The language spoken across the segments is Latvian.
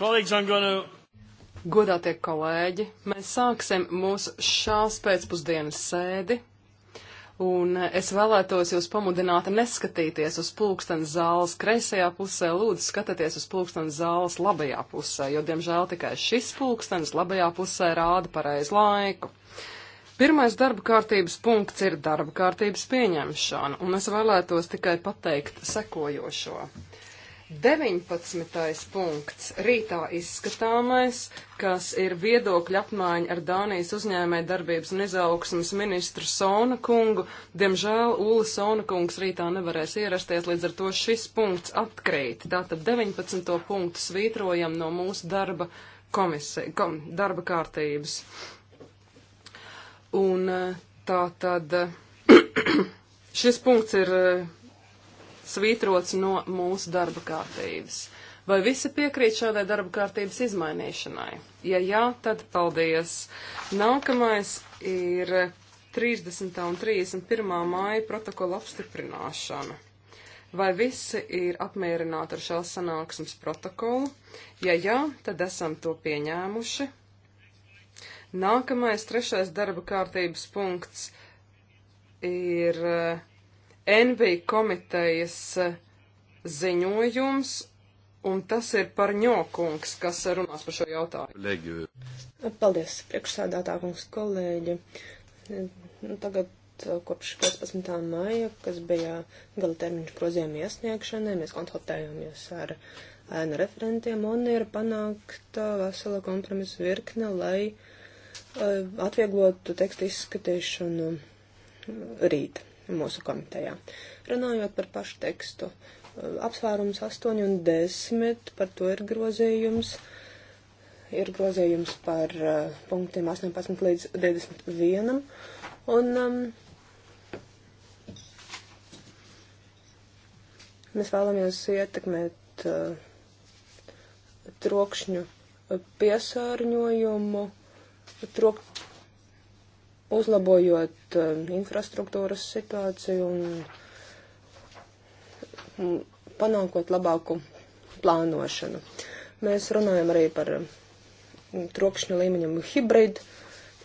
Kolēģis, I'm gonna... Godātie kolēģi, mēs sāksim mūsu šās pēcpusdienas sēdi, un es vēlētos jūs pamudināt neskatīties uz pulkstens zāles kreisajā pusē, lūdzu skatieties uz pulkstens zāles labajā pusē, jo, diemžēl, tikai šis pulkstens labajā pusē rāda pareizu laiku. Pirmais darba kārtības punkts ir darba kārtības pieņemšana, un es vēlētos tikai pateikt sekojošo. 19. punkts - rītā izskatāmais, kas ir viedokļa apmaiņa ar Dānijas uzņēmē darbības un izaugsmas ministru Sona kungu. Diemžēl Ūla Sona kungs rītā nevarēs ierasties, līdz ar to šis punkts atkrīt. Tātad 19. punktu svītrojam no mūsu darba, komise, kom, darba kārtības. Un eh, tātad šis punkts ir eh, svītrots no mūsu darba kārtības. Vai visi piekrīt šādai darba kārtības izmainīšanai? Ja jā, tad paldies. Nākamais ir 30. un 31. māja protokola apstiprināšana. Vai visi ir apmierināti ar šās sanāksmes protokolu? Ja jā, tad esam to pieņēmuši. Nākamais, trešais darba kārtības punkts ir uh, NB komitejas eh, ziņojums, un tas ir par ņokungs, kas runās par šo jautājumu. Legi. Paldies, priekšsādātākungs kolēģi. Nu, tagad eh, kopš 15. māja, kas bija gala termiņš grozījuma iesniegšanai, mēs konsultējāmies ar ēnu referentiem un ir panākta vesela kompromisa virkne, lai uh, atvieglotu tekstu izskatīšanu rīt mūsu komitejā. Runājot par pašu tekstu, eh, apsvērums 8 un 10, par to ir grozījums. Ir grozījums par uh, punktiem 18 līdz 21. Un um, mēs vēlamies ietekmēt uh, trokšņu piesārņojumu, trok, uzlabojot um, infrastruktūras situāciju un panākot labāku plānošanu. Mēs runājam arī par um, trokšņa līmeņiem hibrīdu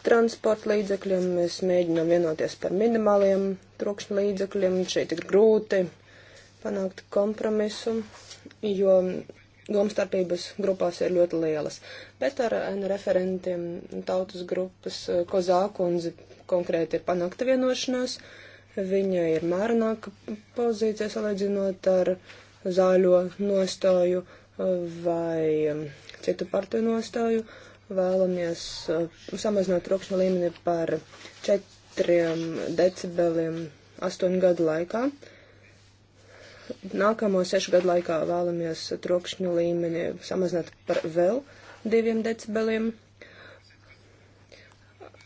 transporta līdzekļiem. Mēs mēģinām vienoties par minimāliem trokšņa līdzekļiem. Šeit ir grūti panākt kompromisu, jo domstarpības grupās ir ļoti lielas. Bet ar N referentiem tautas grupas eh, Kozākundze konkrēti ir panākta vienošanās. Viņa ir mērenāka pozīcija salīdzinot ar zāļo nostāju eh, vai mm, citu partiju nostāju. Vēlamies eh, samazināt rokšņa līmeni par 4 decibeliem 8 gadu laikā. Uh, nākamo sešu gadu laikā vēlamies trokšņu līmeni samazināt par vēl diviem decibeliem.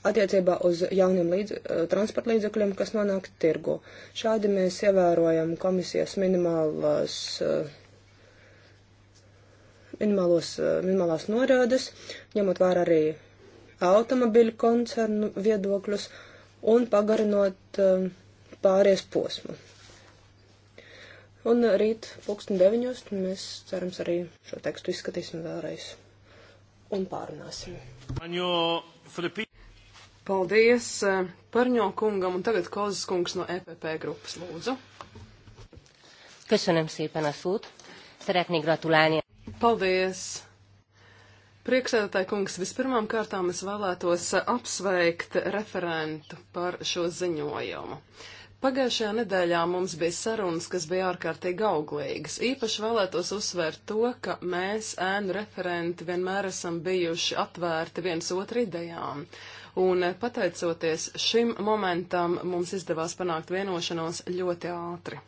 Attiecībā uz jauniem līdz, eh, transporta līdzekļiem, kas nonāk tirgu. Šādi mēs ievērojam komisijas minimālās, eh, minimālos, eh, minimālās norādes, ņemot vērā arī automobiļu koncernu viedokļus un pagarinot pāries posmu. Un rīt pulksten deviņos mēs cerams arī šo tekstu izskatīsim vēlreiz un pārunāsim. Paldies eh, Parņo kungam un tagad Kozes kungs no EPP grupas lūdzu. Köszönöm szépen a szót. Szeretnék gratulálni. Paldies! Priekšsēdētāji kungs, vispirmām kārtām es vēlētos eh, apsveikt referentu par šo ziņojumu. Pagājušajā nedēļā mums bija sarunas, kas bija ārkārtīgi auglīgas. Īpaši vēlētos uzsvērt to, ka mēs, ēnu referenti, vienmēr esam bijuši atvērti viens otru idejām. Un eh, pateicoties šim momentam, mums izdevās panākt vienošanos ļoti ātri.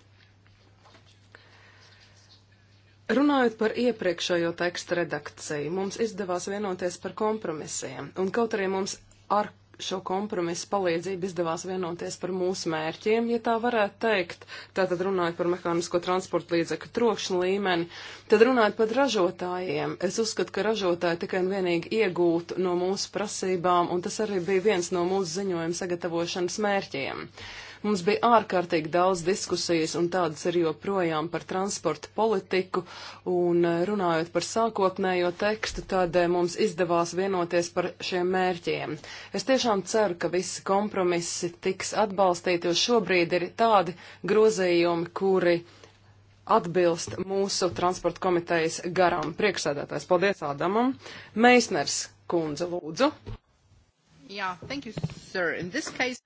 Runājot par iepriekšējo tekstu redakciju, mums izdevās vienoties par kompromisiem, un kaut arī mums ar šo kompromisu palīdzību izdevās vienoties par mūsu mērķiem, ja tā varētu teikt. Tātad runājot par mehānisko transporta līdzekļu trokšņu līmeni, tad runājot par ražotājiem. Es uzskatu, ka ražotāji tikai un vienīgi iegūtu no mūsu prasībām, un tas arī bija viens no mūsu ziņojuma sagatavošanas mērķiem. Uh, Mums bija ārkārtīgi daudz diskusijas, un tādas ir joprojām par transporta politiku, un eh, runājot par sākotnējo tekstu, tad eh, mums izdevās vienoties par šiem mērķiem. Es tiešām ceru, ka visi kompromisi tiks atbalstīti, jo šobrīd ir tādi grozījumi, kuri atbilst mūsu transporta komitejas garam. Priekšsēdētājs, paldies Ādamam. Meisners kundze, lūdzu. Jā, yeah, thank you, sir. In this case...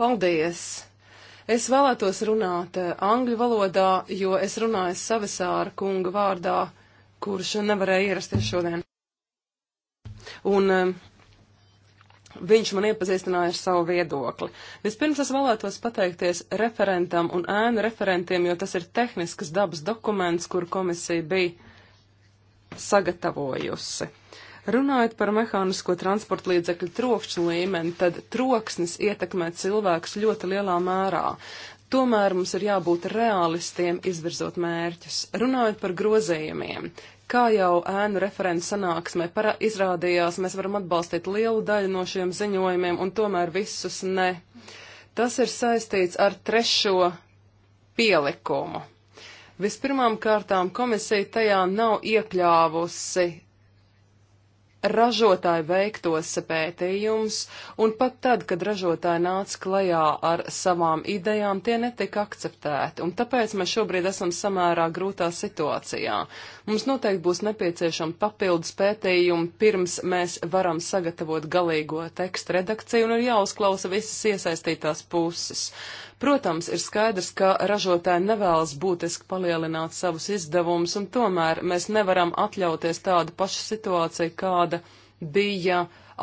Paldies. Es vēlētos runāt eh, angļu valodā, jo es runāju Savisāra kunga vārdā, kurš nevarēja ierasties šodien. Un eh, viņš man iepazīstināja ar savu viedokli. Vispirms es vēlētos pateikties referentam un ēnu referentiem, jo tas ir tehniskas dabas dokuments, kur komisija bija sagatavojusi. Uh, Runājot par mehānisko transporta līdzekļu trokšņu līmeni, tad troksnis ietekmē cilvēkus ļoti lielā mērā. Tomēr mums ir jābūt realistiem, izvirzot mērķus. Runājot par grozījumiem, kā jau ēnu referents sanāksmē para izrādījās, mēs varam atbalstīt lielu daļu no šiem ziņojumiem un tomēr visus ne. Tas ir saistīts ar trešo pielikumu. Vispirmām kārtām komisija tajā nav iekļāvusi ražotāji veiktos pētījums, un pat tad, kad ražotāji nāca klajā ar savām idejām, tie netika akceptēti, un tāpēc mēs šobrīd esam samērā grūtā situācijā. Mums noteikti būs nepieciešama papildus pētījuma, pirms mēs varam sagatavot galīgo tekstu redakciju, un ir jāuzklausa visas iesaistītās puses. Protams, ir skaidrs, ka ražotāji nevēlas būtiski palielināt savus izdevumus, un tomēr mēs nevaram atļauties tādu pašu situāciju, kāda bija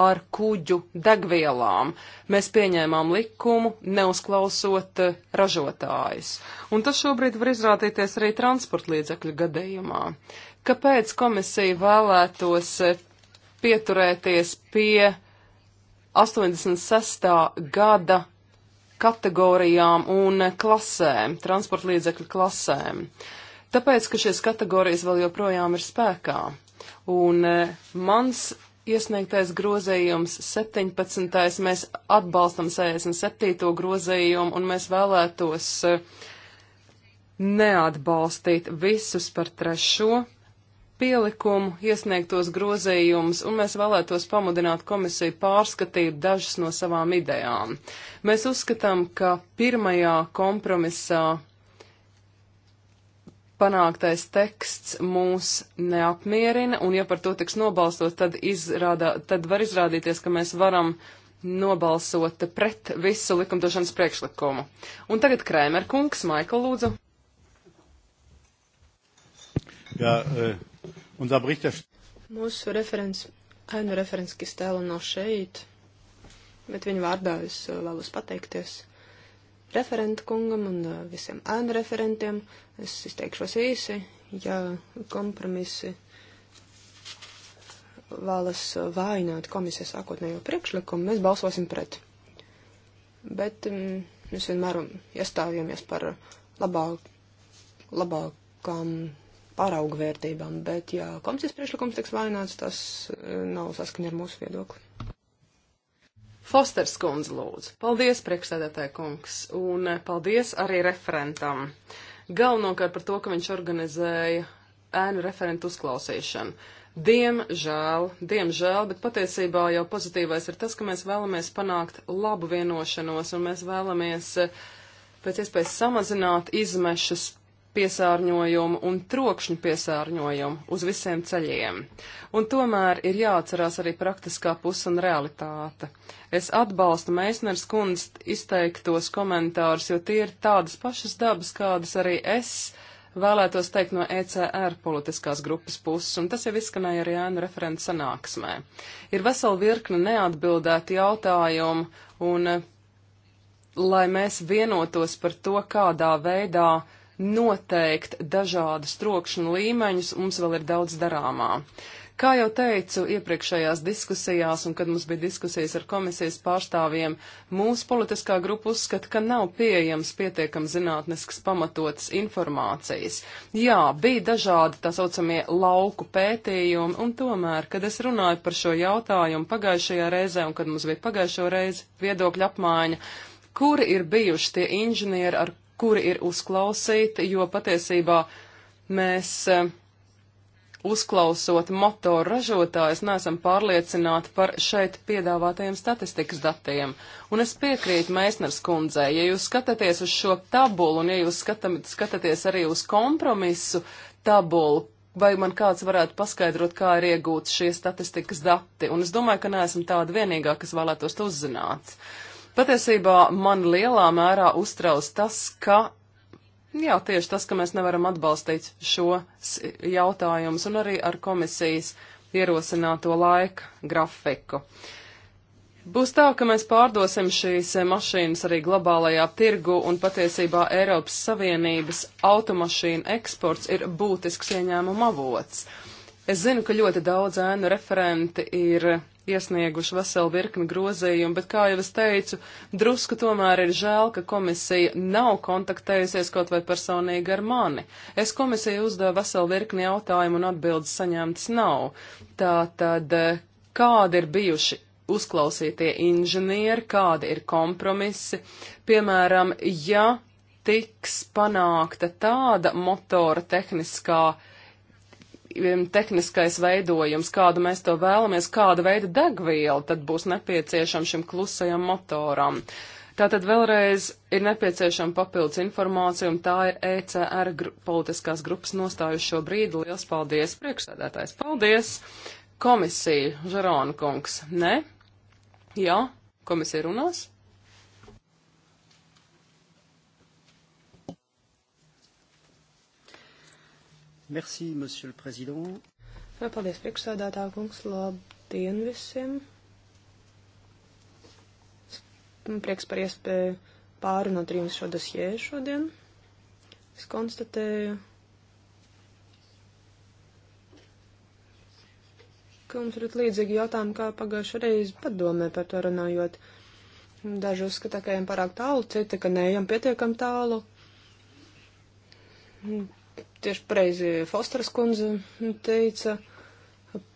ar kuģu degvielām. Mēs pieņēmām likumu, neuzklausot eh, ražotājus. Un tas šobrīd var izrādīties arī transporta līdzekļu gadījumā. Kāpēc komisija vēlētos eh, pieturēties pie 86. gada kategorijām un klasēm, transporta līdzekļu klasēm. Tāpēc, ka šīs kategorijas vēl joprojām ir spēkā. Un e, mans iesniegtais grozījums 17. mēs atbalstam 67. grozījumu un mēs vēlētos e, neatbalstīt visus par trešo pielikumu iesniegtos grozījumus, un mēs vēlētos pamudināt komisiju pārskatīt dažas no savām idejām. Mēs uzskatām, ka pirmajā kompromisā panāktais teksts mūs neapmierina, un ja par to tiks nobalstot, tad, izrādā, tad var izrādīties, ka mēs varam nobalsot pret visu likumdošanas priekšlikumu. Un tagad Krēmerkungs, Maikl, lūdzu. Jā, uh... Unser Berichterstatter. Mūsu referents, ainu referents Kistēla nav šeit, bet viņa vārdā es eh, vēlos pateikties referentu kungam un eh, visiem ainu referentiem. Es izteikšos īsi, ja kompromisi vēlas vājināt komisijas sākotnējo priekšlikumu, mēs balsosim pret. Bet mm, mēs vienmēr iestājāmies par labāk, labākām pārauga vērtībām, bet ja komisijas priekšlikums tiks vaināts, tas e, nav saskaņa ar mūsu viedokli. Fosters kundze lūdzu. Paldies, priekšsēdētāja kungs, un e, paldies arī referentam. Galvenokārt par to, ka viņš organizēja ēnu referentu uzklausīšanu. Diemžēl, diemžēl, bet patiesībā jau pozitīvais ir tas, ka mēs vēlamies panākt labu vienošanos un mēs vēlamies e, pēc iespējas samazināt izmešus piesārņojumu un trokšņu piesārņojumu uz visiem ceļiem. Un tomēr ir jāatcerās arī praktiskā puse un realitāte. Es atbalstu Meisners kundzes izteiktos komentārus, jo tie ir tādas pašas dabas, kādas arī es vēlētos teikt no ECR politiskās grupas puses, un tas jau izskanēja arī ēnu referents sanāksmē. Ir vesela virkne neatbildēti jautājumi, un eh, lai mēs vienotos par to, kādā veidā noteikt dažādus trokšņu līmeņus, mums vēl ir daudz darāmā. Kā jau teicu iepriekšējās diskusijās un kad mums bija diskusijas ar komisijas pārstāvjiem, mūsu politiskā grupa uzskata, ka nav pieejams pietiekam zinātnisks pamatots informācijas. Jā, bija dažādi tā saucamie lauku pētījumi, un tomēr, kad es runāju par šo jautājumu pagājušajā reizē un kad mums bija pagājušo reizi viedokļa apmaiņa, kuri ir bijuši tie inženieri, ar kuri ir uzklausīti, jo patiesībā mēs eh, uzklausot motoru ražotājus, neesam pārliecināti par šeit piedāvātajiem statistikas datiem. Un es piekrītu Meisners kundzē, ja jūs skatāties uz šo tabulu un ja jūs skatam, skatāties arī uz kompromisu tabulu, vai man kāds varētu paskaidrot, kā ir iegūts šie statistikas dati. Un es domāju, ka neesam tāda vienīgā, kas vēlētos uzzināt. Uh, Patiesībā man lielā mērā uztrauc tas, ka Jā, tieši tas, ka mēs nevaram atbalstīt šos jautājumus un arī ar komisijas ierosināto laika grafiku. Būs tā, ka mēs pārdosim šīs mašīnas arī globālajā tirgu un patiesībā Eiropas Savienības automašīnu eksports ir būtisks ieņēmuma avots. Es zinu, ka ļoti daudz ēnu referenti ir iesnieguši veselu virkni grozījumu, bet, kā jau es teicu, drusku tomēr ir žēl, ka komisija nav kontaktējusies kaut vai personīgi ar mani. Es komisiju uzdevu veselu virkni jautājumu un atbildes saņemtas nav. Tā tad, kādi ir bijuši uzklausītie inženieri, kādi ir kompromisi, piemēram, ja tiks panākta tāda motora tehniskā uh, Um, tehniskais veidojums, kādu mēs to vēlamies, kāda veida degviela tad būs nepieciešama šim klusajam motoram. Tātad vēlreiz ir nepieciešama papildus informācija, un tā ir ECR gru politiskās grupas nostāju šo brīdi. Liels paldies, priekšsēdētājs. Paldies! Komisija, Žerona kungs. Nē? Jā? Komisija runās? Merci, monsieur le président. Paldies, priekšsēdētā kungs. Labdien visiem! Prieks par iespēju pārunāt ar jums šo dosjē šodien. Es konstatēju, ka mums ir līdzīgi jautājumi, kā pagājušajā reizē padomē par to runājot. Daži uzskata, ka ejam pārāk tālu, citi, ka neejam pietiekam tālu tieši pareizi Fosteras kundze teica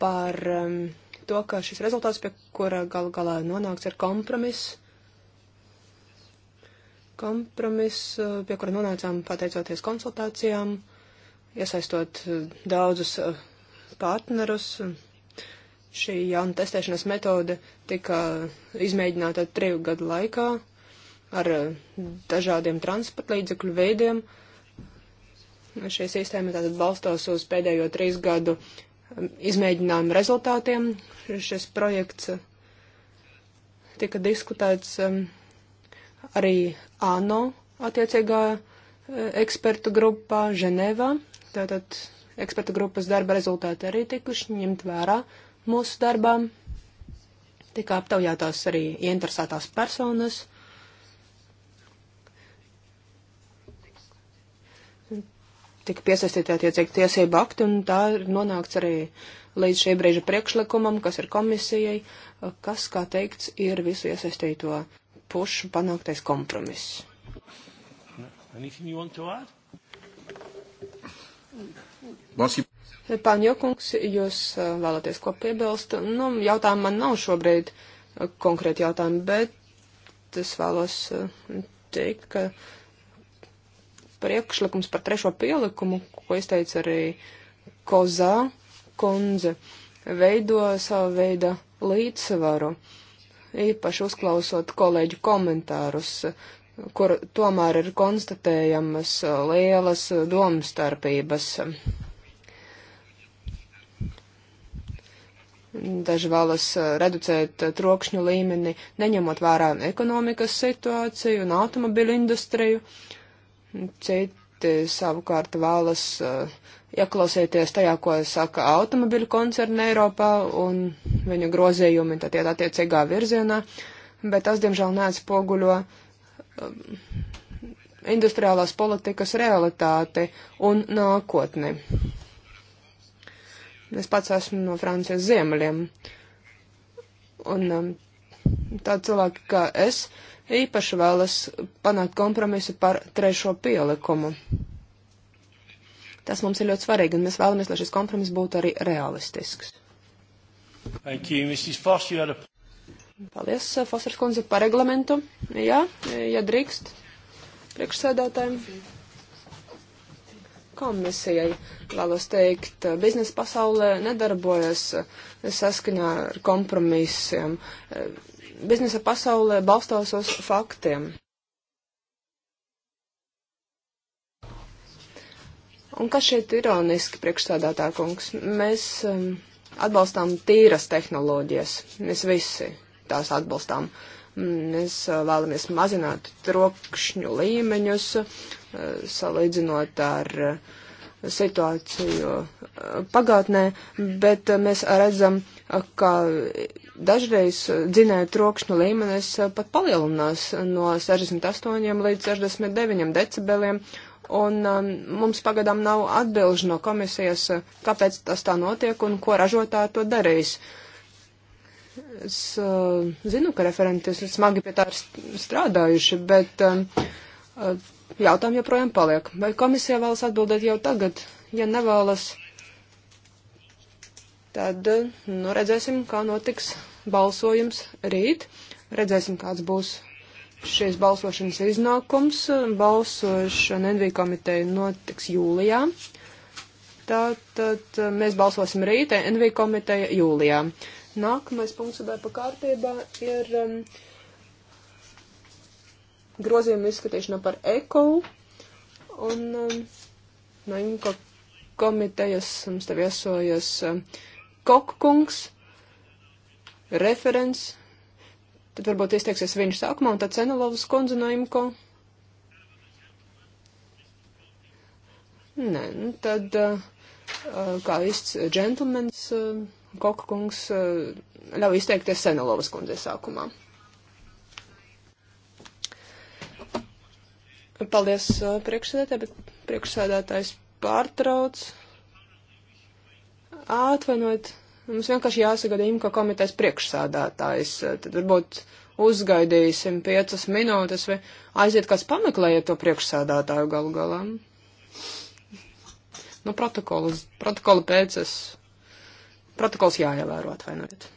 par um, to, ka šis rezultāts, pie kura gal galā nonāks, ir kompromiss. Kompromiss, uh, pie kura nonācām pateicoties konsultācijām, iesaistot uh, daudzus uh, partnerus. Šī jauna testēšanas metode tika izmēģināta triju gadu laikā ar dažādiem transporta līdzekļu veidiem. Uh, Šī sistēma tātad balstās uz pēdējo trīs gadu um, izmēģinājumu rezultātiem. Šis projekts uh, tika diskutēts um, arī ANO attiecīgā uh, ekspertu grupā Ženēvā. Tātad ekspertu grupas darba rezultāti arī tikuši ņemt vērā mūsu darbām. Tika aptaujātās arī ieinteresētās personas. Uh, tika piesaistīti attiecīgi tiesību akti, un tā ir nonākts arī līdz šī brīža priekšlikumam, kas ir komisijai, kas, kā teikts, ir visu iesaistīto pušu panāktais kompromiss. Pāņokungs, jūs uh, vēlaties ko piebilst? Nu, jautājumu man nav šobrīd uh, konkrēti jautājumi, bet es vēlos uh, teikt, ka priekšlikums par trešo pielikumu, ko izteica arī Kozā kundze, veido savu veidu līdzsvaru, īpaši uzklausot kolēģu komentārus, kur tomēr ir konstatējamas lielas domstarpības. Daži vēlas reducēt trokšņu līmeni, neņemot vērā ekonomikas situāciju un automobiļu industriju. Uh, Citi savukārt vēlas eh, ieklausīties tajā, ko saka automobiļu koncerni Eiropā un viņu grozījumi tad iet attiecīgā virzienā, bet tas, diemžēl, neatspoguļo eh, industriālās politikas realitāti un nākotni. Es pats esmu no Francijas ziemeļiem. Un um, eh, tādi cilvēki kā es īpaši vēlas panākt kompromisu par trešo pielikumu. Tas mums ir ļoti svarīgi, un mēs vēlamies, lai šis kompromiss būtu arī realistisks. Thank you, Mrs. Foss, you had a... Paldies, uh, Fosers kundze, par reglamentu. Jā, ja drīkst, priekšsēdētājiem. Komisijai vēlos teikt, uh, biznesa pasaulē nedarbojas uh, saskaņā ar kompromisiem biznesa pasaulē balstās uz faktiem. Un kas šeit ir ironiski, priekšstādātā kungs? Mēs um, atbalstām tīras tehnoloģijas. Mēs visi tās atbalstām. Mēs uh, vēlamies mazināt trokšņu līmeņus, uh, salīdzinot ar uh, situāciju pagātnē, bet mēs redzam, ka dažreiz dzinēju trokšņu līmenis pat palielinās no 68 līdz 69 decibeliem, un um, mums pagadām nav atbilžu no komisijas, kāpēc tas tā notiek un ko ražotāji to darīs. Es uh, zinu, ka referenti smagi pie tā ir strādājuši, bet um, uh, jautājumi joprojām paliek. Vai komisija vēlas atbildēt jau tagad? Ja nevēlas, Tad, nu, redzēsim, kā notiks balsojums rīt. Redzēsim, kāds būs šīs balsošanas iznākums. Balsošana NV komiteja notiks jūlijā. Tātad mēs balsosim rīt, NV komiteja jūlijā. Nākamais punkts darba kārtībā ir um, grozījuma izskatīšana par ekolu. Un um, no Inka komitejas mums tev iesojas. Um, Kokkungs, referents, tad varbūt izteiksies viņš sākumā, un tad Cenelovas kundze no Imko. Nē, nu tad, eh, eh, kā īsts džentlmenis, eh, Kokkungs ļauj izteikties Cenelovas kundzei sākumā. Paldies priekšsēdētāji, bet priekšsēdētājs pārtrauc. Atvainojiet, Mums vienkārši jāsagada imko komitejas priekšsādātājs. Tad varbūt uzgaidīsim piecas minūtes vai aiziet kāds pameklējiet to priekšsādātāju galu galā. Nu, protokols, protokola pēc es. Protokols jāievēro atvainojiet.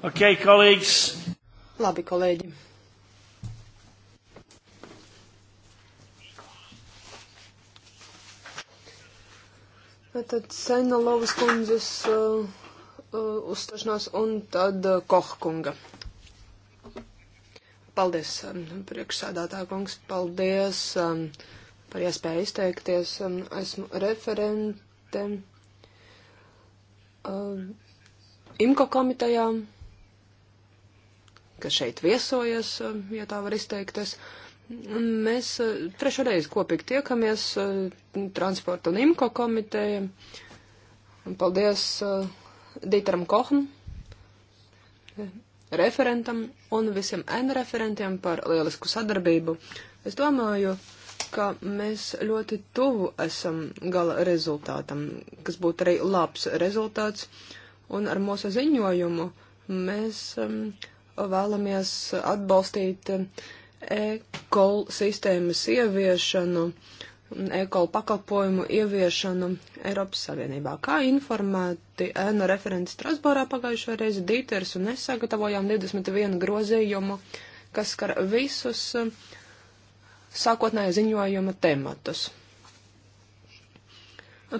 Ok, kolēģis. Labi, kolēģi. Tad Sainalovas kundzes uh, uh, uzstāšanās un tad uh, Kohkunga. Paldies, um, priekšsēdātā kungs, paldies um, par iespēju izteikties. Um, esmu referente um, IMKO komitejām šeit viesojies, eh, ja tā var izteikties. Mēs eh, trešo reizi kopīgi tiekamies eh, transporta un imko komiteja. Paldies Dītaram Koham, referentam un visiem N referentiem par lielisku sadarbību. Es domāju, ka mēs ļoti tuvu esam gala rezultātam, kas būtu arī labs rezultāts. Un ar mūsu ziņojumu mēs um, vēlamies atbalstīt e-kol sistēmas ieviešanu, e-kol pakalpojumu ieviešanu Eiropas Savienībā. Kā informēti ēnu referents Strasbūrā pagājušajā reizi Dīters un es sagatavojām 21 grozījumu, kas skar visus sākotnēja ziņojuma tematus.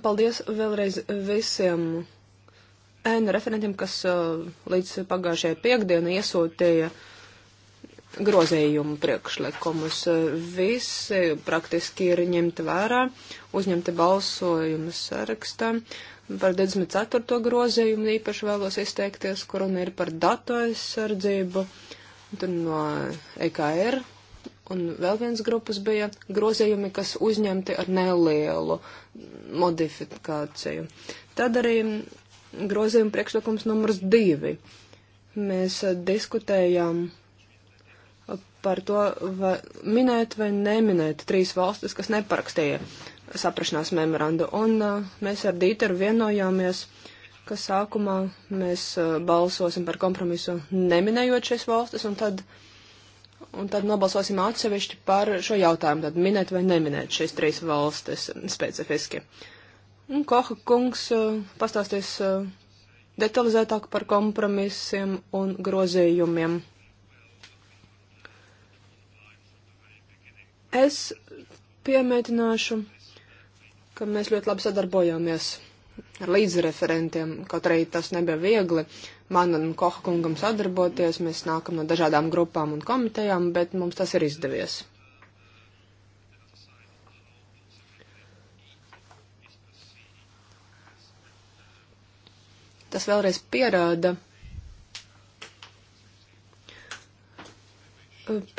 Paldies vēlreiz visiem! ēnu referentiem, kas uh, līdz pagājušajai piekdienu iesūtīja grozējumu priekšlikumus. Visi praktiski ir ņemti vērā, uzņemti balsojumu sarakstā. Par 24. grozējumu īpaši vēlos izteikties, kur runa ir par datu aizsardzību. Tur no EKR un vēl viens grupas bija grozējumi, kas uzņemti ar nelielu modifikāciju. Tad arī grozījuma priekšlikums numurs divi. Mēs eh, diskutējām eh, par to, vai minēt vai neminēt trīs valstis, kas neparakstīja saprašanās memorandu. Un uh, mēs ar Dīteru vienojāmies, ka sākumā mēs uh, balsosim par kompromisu neminējot šīs valstis, un tad, un tad nobalsosim atsevišķi par šo jautājumu, tad minēt vai neminēt šīs trīs valstis specifiski. Uh, Un Koha kungs pastāstīs detalizētāk par kompromisiem un grozījumiem. Es piemētināšu, ka mēs ļoti labi sadarbojāmies ar līdzreferentiem, kaut arī tas nebija viegli. Man un Koha kungam sadarboties, mēs nākam no dažādām grupām un komitejām, bet mums tas ir izdevies. Tas vēlreiz pierāda,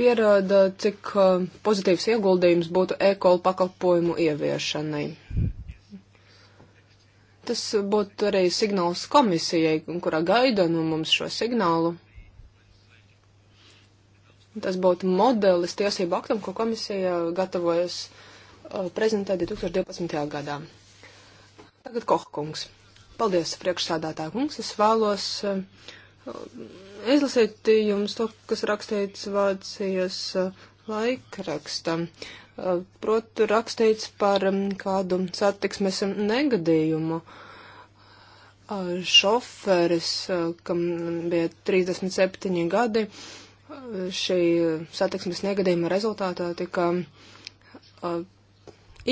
pierāda, cik uh, pozitīvs ieguldījums būtu e-kola pakalpojumu ieviešanai. Tas būtu arī signāls komisijai, kurā gaida no mums šo signālu. Tas būtu modelis tiesību aktam, ko komisija gatavojas uh, prezentēt 2012. gadā. Tagad Kohkungs. Paldies, priekšsādātā kungs. Es vēlos eh, izlasīt jums to, kas rakstīts Vācijas eh, laikraksta. Eh, Protu rakstīts par mm, kādu satiksmes negadījumu. Šoferis, kam bija 37 gadi, šī satiksmes negadījuma rezultātā tika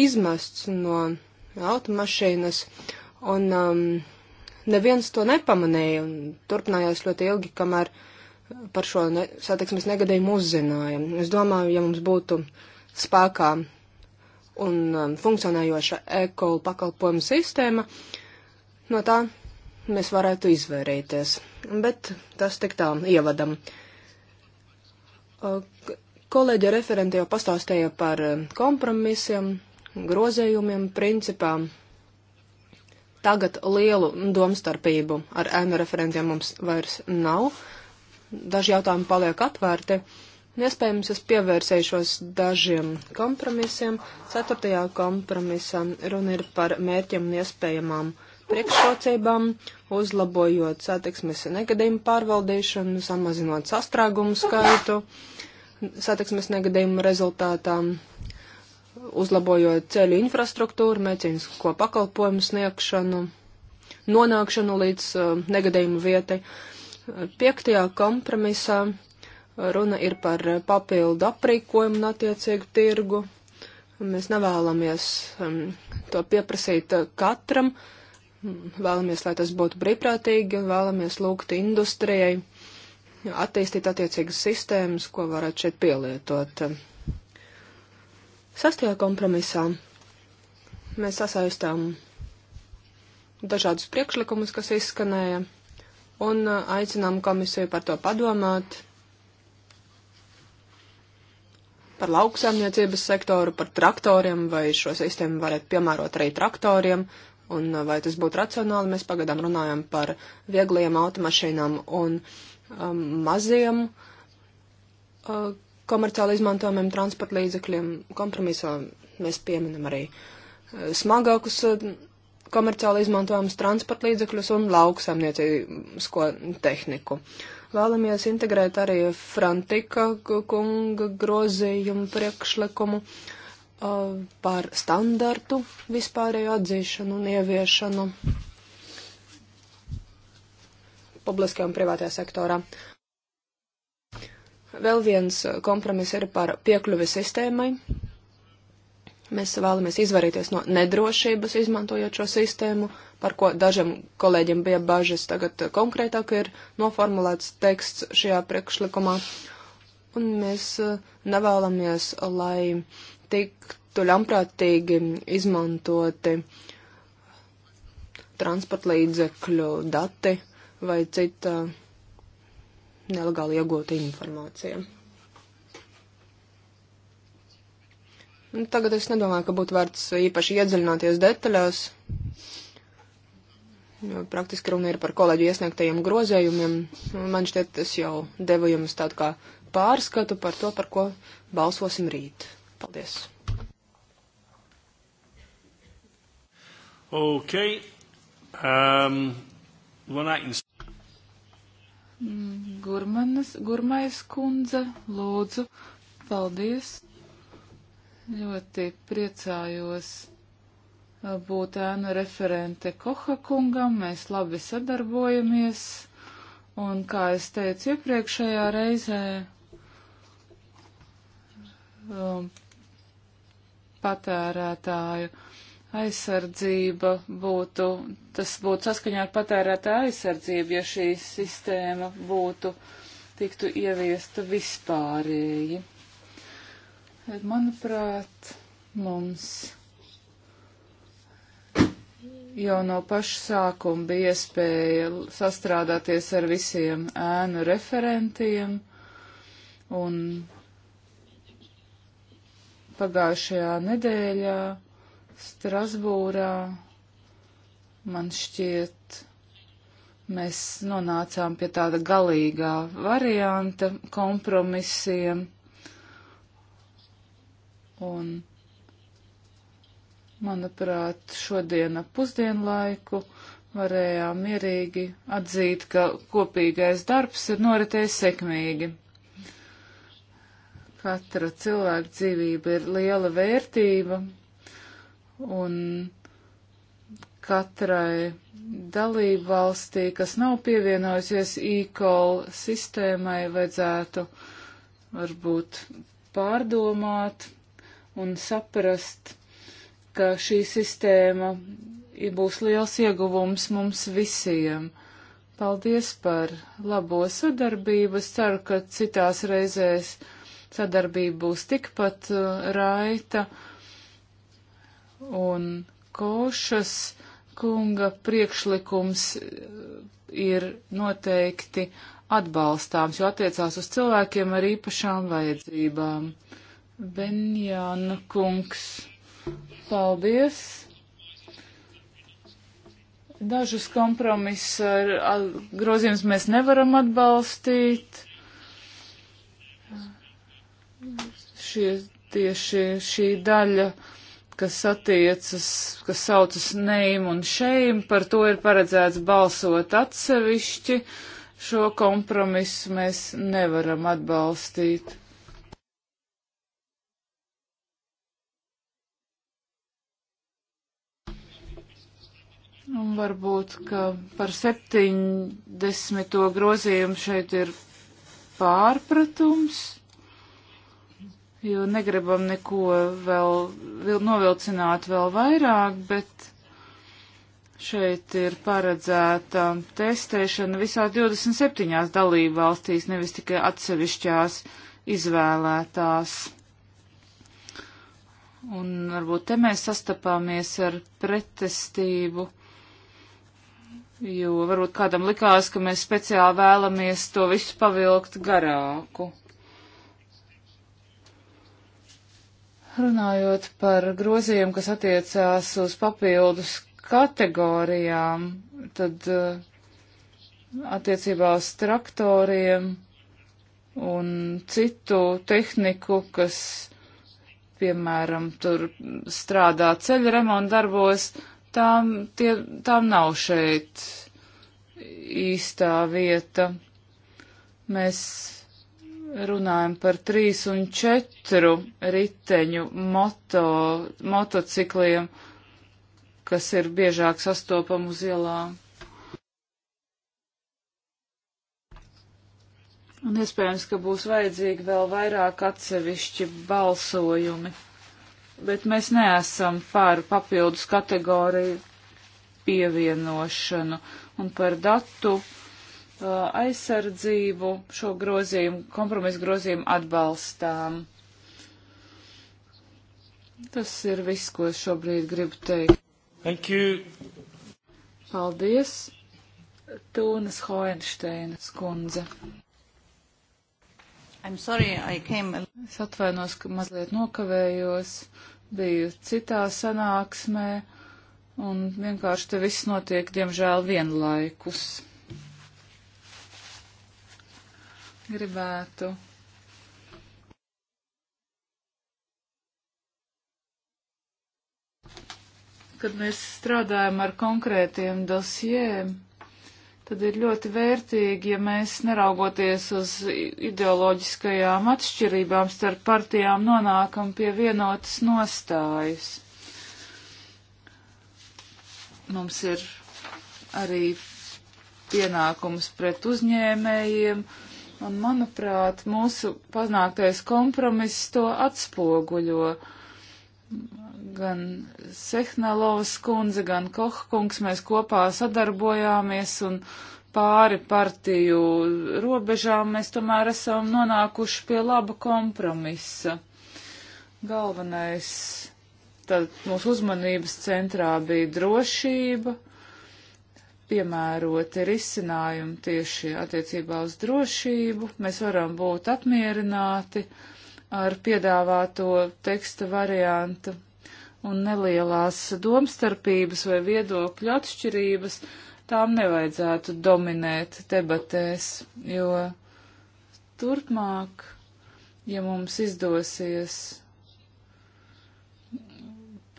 izmests no automašīnas. Uh, Un um, neviens to nepamanīja, un turpinājās ļoti ilgi, kamēr par šo ne, satiksmes negadījumu uzzināja. Es domāju, ja mums būtu spēkā un um, funkcionējoša ekolu pakalpojuma sistēma, no tā mēs varētu izvairīties. Bet tas tik tā ievadam. Uh, kolēģi referenti jau pastāstīja par um, kompromisiem, grozējumiem, principām Tagad lielu domstarpību ar ēnu referentiem mums vairs nav. Daži jautājumi paliek atvērti. Iespējams, es pievērsīšos dažiem kompromisiem. Ceturtajā kompromisā runa ir par mērķiem un iespējamām priekšrocībām, uzlabojot satiksmes negadījumu pārvaldīšanu, samazinot sastrēgumu skaitu, satiksmes negadījumu rezultātām uzlabojot ceļu infrastruktūru, medicīnisko pakalpojumu sniegšanu, nonākšanu līdz uh, negadījumu vietai. Piektajā kompromisā runa ir par papildu aprīkojumu un attiecīgu tirgu. Mēs nevēlamies um, to pieprasīt uh, katram, vēlamies, lai tas būtu brīvprātīgi, vēlamies lūgt industrijai attīstīt attiecīgas sistēmas, ko varētu šeit pielietot. Um, Sastajā kompromisā mēs sasaistām dažādus priekšlikumus, kas izskanēja, un uh, aicinām komisiju par to padomāt, par lauksaimniecības sektoru, par traktoriem, vai šo sistēmu varētu piemērot arī traktoriem, un uh, vai tas būtu racionāli. Mēs pagadām runājam par viegliem automašīnām un um, maziem. Uh, komerciāli izmantojamiem transporta līdzekļiem. Kompromisā mēs pieminam arī eh, smagākus eh, komerciāli izmantojamus transporta līdzekļus un lauksaimniecisko tehniku. Vēlamies integrēt arī Frantika kunga grozījumu priekšlikumu uh, par standartu vispārēju atzīšanu un ieviešanu publiskajā un privātajā sektorā. Uh, Vēl viens uh, kompromiss ir par piekļuvi sistēmai. Mēs vēlamies izvairīties no nedrošības, izmantojot šo sistēmu, par ko dažiem kolēģiem bija bažas. Tagad uh, konkrētāk ir noformulēts teksts šajā priekšlikumā. Un mēs uh, nevēlamies, lai tiktu ļamprātīgi izmantoti transportlīdzekļu dati vai cita uh, nelegāli iegūta informācija. Un tagad es nedomāju, ka būtu vērts īpaši iedziļināties detaļās. Praktiski runa ir par kolēģu iesniegtajiem grozējumiem. Man šķiet, es jau devu jums tādu kā pārskatu par to, par ko balsosim rīt. Paldies! Okay. Um, one I can... Gurmanas, Gurmais kundze, lūdzu, paldies. Ļoti priecājos uh, būt ēnu referente Koha kungam, mēs labi sadarbojamies. Un kā es teicu iepriekšējā reizē, um, patērētāju aizsardzība būtu, tas būtu saskaņā ar patērētā aizsardzību, ja šī sistēma būtu, tiktu ieviesta vispārēji. Manuprāt, mums jau no paša sākuma bija iespēja sastrādāties ar visiem ēnu referentiem un pagājušajā nedēļā Strasbūrā, man šķiet, mēs nonācām pie tāda galīgā varianta kompromisiem. Un, manuprāt, šodiena pusdienlaiku varējām mierīgi atzīt, ka kopīgais darbs ir noritējis sekmīgi. Katra cilvēka dzīvība ir liela vērtība, un katrai dalību valstī, kas nav pievienojusies e-call sistēmai, vajadzētu varbūt pārdomāt un saprast, ka šī sistēma būs liels ieguvums mums visiem. Paldies par labo sadarbību. Es ceru, ka citās reizēs sadarbība būs tikpat uh, raita. Uh, un Košas kunga priekšlikums eh, ir noteikti atbalstāms, jo attiecās uz cilvēkiem ar īpašām vajadzībām. Benjāna kungs, paldies! Dažus kompromisus ar grozījums mēs nevaram atbalstīt. Šie, tieši šī daļa kas attiecas, kas saucas neim un šeim, par to ir paredzēts balsot atsevišķi. Šo kompromisu mēs nevaram atbalstīt. Un varbūt, ka par 70. grozījumu šeit ir pārpratums jo negribam neko vēl, vēl novilcināt vēl vairāk, bet šeit ir paredzēta testēšana visās 27 dalību valstīs, nevis tikai atsevišķās izvēlētās. Un varbūt te mēs sastapāmies ar pretestību, jo varbūt kādam likās, ka mēs speciāli vēlamies to visu pavilkt garāku. Runājot par grozījumu, kas attiecās uz papildus kategorijām, tad uh, attiecībā uz traktoriem un citu tehniku, kas, piemēram, tur strādā ceļa remonta darbos, tām, tie, tām nav šeit īstā vieta. Mēs runājam par trīs un četru riteņu moto, motocikliem, kas ir biežāk sastopam uz ielām. Un iespējams, ka būs vajadzīgi vēl vairāk atsevišķi balsojumi, bet mēs neesam par papildus kategoriju pievienošanu un par datu Uh, aizsardzību šo grozījumu, kompromisu grozījumu atbalstām. Tas ir viss, ko es šobrīd gribu teikt. Thank you. Paldies, Tūnas Hoensteinas kundze. I'm sorry, I came... Es atvainos, ka mazliet nokavējos, biju citā sanāksmē, un vienkārši te viss notiek, diemžēl, vienlaikus. gribētu kad mēs strādājam ar konkrētiem dosjiem, tad ir ļoti vērtīgi, ja mēs neraugoties uz ideoloģiskajām atšķirībām starp partijām nonākam pie vienotas nostājas. Mums ir arī pienākums pret uzņēmējiem, uh, Un, manuprāt, mūsu panāktais kompromiss to atspoguļo. Gan Sehnalovas kundze, gan Kohkungs mēs kopā sadarbojāmies un pāri partiju robežām mēs tomēr esam nonākuši pie laba kompromisa. Galvenais, tad mūsu uzmanības centrā bija drošība piemēroti risinājumi tieši attiecībā uz drošību. Mēs varam būt apmierināti ar piedāvāto teksta variantu un nelielās domstarpības vai viedokļu atšķirības tām nevajadzētu dominēt debatēs, jo turpmāk, ja mums izdosies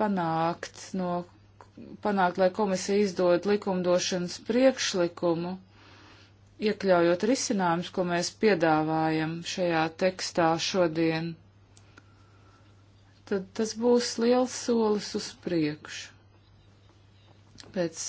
panākt no panākt, lai komisija izdod likumdošanas priekšlikumu, iekļaujot risinājumus, ko mēs piedāvājam šajā tekstā šodien, tad tas būs liels solis uz priekšu. Pēc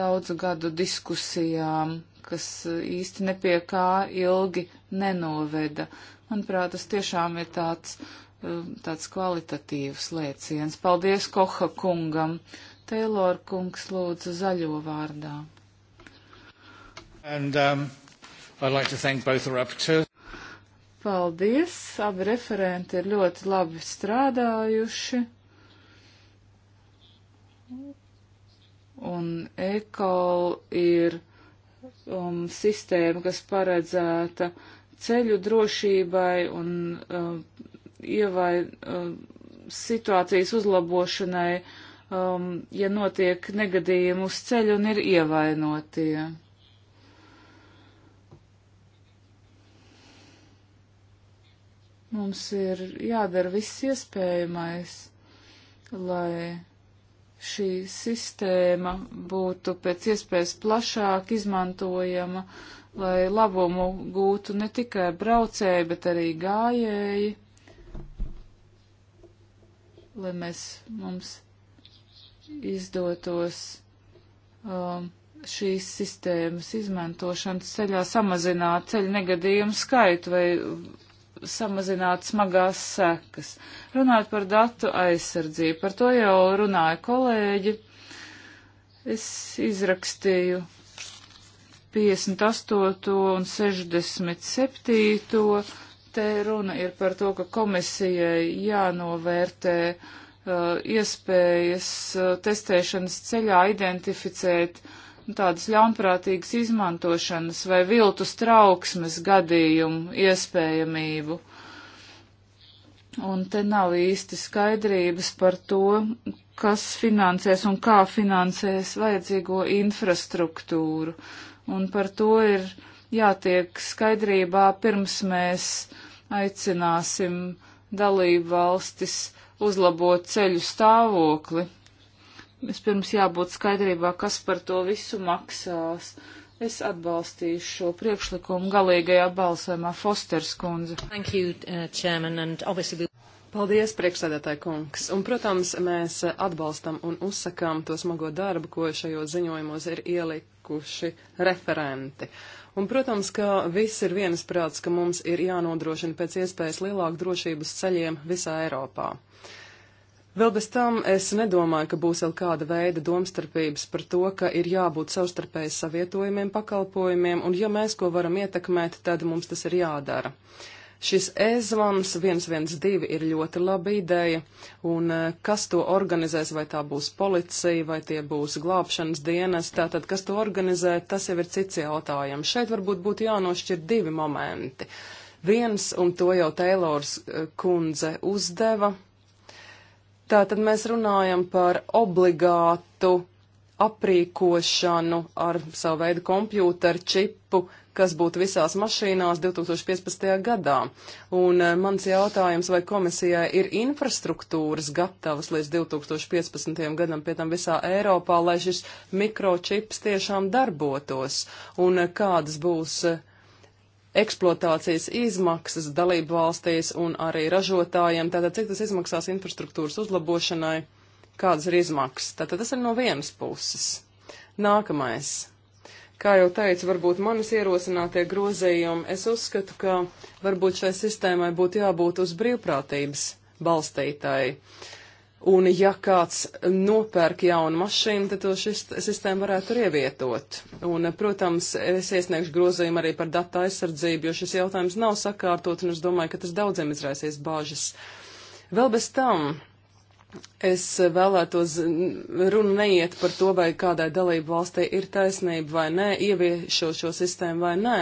daudzu gadu diskusijām, kas īsti nepie kā ilgi nenoveda. Manuprāt, tas tiešām ir tāds, um, tāds kvalitatīvs lēciens. Paldies Koha kungam! Uh, Teilor kungs lūdzu zaļo vārdā. And, um, I'd like to thank both the rapporteurs. Paldies! Abi referenti ir ļoti labi strādājuši. Un ekol ir um, sistēma, kas paredzēta ceļu drošībai un um, ievai um, situācijas uzlabošanai um, ja notiek negadījumi uz ceļa un ir ievainotie. Mums ir jādara viss iespējamais, lai šī sistēma būtu pēc iespējas plašāk izmantojama, lai labumu gūtu ne tikai braucēji, bet arī gājēji, lai mēs mums izdotos um, šīs sistēmas izmantošanas ceļā samazināt ceļu negadījumu skaitu vai samazināt smagās sekas. Runāt par datu aizsardzību, par to jau runāja kolēģi. Es izrakstīju 58. un 67. Te runa ir par to, ka komisijai jānovērtē uh, Uh, iespējas uh, testēšanas ceļā identificēt nu, tādas ļaunprātīgas izmantošanas vai viltus trauksmes gadījumu iespējamību. Un te nav īsti skaidrības par to, kas finansēs un kā finansēs vajadzīgo infrastruktūru. Un par to ir jātiek skaidrībā pirms mēs aicināsim dalību valstis uzlabot ceļu stāvokli. Vispirms jābūt skaidrībā, kas par to visu maksās. Es atbalstīšu šo priekšlikumu galīgajā balsojumā Fosters kundze. Thank you, uh, chairman, and obviously... Paldies, priekšsēdētāji kungs. Un, protams, mēs atbalstam un uzsakām to smago darbu, ko šajos ziņojumos ir ielikuši referenti. Uh, Un, protams, ka viss ir vienasprāts, ka mums ir jānodrošina pēc iespējas lielāka drošības ceļiem visā Eiropā. Vēl bez tam es nedomāju, ka būs vēl kāda veida domstarpības par to, ka ir jābūt savstarpēji savietojumiem, pakalpojumiem, un ja mēs ko varam ietekmēt, tad mums tas ir jādara. Uh, Šis e-zvans 112 ir ļoti laba ideja, un e, kas to organizēs, vai tā būs policija, vai tie būs glābšanas dienas, tātad kas to organizē, tas jau ir cits jautājums. Šeit varbūt būtu jānošķir divi momenti. Viens, un to jau Teilors e, kundze uzdeva, tātad mēs runājam par obligātu aprīkošanu ar savu veidu kompjūteru čipu, uh, kas būtu visās mašīnās 2015. gadā. Un eh, mans jautājums, vai komisijai ir infrastruktūras gatavas līdz 2015. gadam pie tam visā Eiropā, lai šis mikročips tiešām darbotos, un eh, kādas būs eh, eksploatācijas izmaksas dalību valstīs un arī ražotājiem. Tātad, cik tas izmaksās infrastruktūras uzlabošanai, kādas ir izmaksas. Tātad tas ir no vienas puses. Nākamais. Kā jau teicu, varbūt manis ierosinātie grozījumi, es uzskatu, ka varbūt šai sistēmai būtu jābūt uz brīvprātības balstītāji. Un ja kāds nopērk jaunu mašīnu, tad to šis sistēma varētu arī ievietot. Un, protams, es iesniegšu grozījumu arī par datu aizsardzību, jo šis jautājums nav sakārtot, un es domāju, ka tas daudziem izraisīs bāžas. Vēl bez tam Es vēlētos runu neiet par to, vai kādai dalību valstī ir taisnība vai nē, ieviešo šo sistēmu vai nē,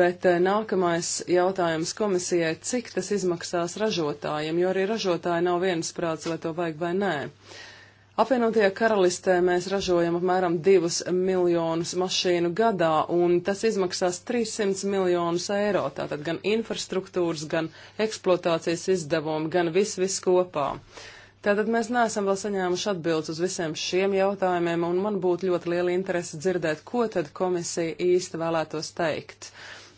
bet eh, nākamais jautājums komisijai, cik tas izmaksās ražotājiem, jo arī ražotāji nav viensprāts, vai to vajag vai nē. Apvienotajā karalistē mēs ražojam apmēram 2 miljonus mašīnu gadā, un tas izmaksās 300 miljonus eiro. Tātad gan infrastruktūras, gan eksploatācijas izdevumi, gan viss vis kopā. Tātad mēs neesam vēl saņēmuši atbildes uz visiem šiem jautājumiem, un man būtu ļoti liela interese dzirdēt, ko tad komisija īsti vēlētos teikt.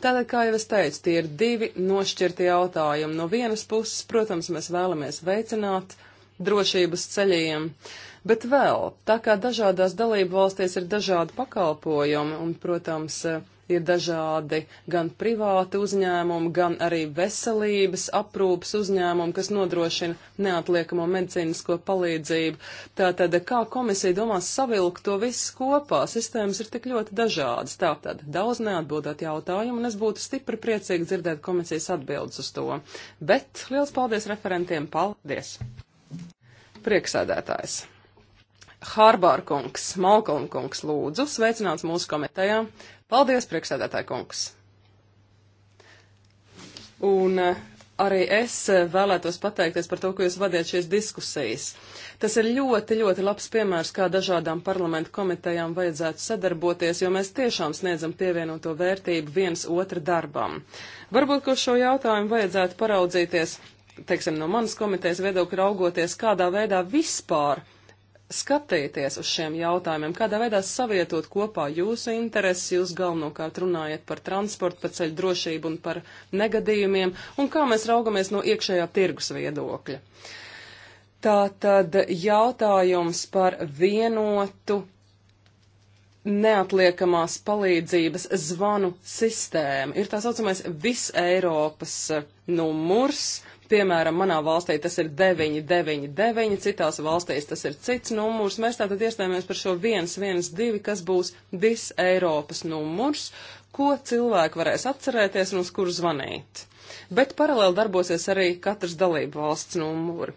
Tātad, kā jau es teicu, tie ir divi nošķirti jautājumi. No vienas puses, protams, mēs vēlamies veicināt drošības ceļiem, bet vēl, tā kā dažādās dalību valstīs ir dažādi pakalpojumi, un, protams, ir dažādi gan privāti uzņēmumi, gan arī veselības aprūpas uzņēmumi, kas nodrošina neatliekamo medicīnisko palīdzību. Tātad, kā komisija domās savilkt to visu kopā, sistēmas ir tik ļoti dažādas. Tātad, daudz neatbildēt jautājumu, un es būtu stipri priecīgi dzirdēt komisijas atbildes uz to. Bet liels paldies referentiem, paldies! Prieksēdētājs. Hārbārkungs, Malkolmkungs, lūdzu, sveicināts mūsu komitejā. Paldies, priekšsēdētāji kungs! Un eh, arī es eh, vēlētos pateikties par to, ka jūs vadiet šīs diskusijas. Tas ir ļoti, ļoti labs piemērs, kā dažādām parlamentu komitejām vajadzētu sadarboties, jo mēs tiešām sniedzam pievienoto vērtību viens otra darbam. Varbūt, ka uz šo jautājumu vajadzētu paraudzīties, teiksim, no manas komitejas viedokļa raugoties, kādā veidā vispār skatīties uz šiem jautājumiem, kādā veidā savietot kopā jūsu intereses, jūs galvenokārt runājat par transportu, par ceļu drošību un par negadījumiem, un kā mēs raugamies no iekšējā tirgus viedokļa. Tā tad jautājums par vienotu neatliekamās palīdzības zvanu sistēmu. Ir tā saucamais vis Eiropas numurs, Piemēram, manā valstī tas ir 999, citās valstīs tas ir cits numurs. Mēs tātad iestājāmies par šo 112, kas būs dis Eiropas numurs, ko cilvēki varēs atcerēties un uz kuru zvanīt. Bet paralēli darbosies arī katrs dalību valsts numuri.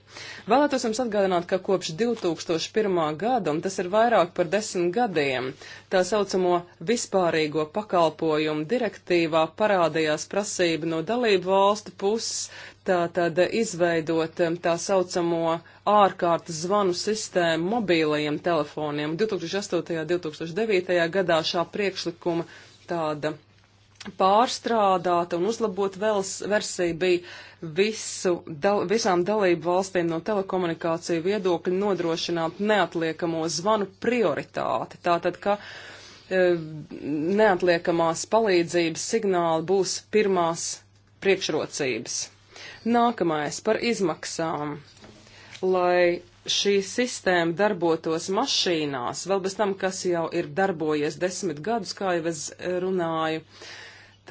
Vēlētos jums atgādināt, ka kopš 2001. gada, un tas ir vairāk par desmit gadiem, tā saucamo vispārīgo pakalpojumu direktīvā parādījās prasība no dalību valstu puses tātad izveidot tā saucamo ārkārtas zvanu sistēmu mobīlajiem telefoniem. 2008. un 2009. gadā šā priekšlikuma tāda pārstrādāta un uzlabot vēls, versija bija visu, dal, visām dalību valstīm no telekomunikāciju viedokļa nodrošināt neatliekamo zvanu prioritāti. Tātad, ka e, neatliekamās palīdzības signāli būs pirmās priekšrocības. Nākamais par izmaksām. Lai šī sistēma darbotos mašīnās, vēl bez tam, kas jau ir darbojies desmit gadus, kā jau es runāju,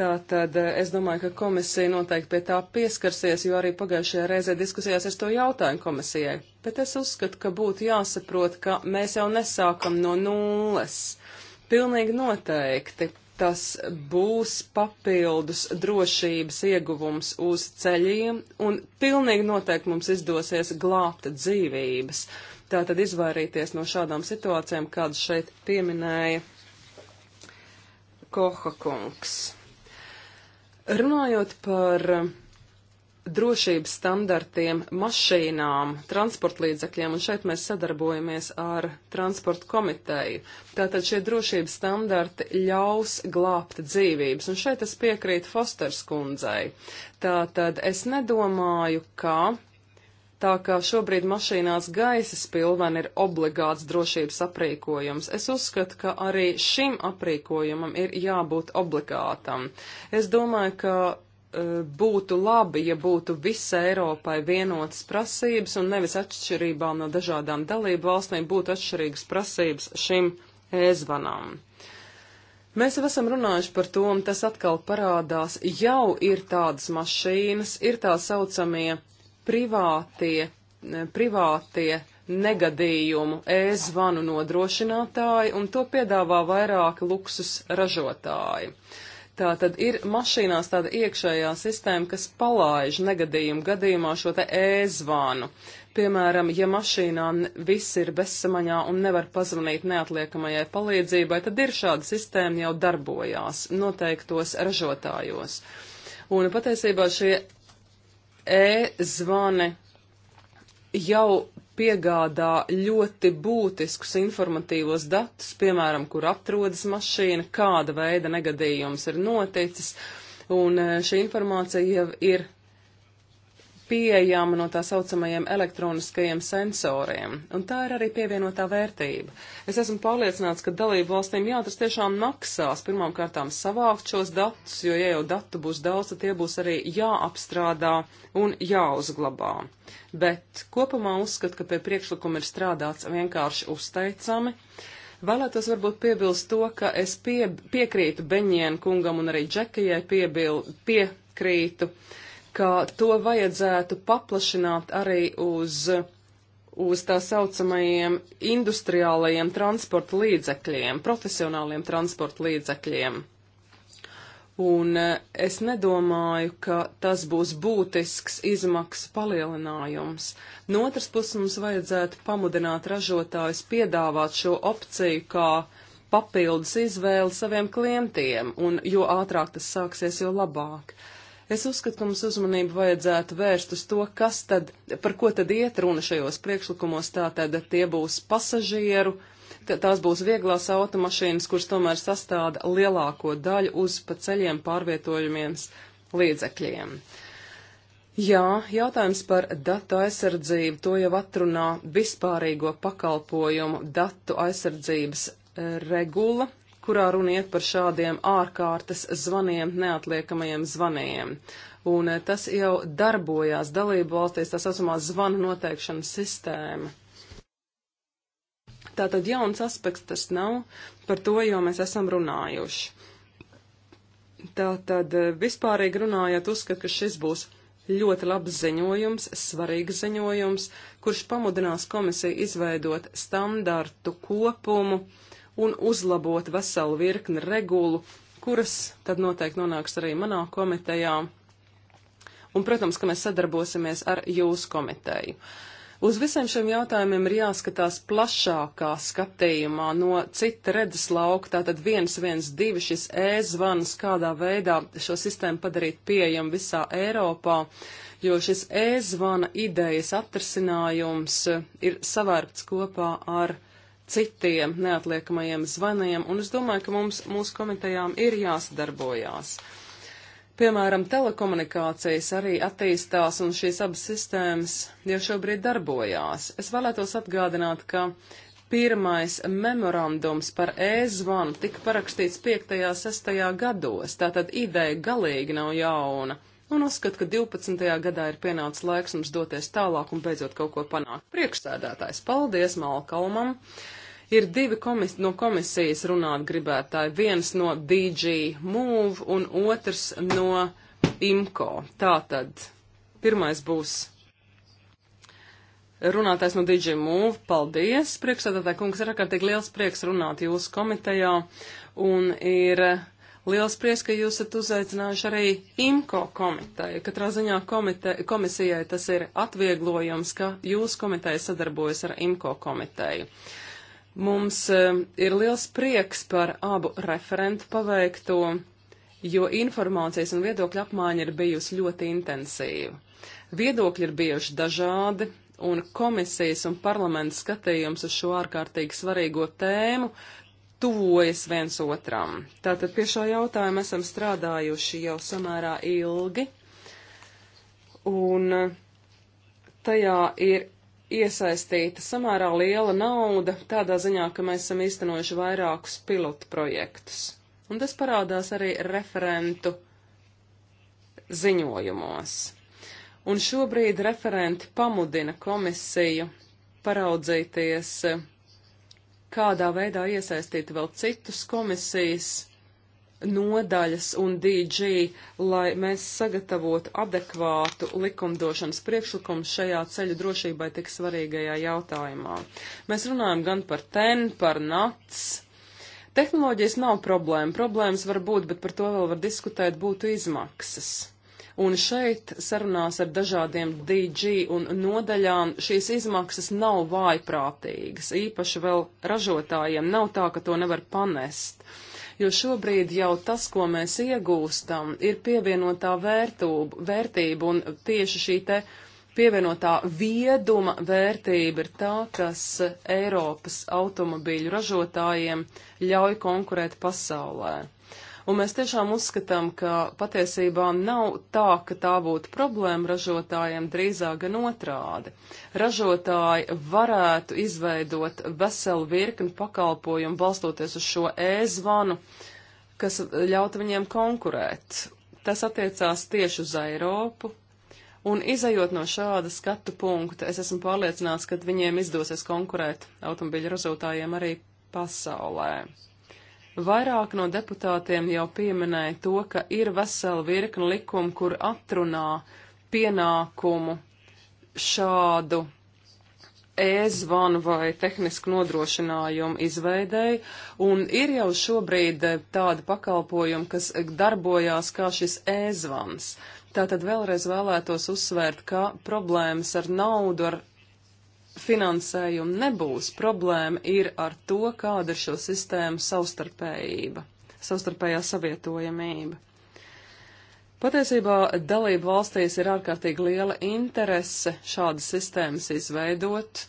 tā tad eh, es domāju, ka komisija noteikti pie tā pieskarsies, jo arī pagājušajā reizē diskusijās es to jautāju komisijai. Bet es uzskatu, ka būtu jāsaprot, ka mēs jau nesākam no nulles. Pilnīgi noteikti tas būs papildus drošības ieguvums uz ceļiem, un pilnīgi noteikti mums izdosies glābt dzīvības. Tātad izvairīties no šādām situācijām, kādas šeit pieminēja Koha kungs. Runājot par uh, drošības standartiem mašīnām, transportlīdzekļiem, un šeit mēs sadarbojamies ar transportu komiteju. Tātad šie drošības standarti ļaus glābt dzīvības, un šeit es piekrītu Fosters kundzei. Tātad es nedomāju, ka tā kā šobrīd mašīnās gaisa spilvena ir obligāts drošības aprīkojums, es uzskatu, ka arī šim aprīkojumam ir jābūt obligātam. Es domāju, ka Eh, būtu labi, ja būtu visai Eiropai vienotas prasības un nevis atšķirībā no dažādām dalību valstīm būtu atšķirīgas prasības šim e-zvanam. Mēs jau esam runājuši par to, un tas atkal parādās, jau ir tādas mašīnas, ir tā saucamie privātie, eh, privātie negadījumu e-zvanu nodrošinātāji, un to piedāvā vairāki luksus ražotāji. Uh, Tā tad ir mašīnās tāda iekšējā sistēma, kas palaiž negadījumu gadījumā šo te ēzvānu. Piemēram, ja mašīnā viss ir bezsamaņā un nevar pazvanīt neatliekamajai palīdzībai, tad ir šāda sistēma jau darbojās noteiktos ražotājos. Un patiesībā šie e-zvani jau piegādā ļoti būtiskus informatīvos datus, piemēram, kur atrodas mašīna, kāda veida negadījums ir noticis, un e, šī informācija jau ir pieejama no tā saucamajiem elektroniskajiem sensoriem, un tā ir arī pievienotā vērtība. Es esmu pārliecināts, ka dalību valstīm jā, tas tiešām maksās pirmām kārtām savākt šos datus, jo ja jau datu būs daudz, tad tie būs arī jāapstrādā un jāuzglabā. Bet kopumā uzskat, ka pie priekšlikuma ir strādāts vienkārši uzteicami. Vēlētos varbūt piebilst to, ka es pie, piekrītu Beņienu kungam un arī Džekijai piebil, piekrītu. Uh, ka to vajadzētu paplašināt arī uz, uz tā saucamajiem industriālajiem transporta līdzekļiem, profesionāliem transporta līdzekļiem. Un e, es nedomāju, ka tas būs būtisks izmaksu palielinājums. No otras puses mums vajadzētu pamudināt ražotājus piedāvāt šo opciju kā papildus izvēli saviem klientiem, un jo ātrāk tas sāksies, jo labāk. Uh, Es uzskatu, ka mums uzmanību vajadzētu vērst uz to, kas tad, par ko tad iet runa šajos priekšlikumos, tā tad tie būs pasažieru, tās būs vieglās automašīnas, kuras tomēr sastāda lielāko daļu uz pa ceļiem pārvietojumiem līdzekļiem. Jā, jautājums par datu aizsardzību, to jau atrunā vispārīgo pakalpojumu datu aizsardzības regula, kurā runa iet par šādiem ārkārtas zvaniem, neatliekamajiem zvaniem. Un eh, tas jau darbojās dalību valstīs, tā saucamā zvanu noteikšanas sistēma. Tātad jauns aspekts tas nav, par to jau mēs esam runājuši. Tātad eh, vispārīgi runājot, uzskat, ka šis būs ļoti labs ziņojums, svarīgs ziņojums, kurš pamudinās komisiju izveidot standartu kopumu, uh, un uzlabot veselu virkni regulu, kuras tad noteikti nonāks arī manā komitejā. Un, protams, ka mēs sadarbosimies ar jūsu komiteju. Uz visiem šiem jautājumiem ir jāskatās plašākā skatījumā no cita redzeslauka, tātad 112 šis e-zvans, kādā veidā šo sistēmu padarīt pieejam visā Eiropā, jo šis e-zvana idejas atrasinājums ir savērts kopā ar citiem neatliekamajiem zvaniem, un es domāju, ka mums, mūsu komitejām ir jāsadarbojās. Piemēram, telekomunikācijas arī attīstās, un šīs abas sistēmas jau šobrīd darbojās. Es vēlētos atgādināt, ka pirmais memorandums par e-zvanu tika parakstīts 5. un 6. gados, tātad ideja galīgi nav jauna. Un uzskatu, ka 12. gadā ir pienācis laiks mums doties tālāk un beidzot kaut ko panākt. Priekšsēdētājs, paldies Malkalmam! Ir divi komis no komisijas runāt gribētāji, viens no DG Move un otrs no IMCO. Tātad, pirmais būs runātājs no DJ Move. Paldies, priekšsēdētāji kungs, ir ārkārtīgi liels prieks runāt jūsu komitejā un ir liels prieks, ka jūs esat uzaicinājuši arī IMCO komiteju. Katrā ziņā komite, komisijai tas ir atvieglojums, ka jūsu komiteja sadarbojas ar IMCO komiteju. Mums e, ir liels prieks par abu referentu paveikto, jo informācijas un viedokļu apmaiņa ir bijusi ļoti intensīva. Viedokļi ir bijuši dažādi, un komisijas un parlamenta skatījums uz šo ārkārtīgi svarīgo tēmu tuvojas viens otram. Tātad pie šo jautājumu esam strādājuši jau samērā ilgi, un tajā ir iesaistīta samērā liela nauda, tādā ziņā, ka mēs esam īstenojuši vairākus pilotu projektus. Un tas parādās arī referentu ziņojumos. Un šobrīd referenti pamudina komisiju paraudzīties, kādā veidā iesaistīt vēl citus komisijas nodaļas un DG, lai mēs sagatavotu adekvātu likumdošanas priekšlikumu šajā ceļu drošībai tik svarīgajā jautājumā. Mēs runājam gan par TEN, par NATS. Tehnoloģijas nav problēma. Problēmas var būt, bet par to vēl var diskutēt, būtu izmaksas. Un šeit sarunās ar dažādiem DG un nodaļām šīs izmaksas nav vājprātīgas, īpaši vēl ražotājiem nav tā, ka to nevar panest. Uh, jo šobrīd jau tas, ko mēs iegūstam, ir pievienotā vērtūba, vērtība un tieši šī te pievienotā vieduma vērtība ir tā, kas Eiropas automobīļu ražotājiem ļauj konkurēt pasaulē. Un mēs tiešām uzskatām, ka patiesībā nav tā, ka tā būtu problēma ražotājiem, drīzāk gan otrādi. Ražotāji varētu izveidot veselu virkni pakalpojumu balstoties uz šo e-zvanu, kas ļautu viņiem konkurēt. Tas attiecās tieši uz Eiropu, Un izējot no šāda skatu punkta, es esmu pārliecināts, ka viņiem izdosies konkurēt automobiļu ražotājiem arī pasaulē. Vairāk no deputātiem jau pieminēja to, ka ir vesela virkna likuma, kur atrunā pienākumu šādu e-zvanu vai tehnisku nodrošinājumu izveidēji, un ir jau šobrīd eh, tādi pakalpojumi, kas darbojās kā šis e-zvans. Tātad vēlreiz vēlētos uzsvērt, ka problēmas ar naudu, ar finansējumu nebūs. Problēma ir ar to, kāda ir šo sistēmu savstarpējība, savstarpējā savietojamība. Patiesībā dalību valstīs ir ārkārtīgi liela interese šādas sistēmas izveidot,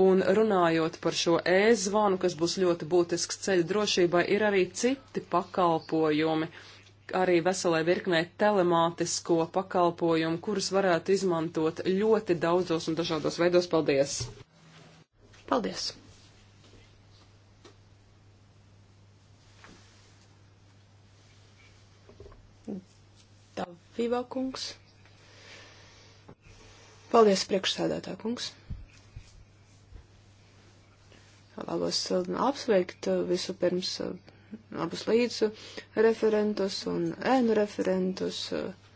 un runājot par šo e-zvanu, kas būs ļoti būtisks ceļu drošībai, ir arī citi pakalpojumi, uh, arī veselai virknē telemātisko pakalpojumu, kurus varētu izmantot ļoti daudzos un dažādos veidos. Paldies! Paldies! Davīvā kungs. Paldies, priekšsēdētā kungs. Vēlos uh, apsveikt uh, visu pirms uh, abus līdzu referentus un ēnu referentus un uh,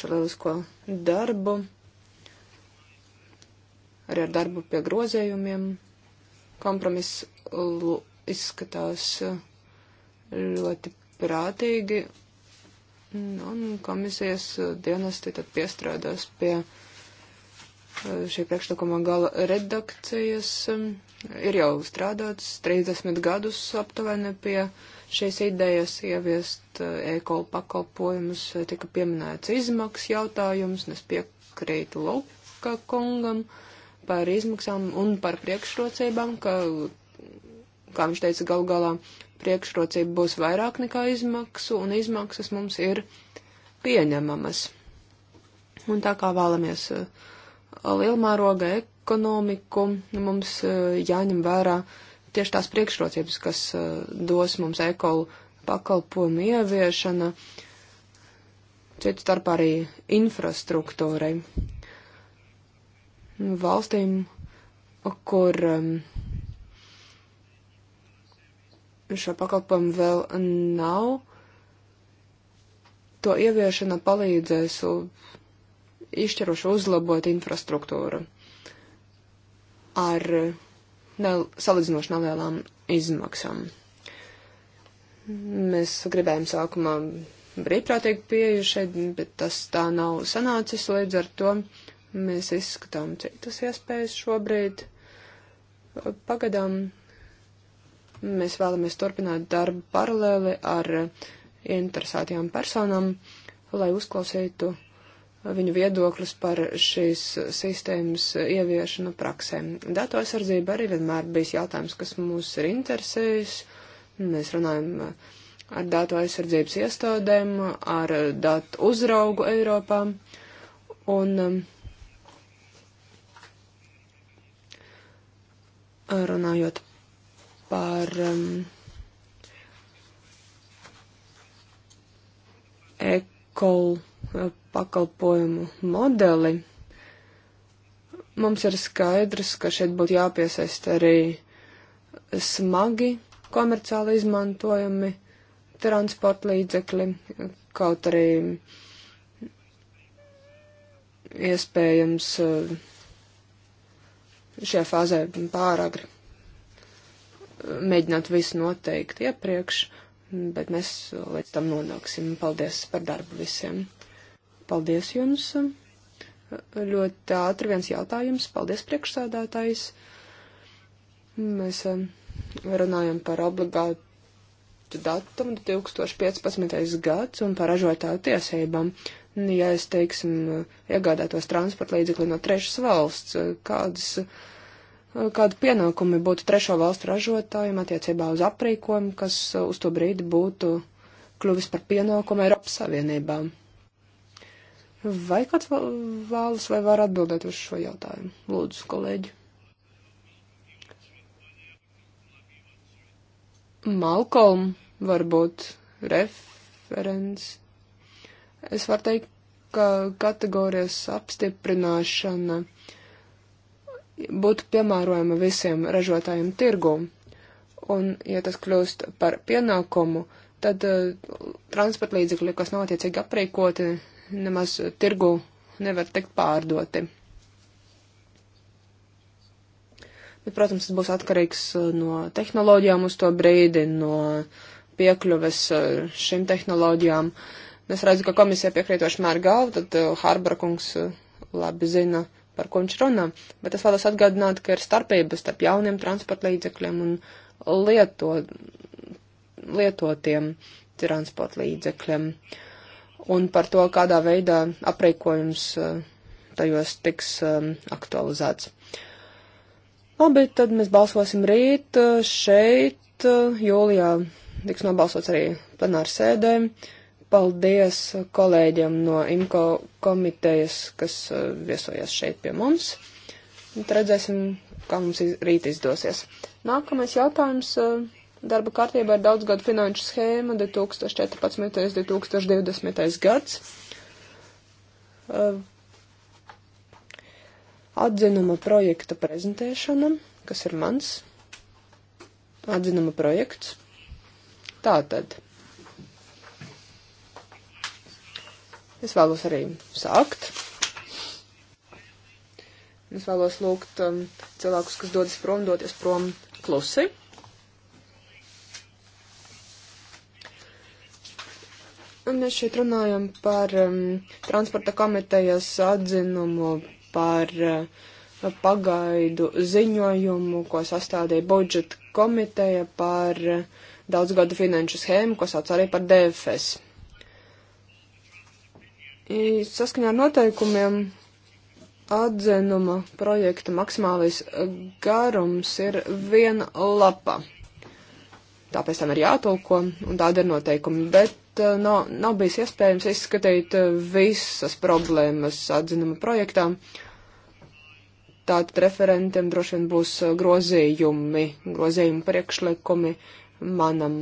šo lielisko darbu, arī ar darbu pie grozējumiem. Kompromiss izskatās uh, ļoti prātīgi, un komisijas dienesti tad piestrādās pie uh, šī priekšlikuma gala redakcijas um, ir jau strādāts 30 gadus aptuveni pie šīs idejas ieviest uh, e-kola pakalpojumus, uh, tika pieminēts izmaksas jautājums, es piekrītu Loka kungam par izmaksām un par priekšrocībām, ka, kā viņš teica, gal galā priekšrocība būs vairāk nekā izmaksu, un izmaksas mums ir pieņemamas. Un tā kā vēlamies uh, lielmēroga ekonomiku, mums e, jāņem vērā tieši tās priekšrocības, kas e, dos mums ekolu pakalpojumu ieviešana, citu starpā arī infrastruktūrai. Valstīm, kur e, šo pakalpojumu vēl nav, to ieviešana palīdzēs izšķiroši uzlabot infrastruktūru ar nel, salīdzinoši nelielām izmaksām. Mēs gribējām sākumā brīvprātīgi pieeju šeit, bet tas tā nav sanācis, līdz ar to mēs izskatām citas iespējas šobrīd. Pagadām mēs vēlamies turpināt darbu paralēli ar interesētajām personām, lai uzklausītu viņu viedoklis par šīs sistēmas ieviešanu praksē. Datu aizsardzība arī vienmēr bijis jautājums, kas mūs ir interesējis. Mēs runājam ar datu aizsardzības iestādēm, ar datu uzraugu Eiropā. Un um, runājot par um, ekolu Eh, pakalpojumu modeli, mums ir skaidrs, ka šeit būtu jāpiesaist arī smagi komerciāli izmantojami transporta līdzekļi, kaut arī iespējams eh, šajā fāzē pāragri mēģināt visu noteikt iepriekš, bet mēs līdz tam nonāksim. Paldies par darbu visiem! Paldies jums. Ļoti ātri viens jautājums. Paldies priekšsādātājs. Mēs um, runājam par obligātu datumu 2015. gads un par ražotāju tiesībām. Ja es, teiksim, iegādātos transporta līdzekli no trešas valsts, kādas, kāda pienākumi būtu trešo valstu ražotājiem attiecībā uz aprīkojumu, kas uh, uz to brīdi būtu kļuvis par pienākumu Eiropas Savienībām? Vai kāds vēlas vai var atbildēt uz šo jautājumu? Lūdzu, kolēģi. Malcolm varbūt referents. Es varu teikt, ka kategorijas apstiprināšana būtu piemērojama visiem ražotājiem tirgu. Un, ja tas kļūst par pienākumu, tad uh, eh, transporta līdzekļi, kas nav attiecīgi aprīkoti, nemaz tirgu nevar tikt pārdoti. Bet, protams, tas būs atkarīgs uh, no tehnoloģijām uz to brīdi, no piekļuves uh, šīm tehnoloģijām. Es redzu, ka komisija piekrītoši mēr galvu, tad Hārbrakungs uh, labi zina, par ko viņš runā. Bet es vēlos atgādināt, ka ir starpības starp jauniem transporta līdzekļiem un lieto, lietotiem transporta līdzekļiem. Uh, un par to, kādā veidā apreikojums e, tajos tiks e, aktualizēts. Labi, tad mēs balsosim rīt e, šeit, jūlijā tiks nobalsots arī plenāra sēdē. Paldies kolēģiem no IMCO komitejas, kas viesojas šeit pie mums. Tad redzēsim, kā mums rīt izdosies. Nākamais jautājums Darba kārtībā ir daudzgadu finanšu schēma 2014. un 2020. gads. Uh, atzinuma projekta prezentēšana, kas ir mans atzinuma projekts. Tātad. Es vēlos arī sākt. Es vēlos lūgt um, cilvēkus, kas dodas prom, doties prom klusi. Un mēs šeit runājam par um, transporta komitejas atzinumu par uh, pagaidu ziņojumu, ko sastādīja budžeta komiteja par uh, daudzgadu finanšu schēmu, ko sauc arī par DFS. I, saskaņā ar noteikumiem atzinuma projekta maksimālais uh, garums ir viena lapa. Tāpēc tam ir jātulko, un tāda ir noteikumi. Bet Eh, nav, nav bijis iespējams izskatīt eh, visas problēmas atzinuma projektām. Tātad referentiem droši vien būs eh, grozījumi, grozījumi priekšlikumi manam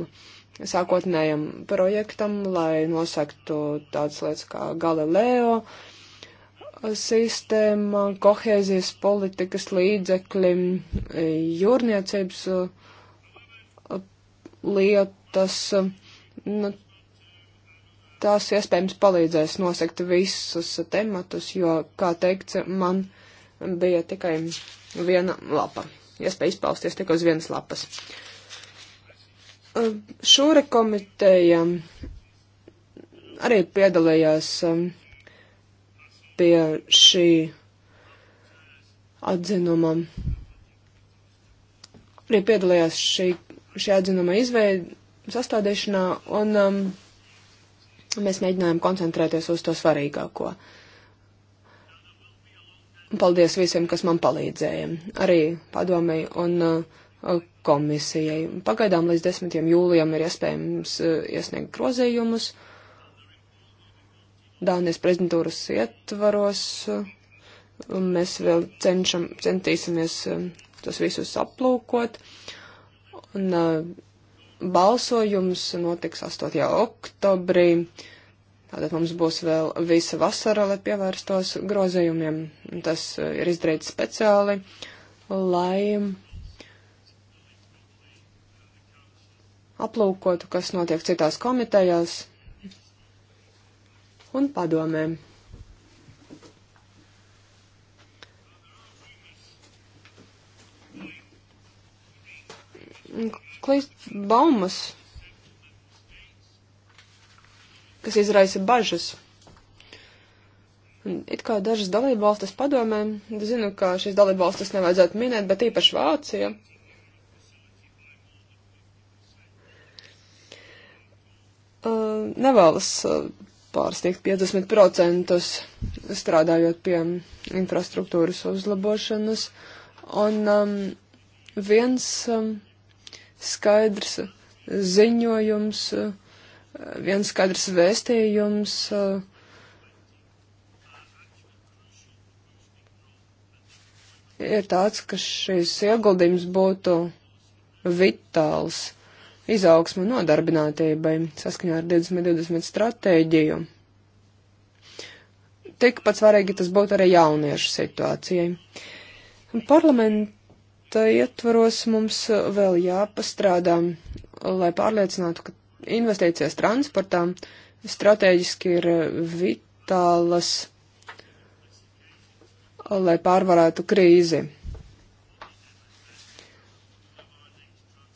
sākotnējam projektam, lai nosaktu tādas lietas kā Galileo sistēma, kohēzijas politikas līdzekļi, jūrniecības lietas. Nu, tās iespējams palīdzēs nosekt visus tematus, jo, kā teikts, man bija tikai viena lapa. Iespēja izpausties tikai uz vienas lapas. Šūra komiteja arī piedalījās pie šī atzinuma. Arī piedalījās šī, šī atzinuma izveid, sastādīšanā un um, Mēs mēģinājām koncentrēties uz to svarīgāko. Paldies visiem, kas man palīdzēja, arī padomēji un uh, komisijai. Pagaidām līdz 10. jūlijam ir iespējams uh, iesniegt grozējumus. Dānijas prezidentūras ietvaros uh, mēs vēl cenšam, centīsimies tos visus aplūkot. Un balsojums notiks 8. oktobrī. Tātad mums būs vēl visa vasara, lai pievērstos grozījumiem. Tas eh, ir izdarīts speciāli, lai aplūkotu, kas notiek citās komitejās un padomēm klīst baumas, kas izraisa bažas. Un it kā dažas dalībvalstis padomē, zinu, ka šīs dalībvalstis nevajadzētu minēt, bet īpaši Vācija. Uh, nevēlas uh, pārsniegt 50% strādājot pie infrastruktūras uzlabošanas. Un um, viens um, skaidrs ziņojums, viens skaidrs vēstījums. Ir tāds, ka šīs ieguldījums būtu vitāls izaugsmu nodarbinātībai saskaņā ar 2020 stratēģiju. Tikpat svarīgi tas būtu arī jauniešu situācijai. Parlament, budžeta ietvaros mums vēl jāpastrādā, lai pārliecinātu, ka investīcijas transportā strateģiski ir vitālas, lai pārvarētu krīzi.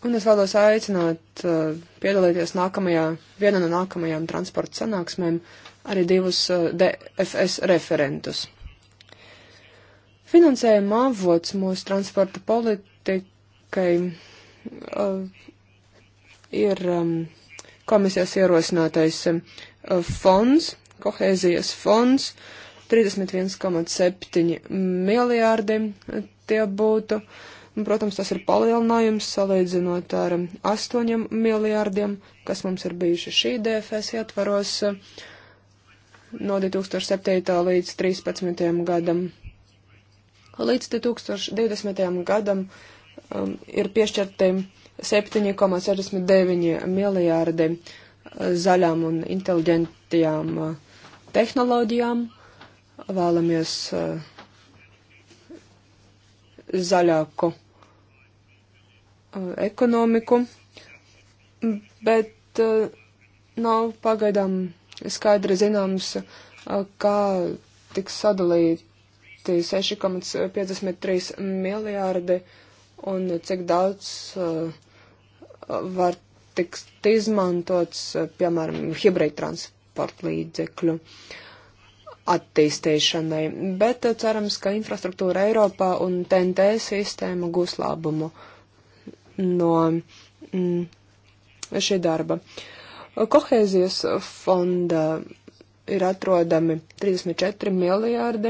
Un es vēlos aicināt uh, piedalīties nākamajā, viena no nākamajām transporta sanāksmēm, arī divus uh, DFS referentus. Finansējuma avots mūsu transporta politikai uh, ir um, komisijas ierosinātais uh, fonds, kohēzijas fonds, 31,7 miljārdi tie būtu. Protams, tas ir palielinājums salīdzinot ar 8 um, miljārdiem, kas mums ir bijuši šī DFS ietvaros uh, no 2007. līdz 2013. gadam. Līdz 2020. gadam um, ir piešķirti 7,69 miljārdi uh, zaļām un inteliģentajām uh, tehnoloģijām. Vēlamies uh, zaļāku uh, ekonomiku, bet uh, nav pagaidām skaidri zināms, uh, kā tiks sadalīt 6,53 miljārdi un cik daudz uh, var tikt izmantots, uh, piemēram, hibrīd transporta līdzekļu attīstīšanai. Bet uh, cerams, ka infrastruktūra Eiropā un TNT sistēma gūs labumu no mm, šī darba. Kohēzijas fonda ir atrodami 34 miljārdi,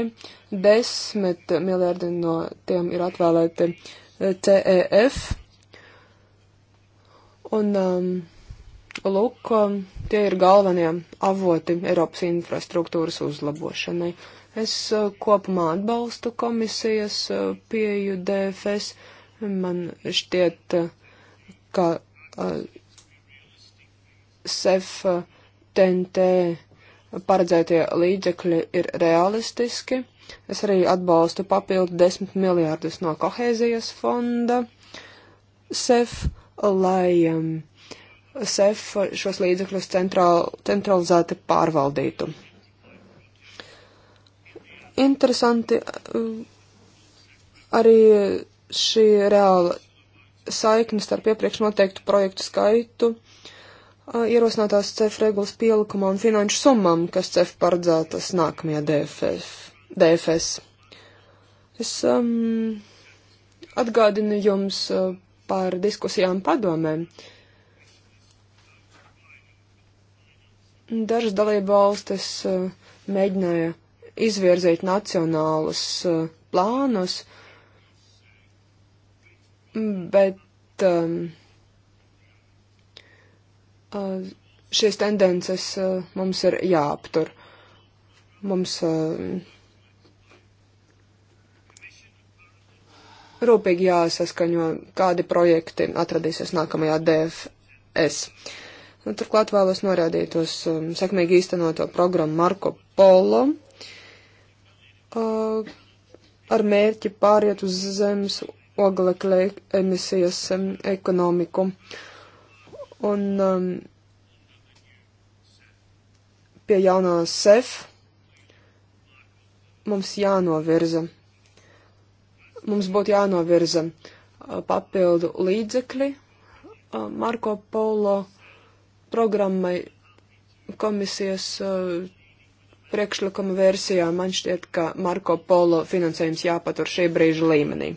10 miljārdi no tiem ir atvēlēti e, CEF. Un, um, lūk, tie ir galvenie avoti Eiropas infrastruktūras uzlabošanai. Es uh, kopumā atbalstu komisijas uh, pieju DFS. Man šķiet, uh, ka uh, SEF uh, TNT uh, paredzētie līdzekļi ir realistiski. Es arī atbalstu papildu 10 miljārdus no kohēzijas fonda SEF, lai um, SEF šos līdzekļus central, centralizēti pārvaldītu. Interesanti um, arī šī reāla saikne starp iepriekš noteiktu projektu skaitu ierosinātās CEF regulas pielikumā un finanšu summām, kas CEF paredzētas nākamajā DFF, DFS. Es um, atgādinu jums uh, par diskusijām padomēm. Dažas dalība valstis uh, mēģināja izvirzīt nacionālus uh, plānus, bet um, Eh, šīs tendences eh, mums ir jāaptur. Mums eh, rūpīgi jāsaskaņo, kādi projekti atradīsies nākamajā DFS. Un, nu, turklāt vēlos norādīt uz um, sekmīgi īstenoto programmu Marko Polo uh, ar mērķi pāriet uz zemes oglekļa emisijas um, ekonomiku. Uh, Un um, pie jaunā sef mums jānovirza. Mums būtu jānovirza uh, papildu līdzekļi uh, Marko Polo programmai komisijas uh, priekšlikuma versijā. Man šķiet, ka Marko Polo finansējums jāpatur šī brīža līmenī.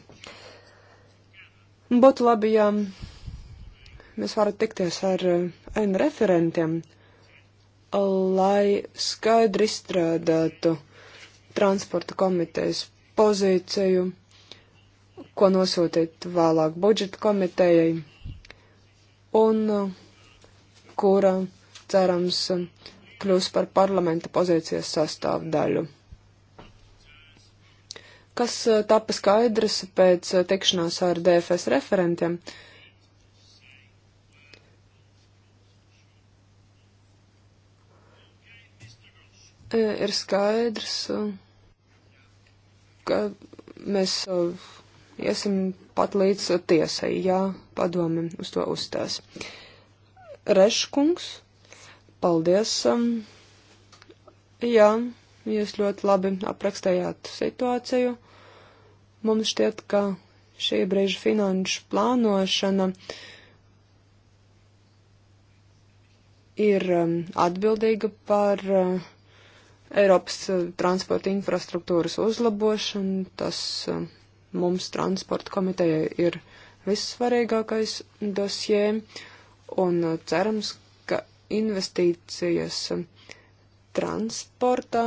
Būtu labi, ja mēs varat tikties ar eh, N referentiem, lai skaidri izstrādātu transporta komitejas pozīciju, ko nosūtīt vēlāk budžeta komitejai, un kura, cerams, kļūs par parlamenta pozīcijas sastāvdaļu kas eh, tapa skaidrs pēc eh, tikšanās ar DFS referentiem. Uh, E, ir skaidrs, e, ka mēs e, iesim pat līdz tiesai, ja padomi uz to uzstās. Reškungs, paldies. Jā, jūs ļoti labi aprakstējāt situāciju. Mums šķiet, ka šī brīža finanšu plānošana ir atbildīga par uh, Eiropas eh, transporta infrastruktūras uzlabošana, tas eh, mums transporta komitejai ir vissvarīgākais dosjē, un eh, cerams, ka investīcijas transportā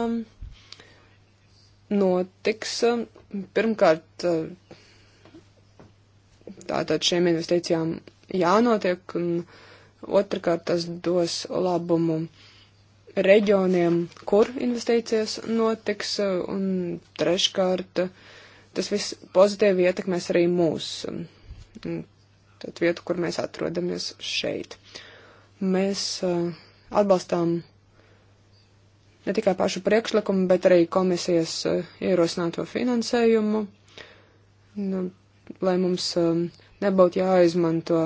notiks pirmkārt tātad šiem investīcijām jānotiek, un otrkārt tas dos labumu reģioniem, kur investīcijas notiks, uh, un treškārt tas viss pozitīvi ietekmēs arī mūs, um, tad vietu, kur mēs atrodamies šeit. Mēs uh, atbalstām ne tikai pašu priekšlikumu, bet arī komisijas uh, ierosināto finansējumu, nu, lai mums um, nebūtu jāizmanto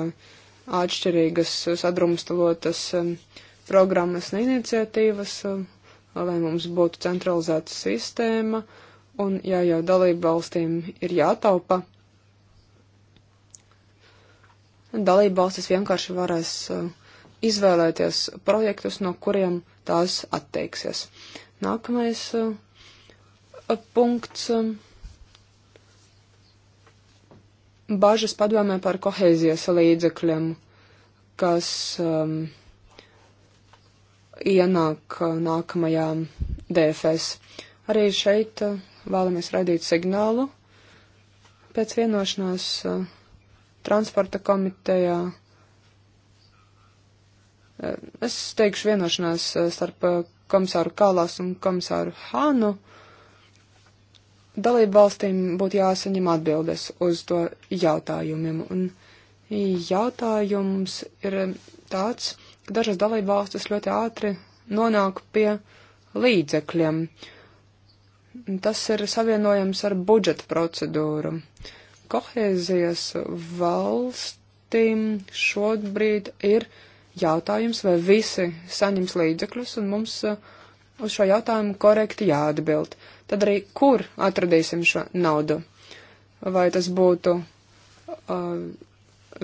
atšķirīgas sadrumstalotas uh, programmas un iniciatīvas, um, lai mums būtu centralizēta sistēma, un ja jau dalību valstīm ir jātaupa, dalību valstis vienkārši varēs um, izvēlēties projektus, no kuriem tās atteiksies. Nākamais um, punkts - bažas padomē par kohēzijas līdzekļiem, kas um, ienāk uh, nākamajā DFS. Arī šeit uh, vēlamies radīt signālu. Pēc vienošanās uh, transporta komitejā es teikšu vienošanās starp komisāru Kalas un komisāru Hānu. Dalību valstīm būtu jāsaņem atbildes uz to jautājumiem. Un jautājums ir um, tāds, ka dažas dalībvalstis ļoti ātri nonāk pie līdzekļiem. Tas ir savienojams ar budžeta procedūru. Kohēzijas valstīm šobrīd ir jautājums, vai visi saņems līdzekļus, un mums uh, uz šo jautājumu korekti jāatbild. Tad arī kur atradīsim šo naudu? Vai tas būtu uh,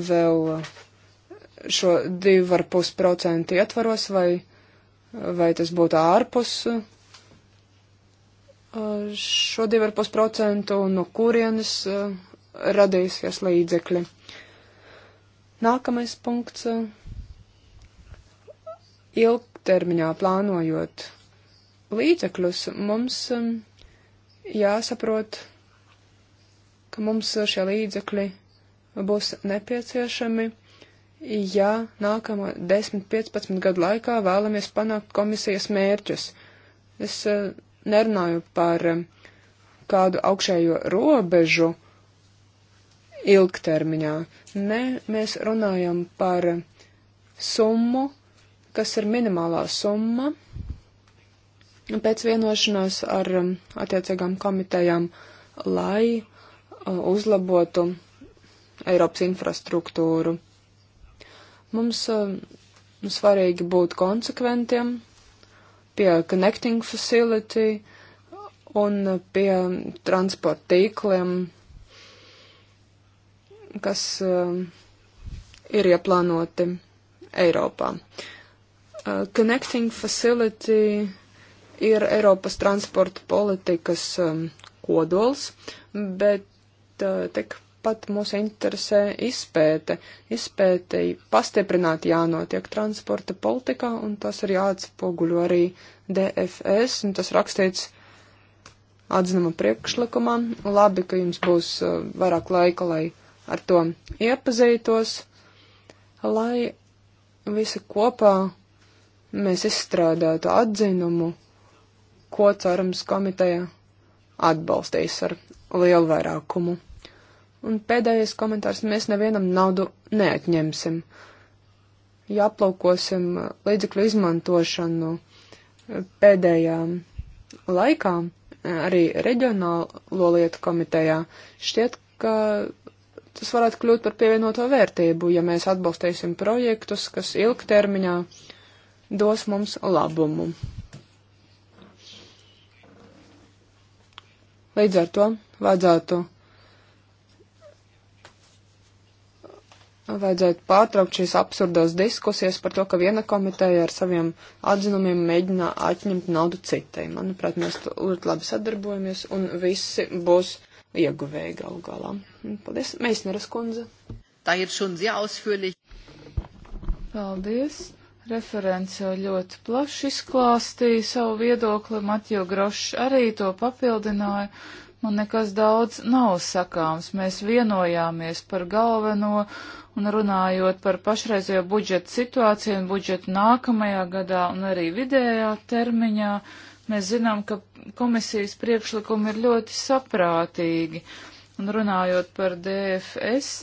vēl šo 2,5% ietvaros, vai, vai tas būtu ārpus uh, šo 2,5% un no kurienes uh, radīsies līdzekļi. Nākamais punkts uh, - ilgtermiņā plānojot līdzekļus, mums um, jāsaprot, ka mums šie līdzekļi būs nepieciešami ja nākamo 10-15 gadu laikā vēlamies panākt komisijas mērķus. Es eh, nerunāju par eh, kādu augšējo robežu ilgtermiņā. Nē, mēs runājam par summu, kas ir minimālā summa. Pēc vienošanās ar eh, attiecīgām komitejām, lai uzlabotu Eiropas infrastruktūru. Uh, mums svarīgi būt konsekventiem pie connecting facility un pie transporta tīkliem, kas uh, ir ieplānoti Eiropā. Uh, connecting facility ir Eiropas transporta politikas um, kodols, bet tik pat mūs interesē izpēte. Izpētei pastiprināti jānotiek transporta politikā, un tas ir jāatspoguļo arī DFS, un tas rakstīts atzinuma priekšlikumā. Labi, ka jums būs uh, vairāk laika, lai ar to iepazītos, lai visi kopā mēs izstrādātu atzinumu, ko cerams komiteja atbalstīs ar lielu vairākumu. Un pēdējais komentārs - mēs nevienam naudu neatņemsim. Ja aplaukosim uh, līdzekļu izmantošanu uh, pēdējā laikā, uh, arī reģionālo lietu komitejā, šķiet, ka tas varētu kļūt par pievienoto vērtību, ja mēs atbalstīsim projektus, kas ilgtermiņā dos mums labumu. Līdz ar to vajadzētu vajadzētu pārtraukt šīs absurdās diskusijas par to, ka viena komiteja ar saviem atzinumiem mēģinā atņemt naudu citai. Manuprāt, mēs ļoti labi sadarbojamies un visi būs ieguvēji galu galā. Paldies, Meisneras kundze. Tā ir šundz jāuzfūļi. Paldies. Referents jau ļoti plaši izklāstīja savu viedokli, Matjo Grošs arī to papildināja. Man nekas daudz nav sakāms. Mēs vienojāmies par galveno un runājot par pašreizējo budžeta situāciju un budžetu nākamajā gadā un arī vidējā termiņā. Mēs zinām, ka komisijas priekšlikumi ir ļoti saprātīgi. Un runājot par DFS,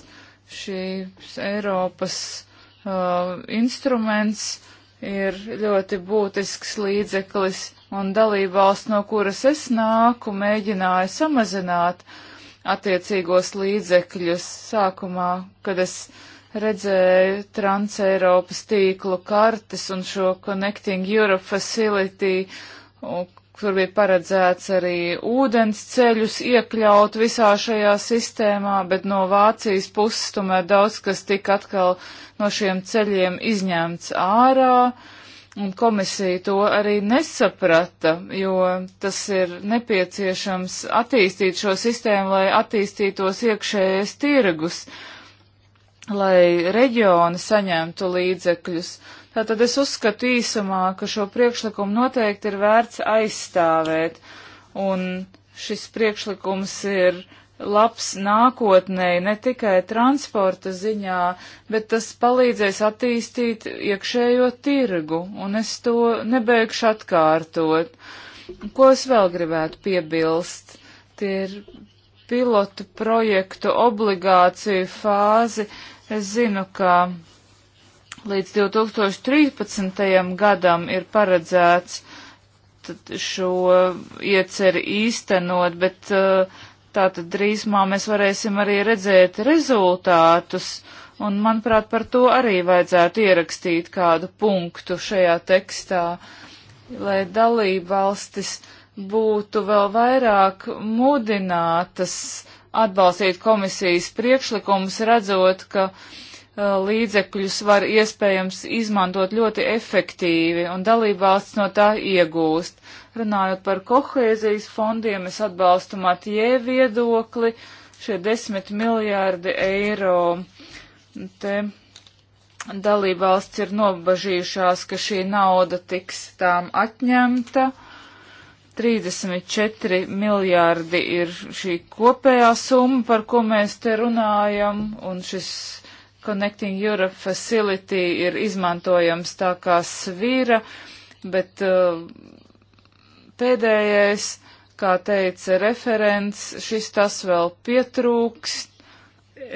šīs Eiropas uh, instruments uh, ir ļoti būtisks līdzeklis, un dalībvalsts, no kuras es nāku, mēģināja samazināt attiecīgos līdzekļus sākumā, kad es redzēju Transeiropas tīklu kartes un šo Connecting Europe Facility, kur bija paredzēts arī ūdens ceļus iekļaut visā šajā sistēmā, bet no Vācijas puses tomēr daudz kas tika atkal no šiem ceļiem izņemts ārā, un komisija to arī nesaprata, jo tas ir nepieciešams attīstīt šo sistēmu, lai attīstītos iekšējais tirgus, lai reģioni saņemtu līdzekļus. Tātad es uzskatu īsumā, ka šo priekšlikumu noteikti ir vērts aizstāvēt, un šis priekšlikums ir labs nākotnē, ne tikai transporta ziņā, bet tas palīdzēs attīstīt iekšējo tirgu, un es to nebeigšu atkārtot. Ko es vēl gribētu piebilst? Tie ir pilotu projektu obligāciju fāzi. Es zinu, ka līdz 2013. gadam ir paredzēts šo ieceru īstenot, bet eh, tātad drīzumā mēs varēsim arī redzēt rezultātus, un manuprāt par to arī vajadzētu ierakstīt kādu punktu šajā tekstā, lai dalība valstis būtu vēl vairāk mudinātas atbalstīt komisijas priekšlikumus, redzot, ka uh, līdzekļus var iespējams izmantot ļoti efektīvi un dalībvalsts no tā iegūst. Runājot par kohēzijas fondiem, es atbalstu Matjē viedokli, šie desmit miljārdi eiro. Te dalībvalsts ir nobažījušās, ka šī nauda tiks tām atņemta. 34 miljārdi ir šī kopējā summa, par ko mēs te runājam, un šis Connecting Europe Facility ir izmantojams tā kā svīra, bet uh, pēdējais, kā teica referents, šis tas vēl pietrūkst.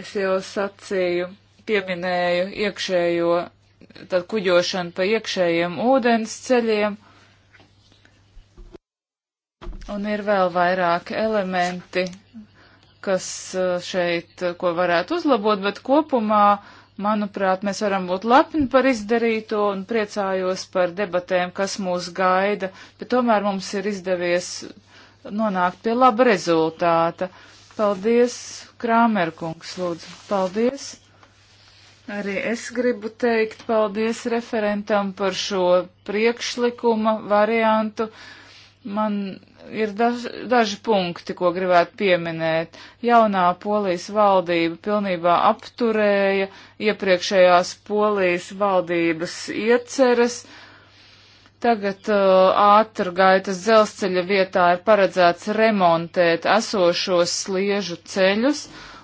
Es jau sacīju, pieminēju iekšējo, tad kuģošanu pa iekšējiem ūdens ceļiem. Un ir vēl vairāki elementi, kas eh, šeit, eh, ko varētu uzlabot, bet kopumā, manuprāt, mēs varam būt lepni par izdarīto un priecājos par debatēm, kas mūs gaida, bet tomēr mums ir izdevies nonākt pie laba rezultāta. Paldies, Krāmerkungs, lūdzu. Paldies. Arī es gribu teikt paldies referentam par šo priekšlikuma variantu. Man ir daž, daži punkti, ko gribētu pieminēt. Jaunā polijas valdība pilnībā apturēja iepriekšējās polijas valdības ieceres. Tagad uh, ātrgaitas dzelzceļa vietā ir paredzēts remontēt esošos sliežu ceļus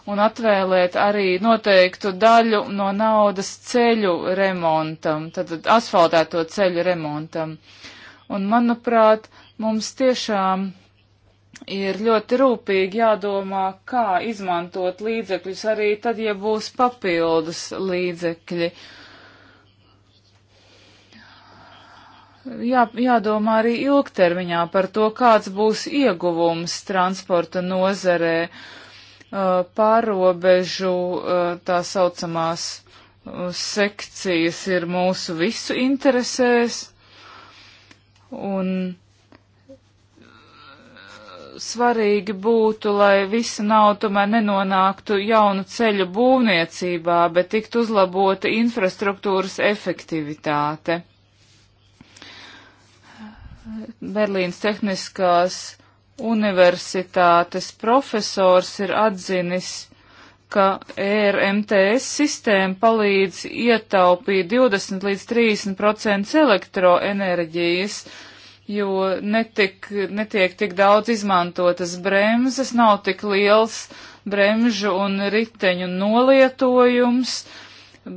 un atvēlēt arī noteiktu daļu no naudas ceļu remontam, tad asfaltēto ceļu remontam. Un, manuprāt, uh, Mums tiešām ir ļoti rūpīgi jādomā, kā izmantot līdzekļus arī tad, ja būs papildus līdzekļi. Jā, jādomā arī ilgtermiņā par to, kāds būs ieguvums transporta nozarē pārobežu tā saucamās sekcijas ir mūsu visu interesēs. Un svarīgi būtu, lai visa nauda tomēr nenonāktu jaunu ceļu būvniecībā, bet tiktu uzlabota infrastruktūras efektivitāte. Berlīnas Tehniskās universitātes profesors ir atzinis, ka ERMTS sistēma palīdz ietaupīt 20 līdz 30 procentus elektroenerģijas, jo netik, netiek tik daudz izmantotas bremzes, nav tik liels bremžu un riteņu nolietojums.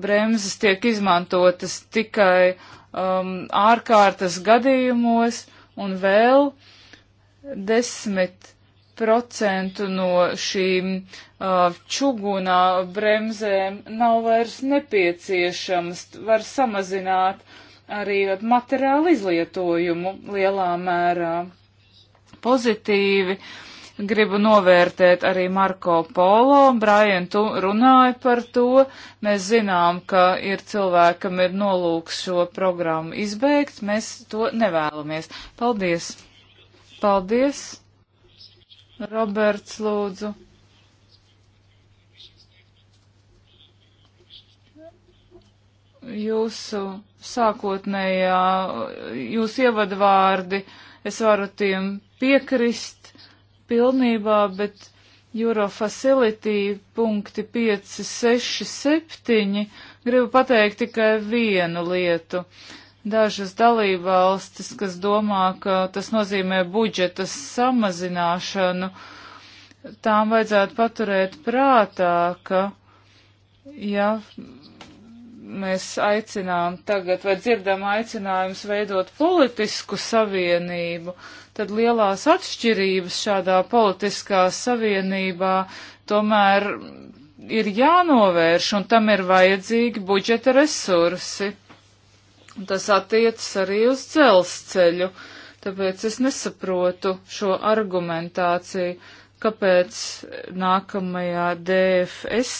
Bremzes tiek izmantotas tikai um, ārkārtas gadījumos un vēl desmit procentu no šīm uh, čugunā bremzēm nav vairs nepieciešams, var samazināt uh, arī materiālu izlietojumu lielā mērā pozitīvi. Gribu novērtēt arī Marko Polo, Brian tu runāja par to. Mēs zinām, ka ir cilvēkam ir nolūks šo programmu izbeigt, mēs to nevēlamies. Paldies! Paldies! Roberts, lūdzu! jūsu sākotnējā, jūsu ievadvārdi, es varu tiem piekrist pilnībā, bet Eurofacility punkti 5, 6, 7 gribu pateikt tikai vienu lietu. Dažas dalībvalstis, kas domā, ka tas nozīmē budžetas samazināšanu, tām vajadzētu paturēt prātā, ka, ja mēs aicinām tagad vai dzirdam aicinājums veidot politisku savienību, tad lielās atšķirības šādā politiskā savienībā tomēr ir jānovērš un tam ir vajadzīgi budžeta resursi. Tas attiecas arī uz dzelzceļu, tāpēc es nesaprotu šo argumentāciju, kāpēc nākamajā DFS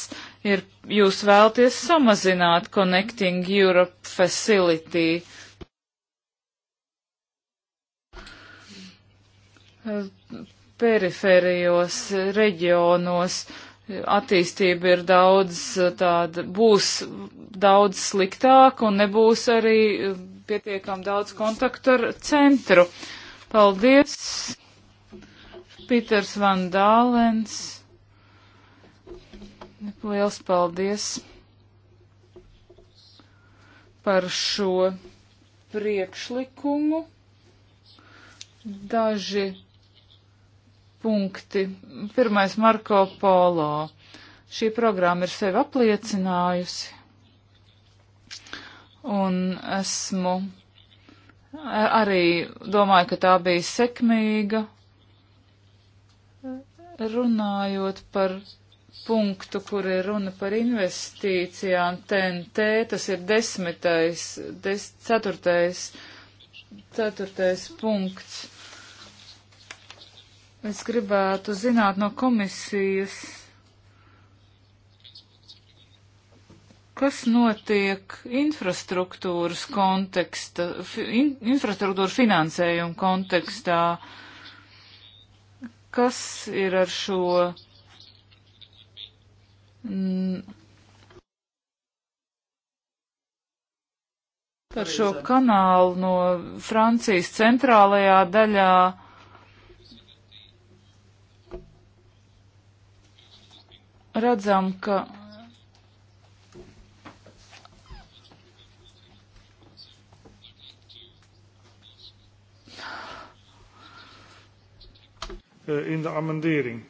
ir jūs vēlties samazināt Connecting Europe Facility. Periferijos reģionos attīstība ir daudz tāda, būs daudz sliktāka un nebūs arī pietiekam daudz kontaktu ar centru. Paldies! Piters Van Dālens. Liels paldies par šo priekšlikumu. Daži punkti. Pirmais Marko Polo. Šī programma ir sevi apliecinājusi. Un esmu arī domāju, ka tā bija sekmīga runājot par punktu, kur ir runa par investīcijām TNT, tas ir desmitais, des, ceturtais, ceturtais punkts. Es gribētu zināt no komisijas, kas notiek infrastruktūras konteksta, in, infrastruktūra finansējuma kontekstā, kas ir ar šo par šo kanālu no Francijas centrālajā daļā. Redzam, ka eh, in de amendering.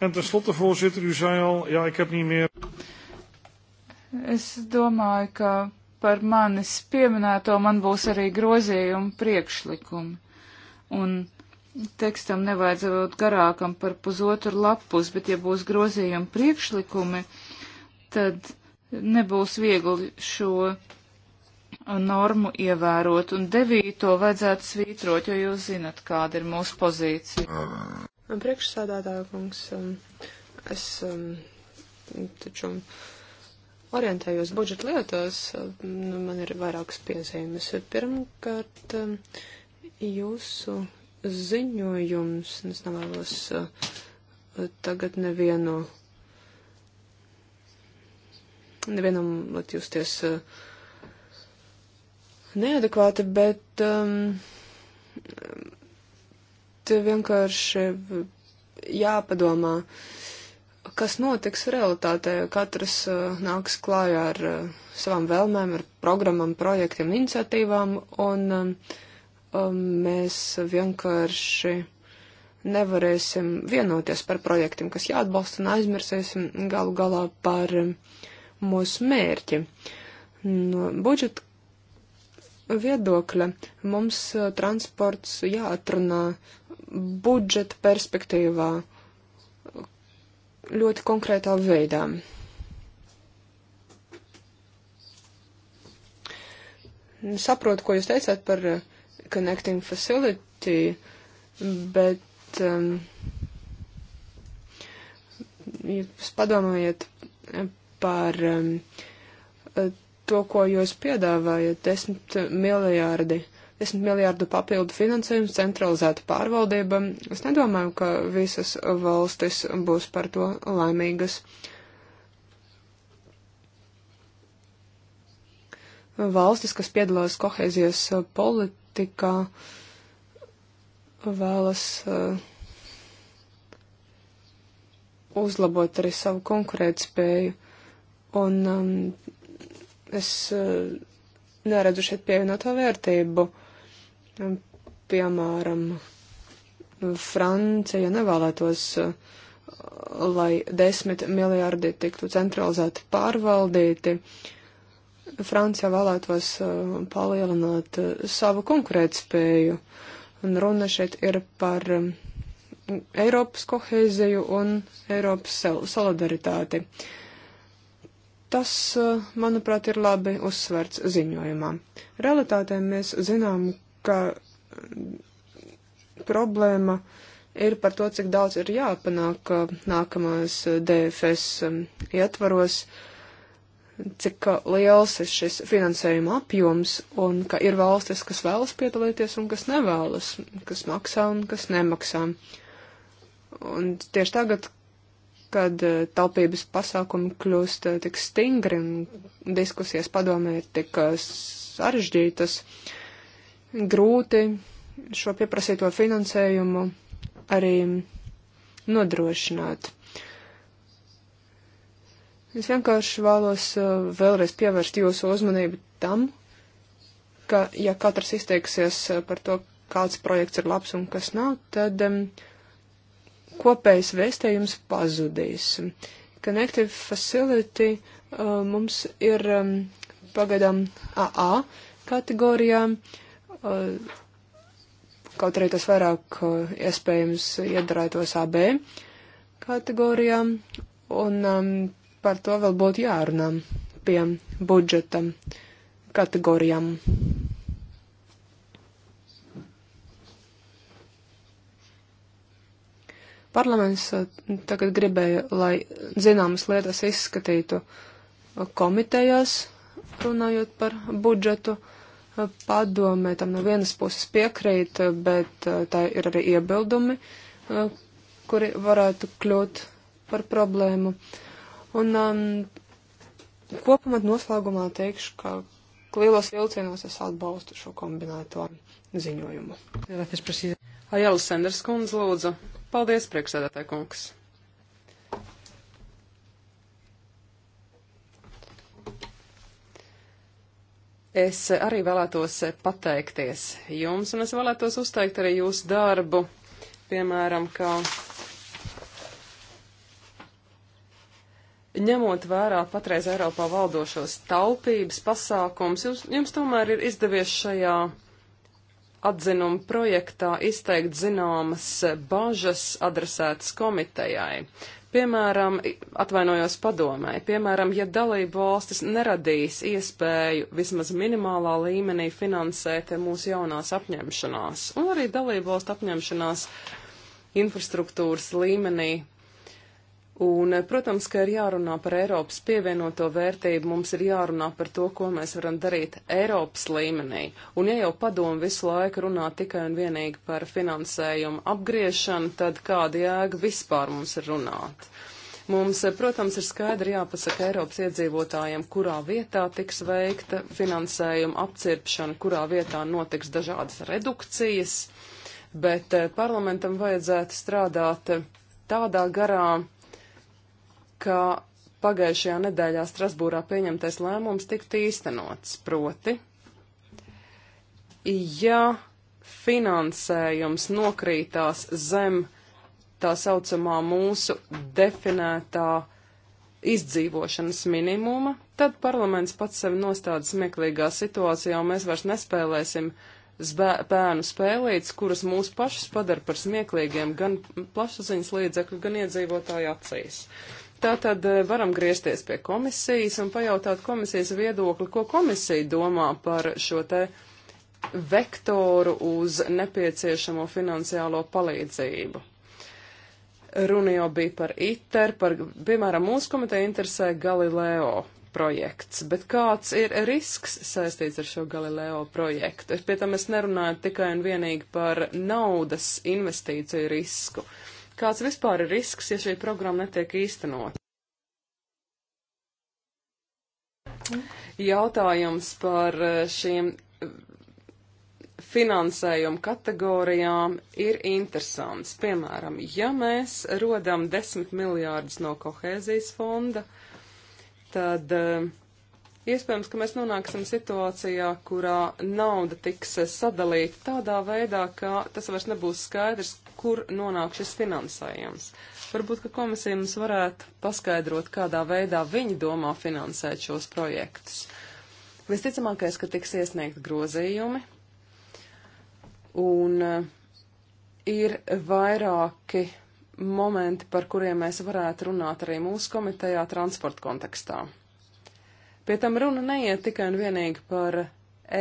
En tenslotte, voorzitter, u zei al, ja, ik heb niet meer. Es domāju, ka par manis pieminēto man būs arī grozījumi priekšlikumi. Un tekstam nevajadzētu būt garākam par pusotru lapus, bet ja būs grozījumi priekšlikumi, tad nebūs viegli šo normu ievērot, un devīto vajadzētu svītrot, jo jūs zinat, kāda ir mūsu pozīcija. Uh, Priekšsēdētāja kungs, um, es um, taču orientējos budžeta lietās, um, nu, man ir vairākas piezīmes. Pirmkārt, jūsu ziņojums, es nevēlos uh, tagad nevienu, nevienam let justies uh, neadekvāti, bet um, vienkārši jāpadomā, kas notiks realitātē. Katrs uh, nāks klājā ar uh, savām vēlmēm, ar programmām, projektiem, iniciatīvām, un um, um mēs vienkārši nevarēsim vienoties par projektiem, kas jāatbalsta, un aizmirsīsim galu galā par um, mūsu mērķi. No budžeta viedokļa mums uh, transports jāatrunā uh, budžeta perspektīvā ļoti konkrētā veidā. Saprotu, ko jūs teicāt par Connecting Facility, bet um, jūs padomājiet par um, to, ko jūs piedāvājat, desmit miljārdi uh, 10 miljārdu papildu finansējums centralizēta pārvaldība. Es nedomāju, ka visas valstis būs par to laimīgas. Valstis, kas piedalās kohēzijas politikā, vēlas uh, uzlabot arī savu konkurētspēju. Un um, es uh, neredzu šeit pievienoto vērtību. Uh, Piemēram, Francija nevēlētos, lai desmit miljardi tiktu centralizēti pārvaldīti. Francija vēlētos uh, palielināt uh, savu konkurētspēju. Un runa šeit ir par um, Eiropas kohēziju un Eiropas solidaritāti. Tas, uh, manuprāt, ir labi uzsverts ziņojumā. Realitātē mēs zinām, ka problēma ir par to, cik daudz ir jāpanāk nākamās DFS um, ietvaros, cik liels ir šis finansējuma apjoms un ka ir valstis, kas vēlas piedalīties un kas nevēlas, kas maksā un kas nemaksā. Un tieši tagad, kad uh, taupības pasākumi kļūst uh, tik stingri un diskusijas padomē ir tik uh, sarežģītas, uh, grūti šo pieprasīto finansējumu arī nodrošināt. Es vienkārši vēlos uh, vēlreiz pievērst jūsu uzmanību tam, ka ja katrs izteiksies uh, par to, kāds projekts ir labs un kas nav, tad um, kopējs vēstījums pazudīs. Connective Facility uh, mums ir um, pagaidām AA kategorijā. Uh, Eh, kaut arī tas vairāk eh, iespējams iedarētos AB kategorijā, un um, par to vēl būtu jārunā pie budžeta kategorijām. parlaments eh, tagad gribēja, lai zināmas lietas izskatītu komitejās, runājot par budžetu, padomē tam no vienas puses piekrīt, bet eh, tā ir arī iebildumi, eh, kuri varētu kļūt par problēmu. Un um, kopumā noslēgumā teikšu, ka lielos vilcienos es atbalstu šo kombinēto ziņojumu. Ajala Sanders kundze lūdzu. Paldies, priekšsēdētāji kungs. Es arī vēlētos pateikties jums, un es vēlētos uzteikt arī jūsu darbu, piemēram, kā ņemot vērā patreiz Eiropā valdošos taupības pasākums, jums, jums tomēr ir izdevies šajā atzinuma projektā izteikt zināmas bažas adresētas komitejai. Piemēram, atvainojos padomē, piemēram, ja dalību valstis neradīs iespēju vismaz minimālā līmenī finansēt mūsu jaunās apņemšanās un arī dalību valstu apņemšanās infrastruktūras līmenī Un, protams, ka ir jārunā par Eiropas pievienoto vērtību, mums ir jārunā par to, ko mēs varam darīt Eiropas līmenī. Un, ja jau padomu visu laiku runā tikai un vienīgi par finansējumu apgriešanu, tad kāda jēga vispār mums ir runāt? Mums, protams, ir skaidri jāpasaka Eiropas iedzīvotājiem, kurā vietā tiks veikta finansējuma apcirpšana, kurā vietā notiks dažādas redukcijas, bet eh, parlamentam vajadzētu strādāt eh, tādā garā, ka pagājušajā nedēļā Strasbūrā pieņemtais lēmums tiktu īstenots. Proti, ja finansējums nokrītās zem tā saucamā mūsu definētā izdzīvošanas minimuma, tad parlaments pats sevi nostāda smieklīgā situācijā un mēs vairs nespēlēsim bērnu spēlītes, kuras mūs pašus padara par smieklīgiem gan plašsaziņas līdzekļu, gan iedzīvotāju acīs. Tātad eh, varam griezties pie komisijas un pajautāt komisijas viedokli, ko komisija domā par šo te vektoru uz nepieciešamo finansiālo palīdzību. Runa jau bija par ITER, par, piemēram, mūsu komiteja interesē Galileo projekts, bet kāds ir risks saistīts ar šo Galileo projektu? Pie tam es nerunāju tikai un vienīgi par naudas investīciju risku. Uh, Kāds vispār ir risks, ja šī programma netiek īstenot? Jautājums par eh, šīm eh, finansējuma kategorijām ir interesants. Piemēram, ja mēs rodam 10 miljārdus no kohēzijas fonda, tad uh, Iespējams, ka mēs nonāksim situācijā, kurā nauda tiks eh, sadalīta tādā veidā, ka tas vairs nebūs skaidrs, kur nonāk šis finansējums. Varbūt, ka komisija mums varētu paskaidrot, kādā veidā viņi domā finansēt šos projektus. Visticamākais, ka tiks iesniegt grozījumi, un eh, ir vairāki momenti, par kuriem mēs varētu runāt arī mūsu komitejā transporta kontekstā. Pie tam runa neiet tikai un vienīgi par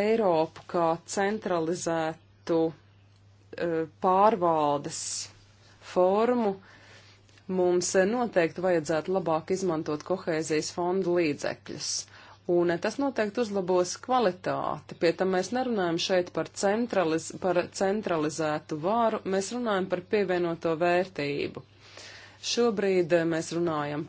Eiropu kā centralizētu eh, pārvaldes formu. Mums eh, noteikti vajadzētu labāk izmantot kohēzijas fondu līdzekļus. Un eh, tas noteikti uzlabos kvalitāti. Pie tam mēs nerunājam šeit par, centraliz par centralizētu vāru, mēs runājam par pievienoto vērtību. Šobrīd eh, mēs runājam,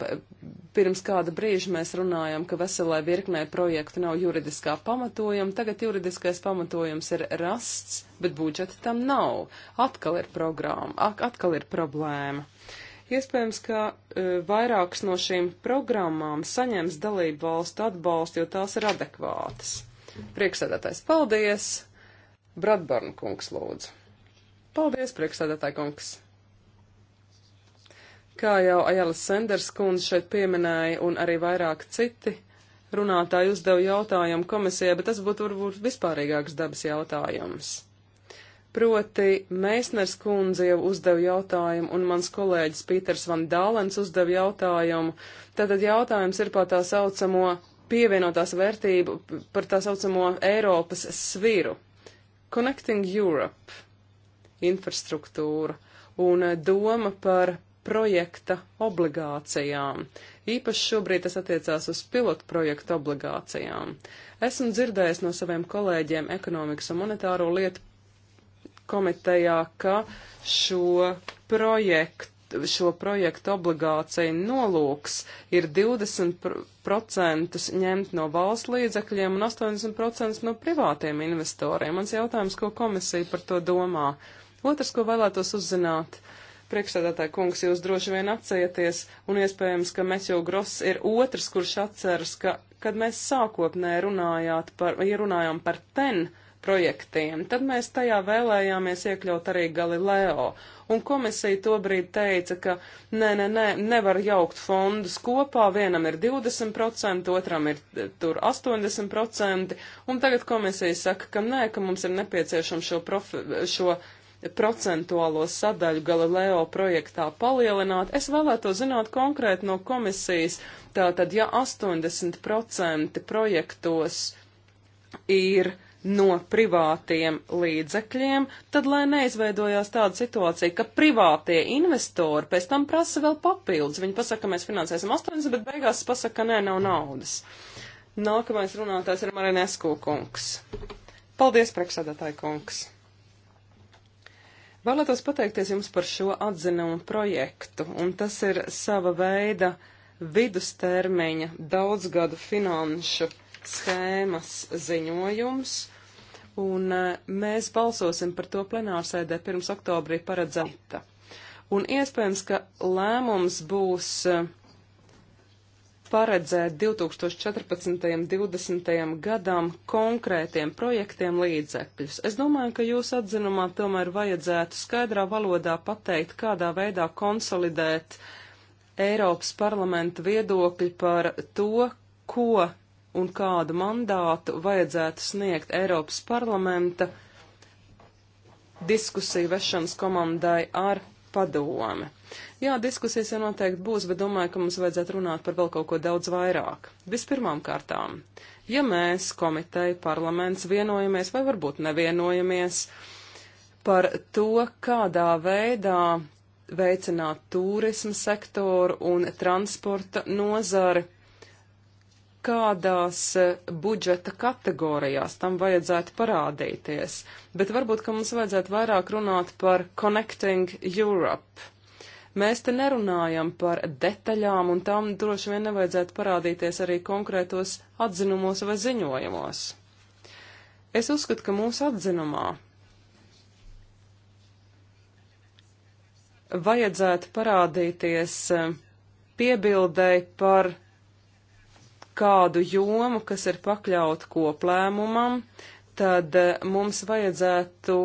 pirms kāda brīža mēs runājam, ka veselai virknē projektu nav juridiskā pamatojuma, tagad juridiskais pamatojums ir rasts, bet budžeta tam nav. Atkal ir programma, atkal ir problēma. Iespējams, ka eh, vairākas no šīm programmām saņems dalību valstu atbalstu, jo tās ir adekvātas. Prieksēdētājs, paldies! Bradbarn kungs lūdzu. Paldies, prieksēdētāj kungs! Kā jau Ajala Senders kundze šeit pieminēja un arī vairāk citi runātāji uzdeva jautājumu komisijai, bet tas būtu varbūt vispārīgāks dabas jautājums. Proti, Meisners kundze jau uzdeva jautājumu, un mans kolēģis Pīters Van Dālens uzdeva jautājumu. Tātad jautājums ir par tā saucamo pievienotās vērtību, par tā saucamo Eiropas sviru. Connecting Europe infrastruktūra un doma par projekta obligācijām. Īpaši šobrīd tas attiecās uz pilotu projektu obligācijām. Esmu dzirdējis no saviem kolēģiem ekonomikas un monetāro lietu komitejā, ka šo projektu šo projektu obligāciju nolūks ir 20% ņemt no valsts līdzekļiem un 80% no privātiem investoriem. Mans jautājums, ko komisija par to domā? Otrs, ko vēlētos uzzināt, uh, Priekšsēdētāji kungs, jūs droši vien atcerieties, un iespējams, ka mēs jau gross ir otrs, kurš atceras, ka, kad mēs sākotnē runājāt par, runājām par ten projektiem, tad mēs tajā vēlējāmies iekļaut arī Galileo. Un komisija tobrīd teica, ka nē, nē, nē, nevar jaukt fondus kopā, vienam ir 20%, otram ir e, tur 80%, un tagad komisija saka, ka nē, ka mums ir nepieciešams šo, profi, šo uh, procentuālo sadaļu Galileo projektā palielināt. Es vēlētos zināt konkrēti no komisijas, tātad, ja 80% projektos ir no privātiem līdzekļiem, tad lai neizveidojās tāda situācija, ka privātie investori pēc tam prasa vēl papildus. Viņi pasaka, ka mēs finansēsim 80, bet beigās pasaka, ka nē, nav naudas. Nākamais runātājs ir Marinesku kungs. Paldies, priekšsēdētāji kungs! Vēlētos pateikties jums par šo atzinumu projektu, un tas ir sava veida vidustermiņa daudzgadu finanšu schēmas ziņojums, un e, mēs balsosim par to plenārsēdē pirms oktobrī paredzēta. Un iespējams, ka lēmums būs uh, paredzēt 2014. un 2020. gadam konkrētiem projektiem līdzekļus. Es domāju, ka jūs atzinumā tomēr vajadzētu skaidrā valodā pateikt, kādā veidā konsolidēt Eiropas parlamenta viedokļi par to, ko un kādu mandātu vajadzētu sniegt Eiropas parlamenta diskusiju vešanas komandai ar padomi. Jā, diskusijas jau noteikti būs, bet domāju, ka mums vajadzētu runāt par vēl kaut ko daudz vairāk. Vispirmām kārtām, ja mēs, komiteja, parlaments, vienojamies vai varbūt nevienojamies par to, kādā veidā veicināt turismu sektoru un transporta nozari, kādās e, budžeta kategorijās tam vajadzētu parādīties, bet varbūt, ka mums vajadzētu vairāk runāt par Connecting Europe Mēs te nerunājam par detaļām, un tam droši vien nevajadzētu parādīties arī konkrētos atzinumos vai ziņojumos. Es uzskatu, ka mūsu atzinumā vajadzētu parādīties eh, piebildēji par kādu jomu, kas ir pakļaut koplēmumam, tad eh, mums vajadzētu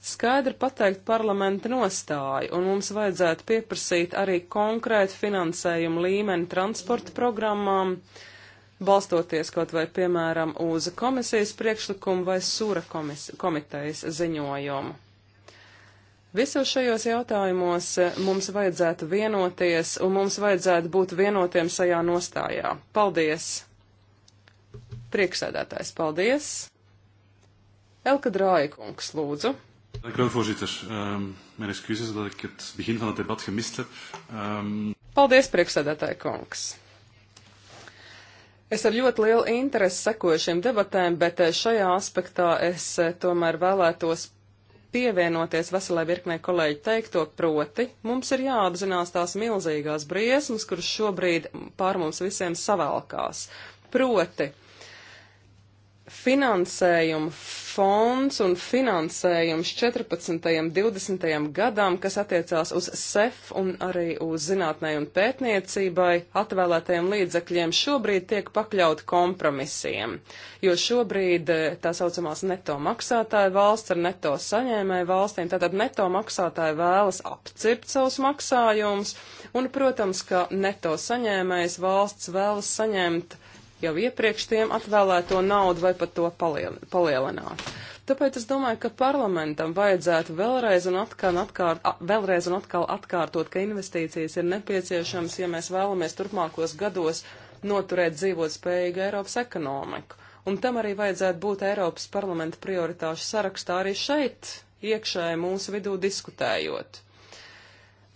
skaidri pateikt parlamenta nostāju, un mums vajadzētu pieprasīt arī konkrētu finansējumu līmeni transporta programmām, balstoties kaut vai, piemēram, uz komisijas priekšlikumu vai sura komis komitejas ziņojumu. Visos šajos jautājumos eh, mums vajadzētu vienoties, un mums vajadzētu būt vienotiem šajā nostājā. Paldies! Priekšsēdētājs, paldies! Elka Drājikungs, lūdzu! Dank u wel, voorzitter. Um, mijn excuses dat ik het begin van het debat gemist heb. Um... Paldies, priekšsēdētāji kungs. Es ar ļoti lielu interesi sekoju šiem debatēm, bet eh, šajā aspektā es eh, tomēr vēlētos pievienoties veselai virknē kolēģi teikto, proti, mums ir jāapzinās tās milzīgās briesmas, kuras šobrīd pār mums visiem savalkās. Proti, uh, finansējuma fonds un finansējums 14. un 20. gadām, kas attiecās uz SEF un arī uz zinātnē un pētniecībai atvēlētajiem līdzekļiem, šobrīd tiek pakļauti kompromisiem, jo šobrīd eh, tā saucamās neto maksātāja valsts ar neto saņēmēju valstīm, tātad neto maksātāja vēlas apcirpt savus maksājumus, un, protams, ka neto saņēmējas valsts vēlas saņemt jau iepriekš tiem atvēlēto naudu vai pat to palielināt. Tāpēc es domāju, ka parlamentam vajadzētu vēlreiz un atkal, atkārt, vēlreiz un atkal atkārtot, ka investīcijas ir nepieciešamas, ja mēs vēlamies turpmākos gados noturēt dzīvot spējīgu Eiropas ekonomiku. Un tam arī vajadzētu būt Eiropas parlamenta prioritāšu sarakstā arī šeit, iekšēji mūsu vidū diskutējot.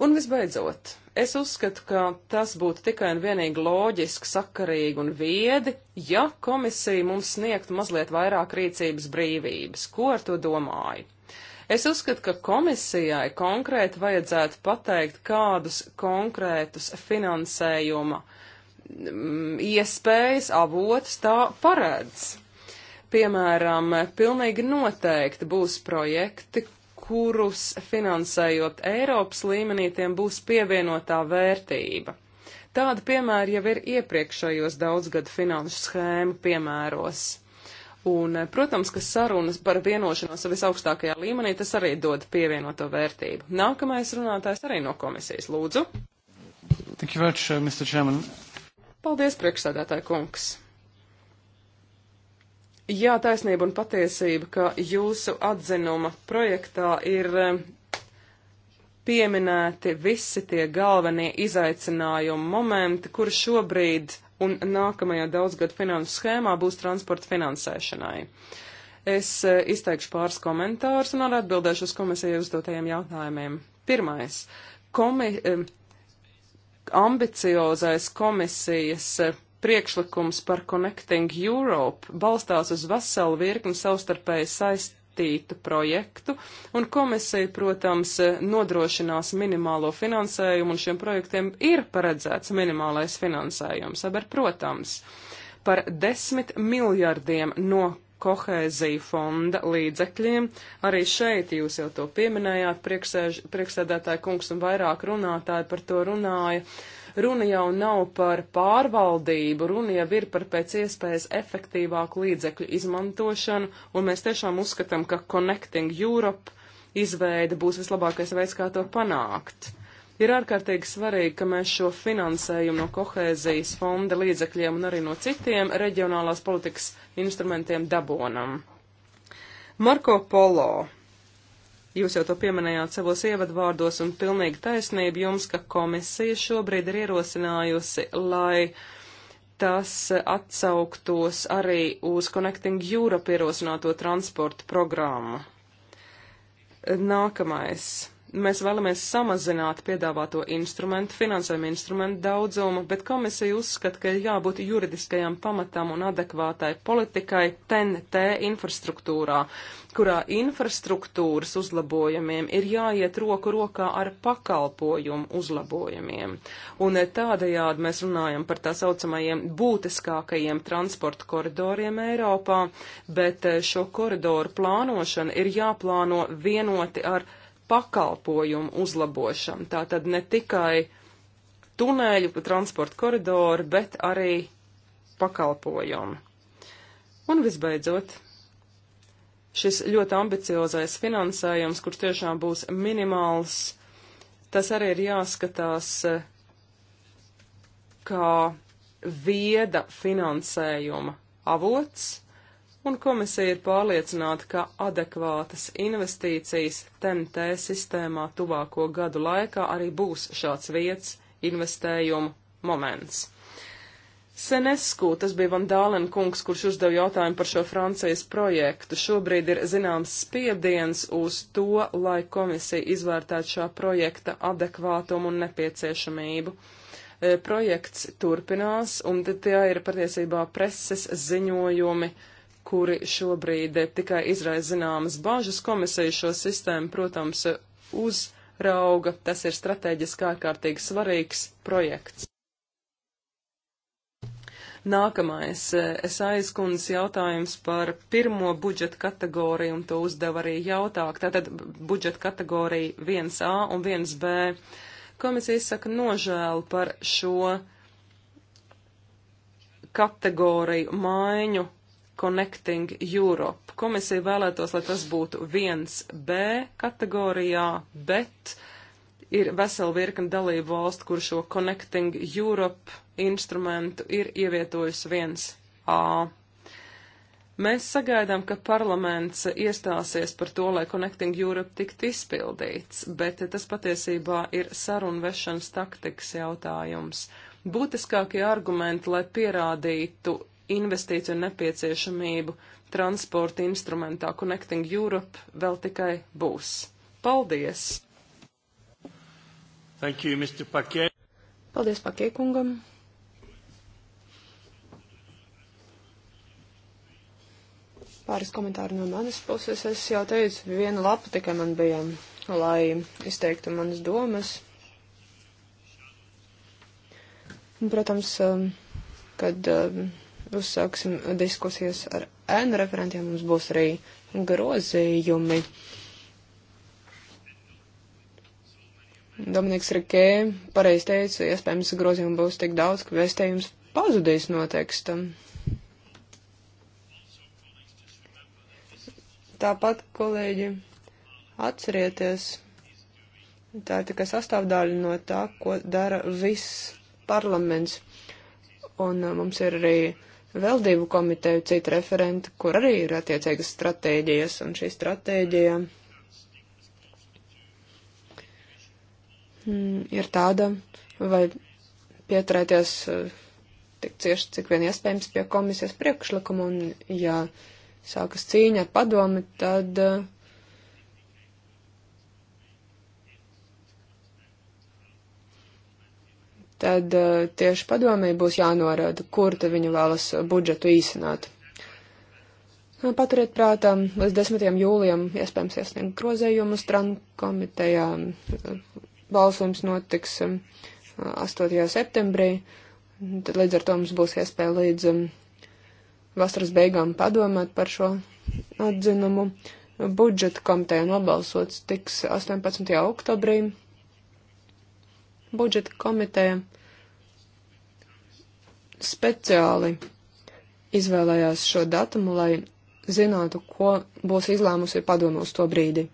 Un visbeidzot, Es uzskatu, ka tas būtu tikai un vienīgi loģiski, sakarīgi un viedi, ja komisija mums sniegtu mazliet vairāk rīcības brīvības. Ko ar to domāju? Es uzskatu, ka komisijai konkrēti vajadzētu pateikt, kādus konkrētus finansējuma mm, iespējas avotus tā paredz. Piemēram, pilnīgi noteikti būs projekti, kurus finansējot Eiropas līmenī, tiem būs pievienotā vērtība. Tāda piemēra jau ir iepriekšējos daudzgadu finanšu schēmu piemēros. Un, protams, ka sarunas par vienošanos visaugstākajā līmenī tas arī dod pievienoto vērtību. Nākamais runātājs arī no komisijas. Lūdzu. Much, uh, Paldies, priekšsēdētāji kungs. Jā, taisnība un patiesība, ka jūsu atzinuma projektā ir pieminēti visi tie galvenie izaicinājumi momenti, kur šobrīd un nākamajā daudzgadu finansu schēmā būs transporta finansēšanai. Es e, izteikšu pāris komentārus un arī atbildēšu uz komisijai uzdotajiem jautājumiem. Pirmais. Komi ambiciozais komisijas e, priekšlikums par Connecting Europe balstās uz veselu virkni savstarpēji saistītu projektu, un komisija, protams, nodrošinās minimālo finansējumu, un šiem projektiem ir paredzēts minimālais finansējums, aber, protams, par desmit miljardiem no kohēzija fonda līdzekļiem. Arī šeit jūs jau to pieminējāt, priekšsēdētāja kungs un vairāk runātāji par to runāja. Uh, Runa jau nav par pārvaldību, runa jau ir par pēc iespējas efektīvāku līdzekļu izmantošanu, un mēs tiešām uzskatām, ka Connecting Europe izveide būs vislabākais veids, kā to panākt. Ir ārkārtīgi svarīgi, ka mēs šo finansējumu no kohēzijas fonda līdzekļiem un arī no citiem reģionālās politikas instrumentiem dabonam. Marko Polo. Jūs jau to pieminējāt savos ievadvārdos un pilnīgi taisnība jums, ka komisija šobrīd ir ierosinājusi, lai tas atsauktos arī uz Connecting Europe ierosināto transportu programmu. Nākamais. Mēs vēlamies samazināt piedāvāto instrumentu, finansējumu instrumentu daudzumu, bet komisija uzskata, ka ir jābūt juridiskajam pamatam un adekvātai politikai TNT infrastruktūrā, kurā infrastruktūras uzlabojumiem ir jāiet roku rokā ar pakalpojumu uzlabojumiem. Un tādējādi mēs runājam par tā saucamajiem būtiskākajiem transporta koridoriem Eiropā, bet šo koridoru plānošana ir jāplāno vienoti ar pakalpojumu uzlabošanu. Tā tad ne tikai tunēļu transporta koridori, bet arī pakalpojumi. Un visbeidzot, šis ļoti ambiciozais finansējums, kurš tiešām būs minimāls, tas arī ir jāskatās eh, kā vieda finansējuma avots, un komisija ir pārliecināta, ka adekvātas investīcijas TNT sistēmā tuvāko gadu laikā arī būs šāds vietas investējumu moments. Senesku, tas bija Van Dālen kungs, kurš uzdev jautājumu par šo Francijas projektu. Šobrīd ir zināms spiediens uz to, lai komisija izvērtētu šā projekta adekvātumu un nepieciešamību e, projekts turpinās, un tie ir patiesībā preses ziņojumi kuri šobrīd tikai izraisa zināmas bažas. Komisija šo sistēmu, protams, uzrauga. Tas ir strateģiski ārkārtīgi svarīgs projekts. Nākamais es aizkundas jautājums par pirmo budžeta kategoriju, un to uzdev arī jautāk. Tātad budžeta kategorija 1A un 1B. Komisija izsaka nožēlu par šo kategoriju maiņu Connecting Europe. Komisija vēlētos, lai tas būtu 1B kategorijā, bet ir vesela virkni dalību valstu, kur šo Connecting Europe instrumentu ir ievietojusi 1A. Mēs sagaidām, ka parlaments iestāsies par to, lai Connecting Europe tiktu izpildīts, bet tas patiesībā ir sarunvešanas taktikas jautājums. Būtiskākie argumenti, lai pierādītu investīciju nepieciešamību transporta instrumentā Connecting Europe vēl tikai būs. Paldies! Thank you, Mr. Paquet. Paldies Paquet kungam. Pāris komentāri no manas puses. Es jau teicu, viena lapa tikai man bija, lai izteiktu manas domas. Un, protams, um, kad um, uzsāksim diskusijas ar ēnu referentiem, mums būs arī grozījumi. Dominiks Rikē pareiz teica, iespējams, grozījumu būs tik daudz, ka vēstījums pazudīs no teksta. Tāpat, kolēģi, atcerieties, tā ir tikai sastāvdaļa no tā, ko dara viss parlaments. Un uh, mums ir arī vēl divu komiteju citu referentu, kur arī ir attiecīgas stratēģijas, un šī stratēģija mm, ir tāda, vai pieturēties eh, tik cieši, cik vien iespējams pie komisijas priekšlikuma, un ja sākas cīņa ar padomi, tad uh, tad eh, tieši padomēji būs jānorāda, kur tad viņi vēlas budžetu īsināt. Eh, paturiet prātā, līdz 10. jūlijam iespējams iesniegt grozējumus Tran komitejā. Eh, balsojums notiks 8. septembrī. Tad līdz ar to mums būs iespēja līdz vasaras beigām padomāt par šo atzinumu. Budžeta komiteja nobalsots tiks 18. oktobrī budžeta komiteja speciāli izvēlējās šo datumu, lai zinātu, ko būs izlēmusi padomu uz to brīdi.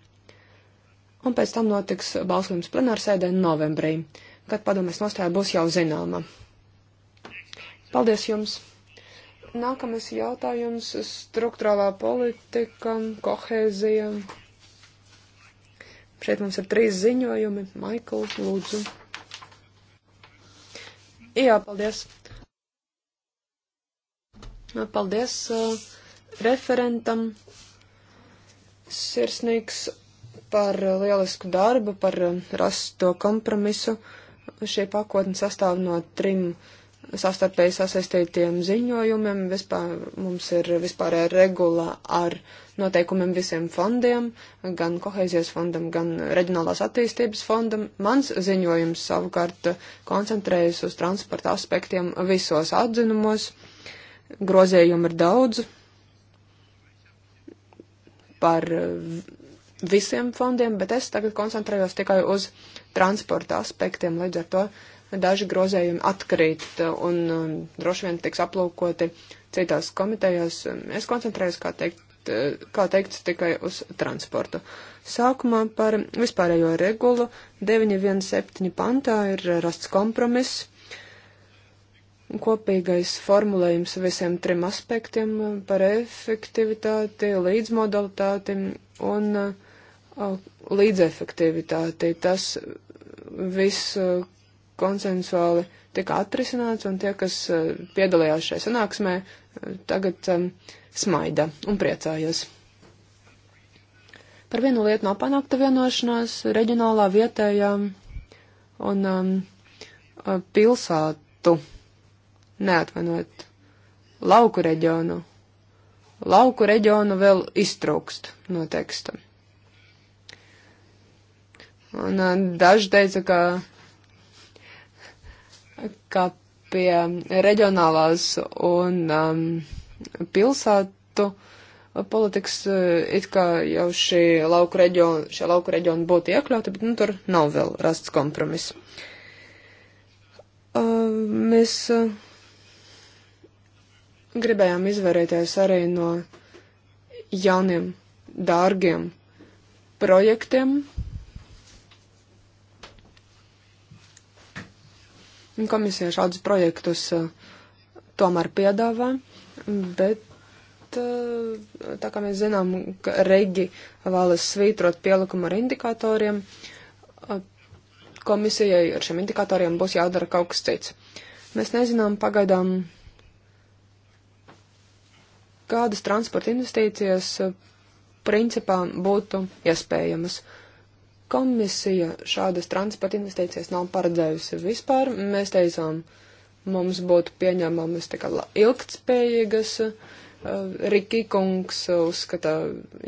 Un pēc tam notiks balsojums plenārsēdē novembrī, kad padomēs nostāja būs jau zināma. Paldies jums! Nākamais jautājums - struktūrālā politika, kohēzija. Šeit mums ir trīs ziņojumi. Maikls, lūdzu. Jā, paldies. Nu, paldies uh, referentam. Sirsnīgs par lielisku darbu, par rasto kompromisu. Šī pakotne sastāv no trim uh, sastarpēji sasaistītiem ziņojumiem. Vispār, mums ir vispārēja regula ar noteikumiem visiem fondiem, gan kohēzijas fondam, gan reģionālās attīstības fondam. Mans ziņojums savukārt koncentrējas uz transporta aspektiem visos atzinumos. Grozējumu ir daudz par visiem fondiem, bet es tagad koncentrējos tikai uz transporta aspektiem, līdz ar to uh, daži grozējumi atkrīt uh, un um, droši vien tiks aplūkoti citās komitejās. Es koncentrējos, kā teikt, uh, kā teikts, tikai uz transportu. Sākumā par vispārējo regulu 917 pantā ir rasts kompromiss. Kopīgais formulējums visiem trim aspektiem uh, par efektivitāti, līdzmodalitāti un līdzefektivitāti. Tas viss konsensuāli tika atrisināts, un tie, kas eh, piedalījās šajā sanāksmē, eh, tagad um, smaida un priecājas. Par vienu lietu nav panākta vienošanās - reģionālā vietējā un um, pilsētu, neatvainojiet, lauku reģionu. Lauku reģionu vēl iztrūkst no teksta. Un uh, daži teica, ka ka pie reģionālās un um, pilsētu politikas eh, it kā jau šī lauku reģiona, šie lauku reģioni būtu iekļauti, bet nu, tur nav vēl rasts kompromis. Uh, mēs uh, gribējām izvairīties arī no jauniem dārgiem projektiem, Komisija šādus projektus uh, tomēr piedāvā, bet uh, tā kā mēs zinām, ka Regi vēlas svītrot pielikumu ar indikatoriem, uh, komisijai ar šiem indikatoriem būs jādara kaut kas cits. Mēs nezinām pagaidām, kādas transporta investīcijas principā būtu iespējamas. Komisija šādas transporta investīcijas nav paredzējusi vispār. Mēs teicām, mums būtu pieņemamas tā kā ilgtspējīgas. Eh, Riki kungs uzskata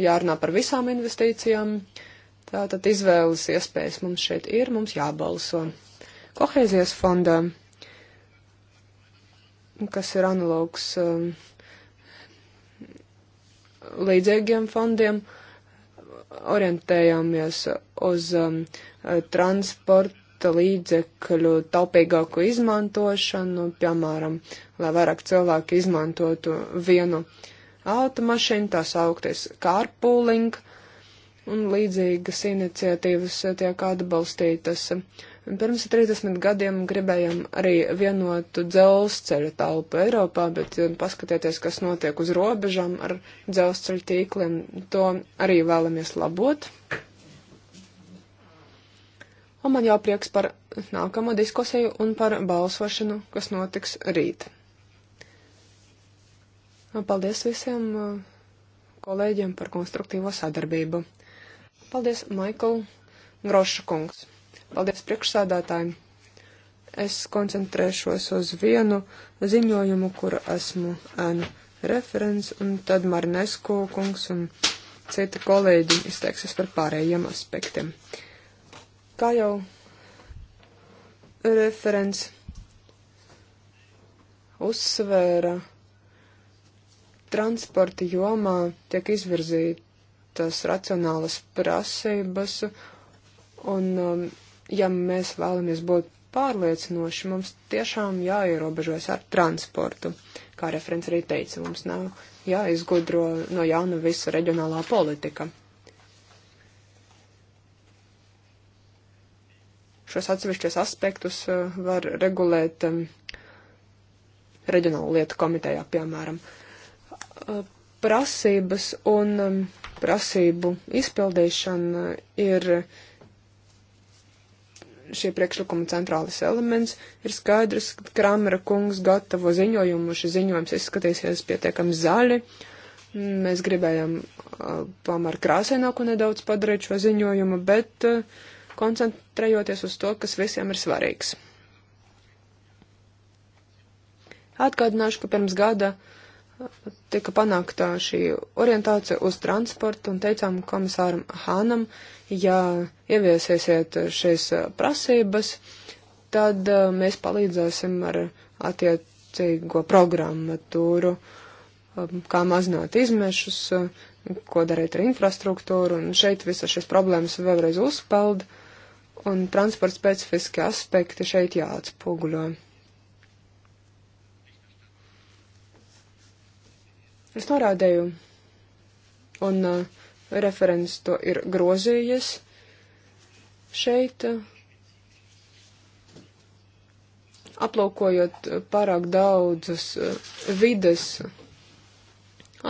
jārunā par visām investīcijām. Tātad izvēles iespējas mums šeit ir, mums jābalso. Kohēzijas fondā, kas ir analogs eh, līdzīgiem fondiem, uh, orientējāmies uz um, transporta līdzekļu taupīgāku izmantošanu, piemēram, lai vairāk cilvēki izmantotu vienu automašīnu, tā saukties carpooling, un līdzīgas iniciatīvas tiek atbalstītas. Uh, Pirms 30 gadiem gribējām arī vienotu dzelzceļa telpu Eiropā, bet paskatieties, kas notiek uz robežām ar dzelzceļa tīkliem, to arī vēlamies labot. Un man jāprieks par nākamo diskusiju un par balsošanu, kas notiks rīt. Paldies visiem uh, kolēģiem par konstruktīvo sadarbību. Paldies, Maikl Groša kungs! Paldies priekšsādātājiem. Es koncentrēšos uz vienu ziņojumu, kur esmu ēnu referents, un tad Marinesko kungs un citi kolēģi izteiksies par pārējiem aspektiem. Kā jau referents uzsvēra, transporta jomā tiek izvirzītas racionālas prasības Un, um, ja mēs vēlamies būt pārliecinoši, mums tiešām jāierobežojas ar transportu. Kā referents arī teica, mums nav jāizgudro no jauna visa reģionālā politika. Šos atsevišķos aspektus uh, var regulēt um, reģionālu lietu komitejā, piemēram. Uh, prasības un um, prasību izpildīšana ir uh, šī priekšlikuma centrālis elements, ir skaidrs, ka Kramera kungs gatavo ziņojumu, šis ziņojums izskatīsies pietiekami zaļi. Mēs gribējām uh, pamār krāsaināku nedaudz padarīt šo ziņojumu, bet uh, koncentrējoties uz to, kas visiem ir svarīgs. Atgādināšu, ka pirms gada uh, tika panākta šī orientācija uz transportu un teicām komisāram Hānam, ja ieviesiesiet šīs prasības, tad eh, mēs palīdzēsim ar attiecīgo programmatūru, eh, kā mazināt izmešus, eh, ko darīt ar infrastruktūru, un šeit visas šīs problēmas vēlreiz uzpeld, un transporta specifiski aspekti šeit jāatspoguļo. Es norādēju, un uh, referents to ir grozījies šeit, uh, aplaukojot uh, pārāk daudzus uh, vides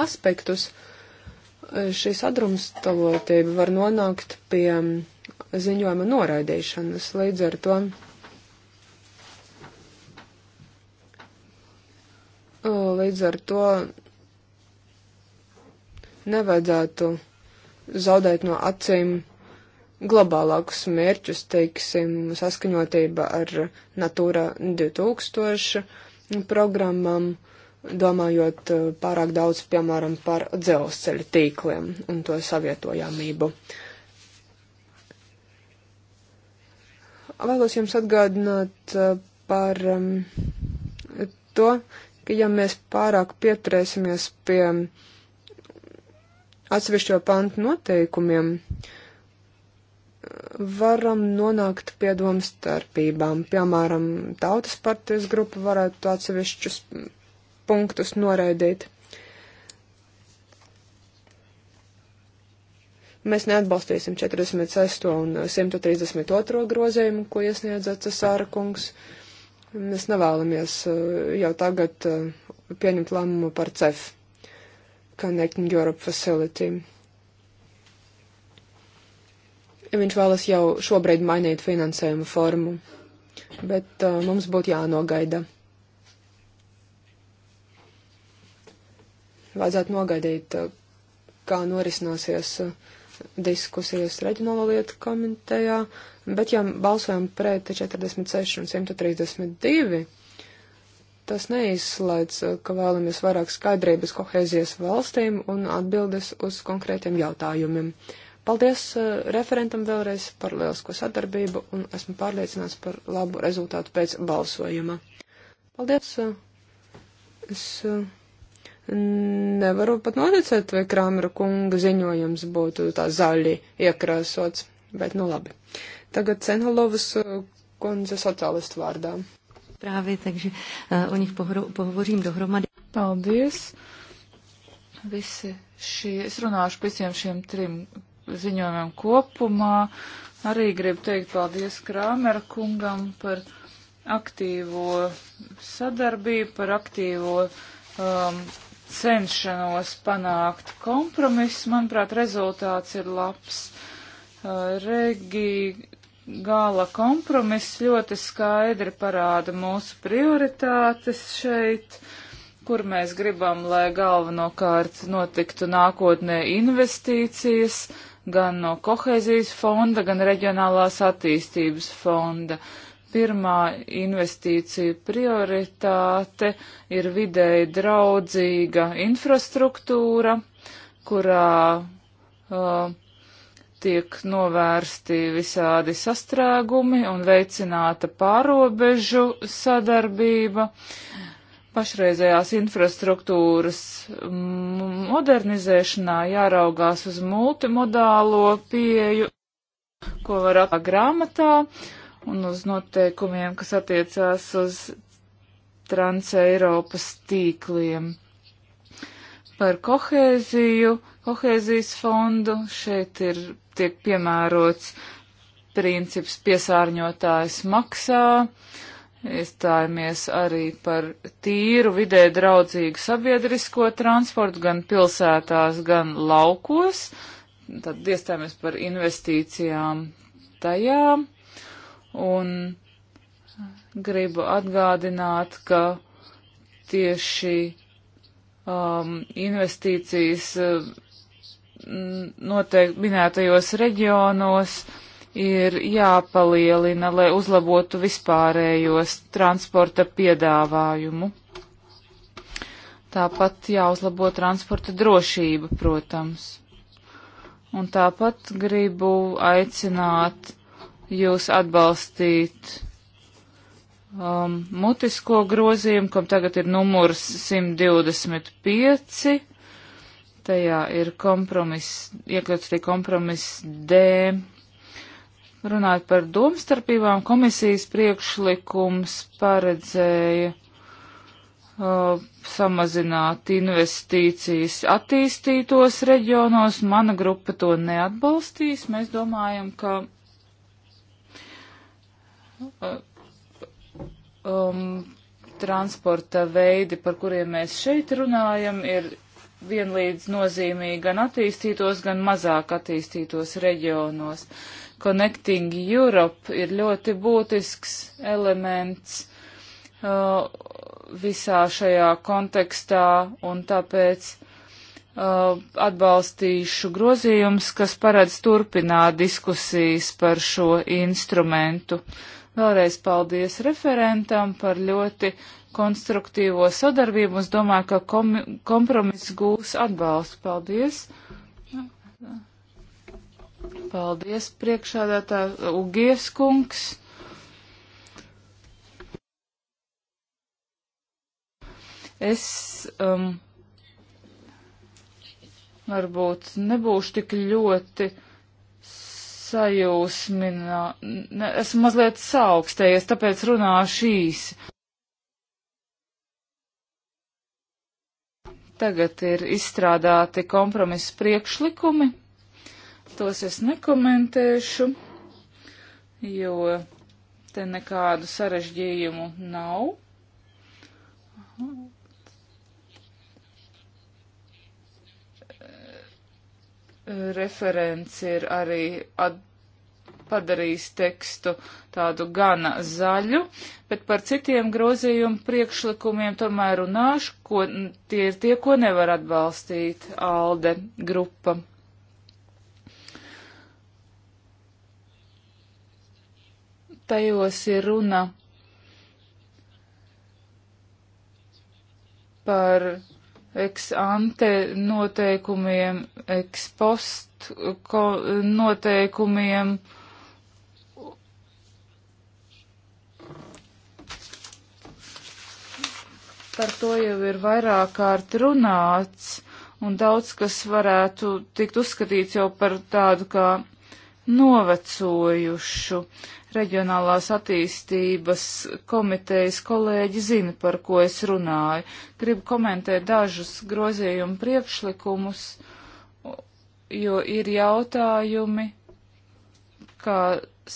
aspektus, uh, šī sadrumstalotība var nonākt pie um, ziņojuma noraidīšanas. Līdz ar to uh, līdz ar to nevajadzētu zaudēt no acīm globālākus mērķus, teiksim, saskaņotība ar Natūra 2000 programmām, domājot eh, pārāk daudz, piemēram, par dzelzceļa tīkliem un to savietojamību. Vēlos jums atgādināt eh, par um, to, ka ja mēs pārāk pieturēsimies pie um, atsevišķo pantu noteikumiem, varam nonākt pie domstarpībām. Piemēram, tautas partijas grupa varētu atsevišķus punktus noraidīt. Mēs neatbalstīsim 46. un 132. grozējumu, ko iesniedza Cesāra kungs. Mēs nevēlamies uh, jau tagad uh, pieņemt lēmumu par cefu. Connecting Europe Facility. Viņš vēlas jau šobrīd mainīt finansējumu formu, bet uh, mums būtu jānogaida. Vajadzētu nogaidīt, uh, kā norisināsies uh, diskusijas reģionālo lietu komitejā, bet ja balsojam pret 46 un 132, tas neizslēdz, ka vēlamies vairāk skaidrības kohēzijas valstīm un atbildes uz konkrētiem jautājumiem. Paldies uh, referentam vēlreiz par lielisko sadarbību un esmu pārliecināts par labu rezultātu pēc balsojuma. Paldies! Uh, es uh, nevaru pat noticēt, vai Krāmera kunga ziņojums būtu tā zaļi iekrāsots, bet nu labi. Tagad Cenhalovas kundze sociālistu vārdā právy, takže eh, o nich pohovořím dohromady. Paldies! Visi šie, es runāšu visiem šiem trim ziņojumiem kopumā. Arī gribu teikt paldies Krāmera kungam par aktīvo sadarbību, par aktīvo um, cenšanos panākt kompromisu. Manuprāt, rezultāts ir labs. Uh, Regi gala kompromiss ļoti skaidri parāda mūsu prioritātes šeit, kur mēs gribam, lai galvenokārt notiktu nākotnē investīcijas gan no kohēzijas fonda, gan reģionālās attīstības fonda. Pirmā investīcija prioritāte ir vidēji draudzīga infrastruktūra, kurā uh, tiek novērsti visādi sastrēgumi un veicināta pārobežu sadarbība. Pašreizējās infrastruktūras modernizēšanā jāraugās uz multimodālo pieju, ko var atrast grāmatā, un uz noteikumiem, kas attiecās uz transeiropas tīkliem. Par kohēziju kohēzijas fondu. Šeit ir, tiek piemērots princips piesārņotājs maksā. Iestājāmies arī par tīru, vidē draudzīgu sabiedrisko transportu gan pilsētās, gan laukos. Tad iestājāmies par investīcijām tajā. Un gribu atgādināt, ka tieši um, investīcijas noteikti minētajos reģionos ir jāpalielina, lai uzlabotu vispārējos transporta piedāvājumu. Tāpat jāuzlabo transporta drošība, protams. Un tāpat gribu aicināt jūs atbalstīt um, mutisko grozījumu, kam tagad ir numurs 125 Tajā ir kompromiss, iekļauts tie kompromiss D. Runāt par domstarpībām komisijas priekšlikums paredzēja uh, samazināt investīcijas attīstītos reģionos. Mana grupa to neatbalstīs. Mēs domājam, ka uh, um, transporta veidi, par kuriem mēs šeit runājam, ir vienlīdz nozīmīgi gan attīstītos, gan mazāk attīstītos reģionos. Connecting Europe ir ļoti būtisks elements uh, visā šajā kontekstā, un tāpēc uh, atbalstīšu grozījums, kas paredz turpināt diskusijas par šo instrumentu. Vēlreiz paldies referentam par ļoti konstruktīvo sadarbību. Es domāju, ka kom kompromiss gūs atbalstu. Paldies! Paldies, priekšādātā Ugies kungs! Es um, varbūt nebūšu tik ļoti sajūsminā, esmu mazliet saaugstējies, tāpēc runāšu īsi. Tagad ir izstrādāti kompromisa priekšlikumi. Tos es nekomentēšu, jo te nekādu sarežģījumu nav. Referents ir arī at, padarījis tekstu tādu gana zaļu, bet par citiem grozījumu priekšlikumiem tomēr runāšu, ko tie ir tie, ko nevar atbalstīt ALDE grupa. Tajos ir runa par ex-ante noteikumiem, ex-post noteikumiem, uh, Par to jau ir vairāk kārt runāts, un daudz kas varētu tikt uzskatīts jau par tādu kā novecojušu. Reģionālās attīstības komitejas kolēģi zina, par ko es runāju. Gribu komentēt dažus grozījumu priekšlikumus, jo ir jautājumi, kā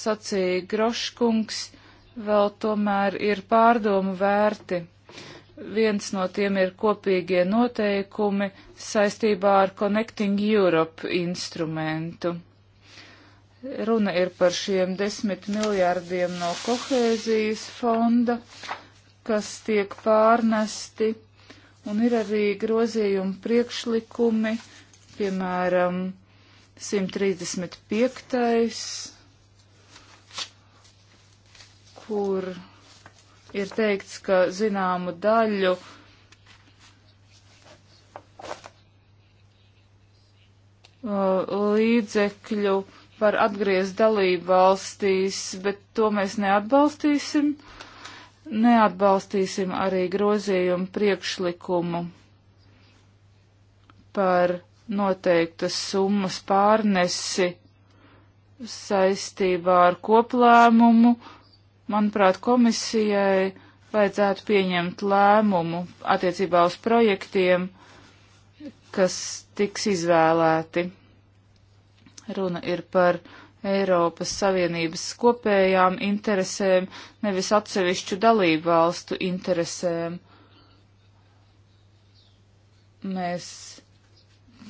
sacīja Groškungs, vēl tomēr ir pārdomu vērti. Viens no tiem ir kopīgie noteikumi saistībā ar Connecting Europe instrumentu. Runa ir par šiem desmit miljārdiem no kohēzijas fonda, kas tiek pārnesti, un ir arī grozījumi priekšlikumi, piemēram, 135. kur ir teikts, ka zināmu daļu uh, līdzekļu var atgriezt dalību valstīs, bet to mēs neatbalstīsim. Neatbalstīsim arī grozījumu priekšlikumu par noteiktas summas pārnesi saistībā ar koplēmumu Manuprāt, komisijai vajadzētu pieņemt lēmumu attiecībā uz projektiem, kas tiks izvēlēti. Runa ir par Eiropas Savienības kopējām interesēm, nevis atsevišķu dalību valstu interesēm. Mēs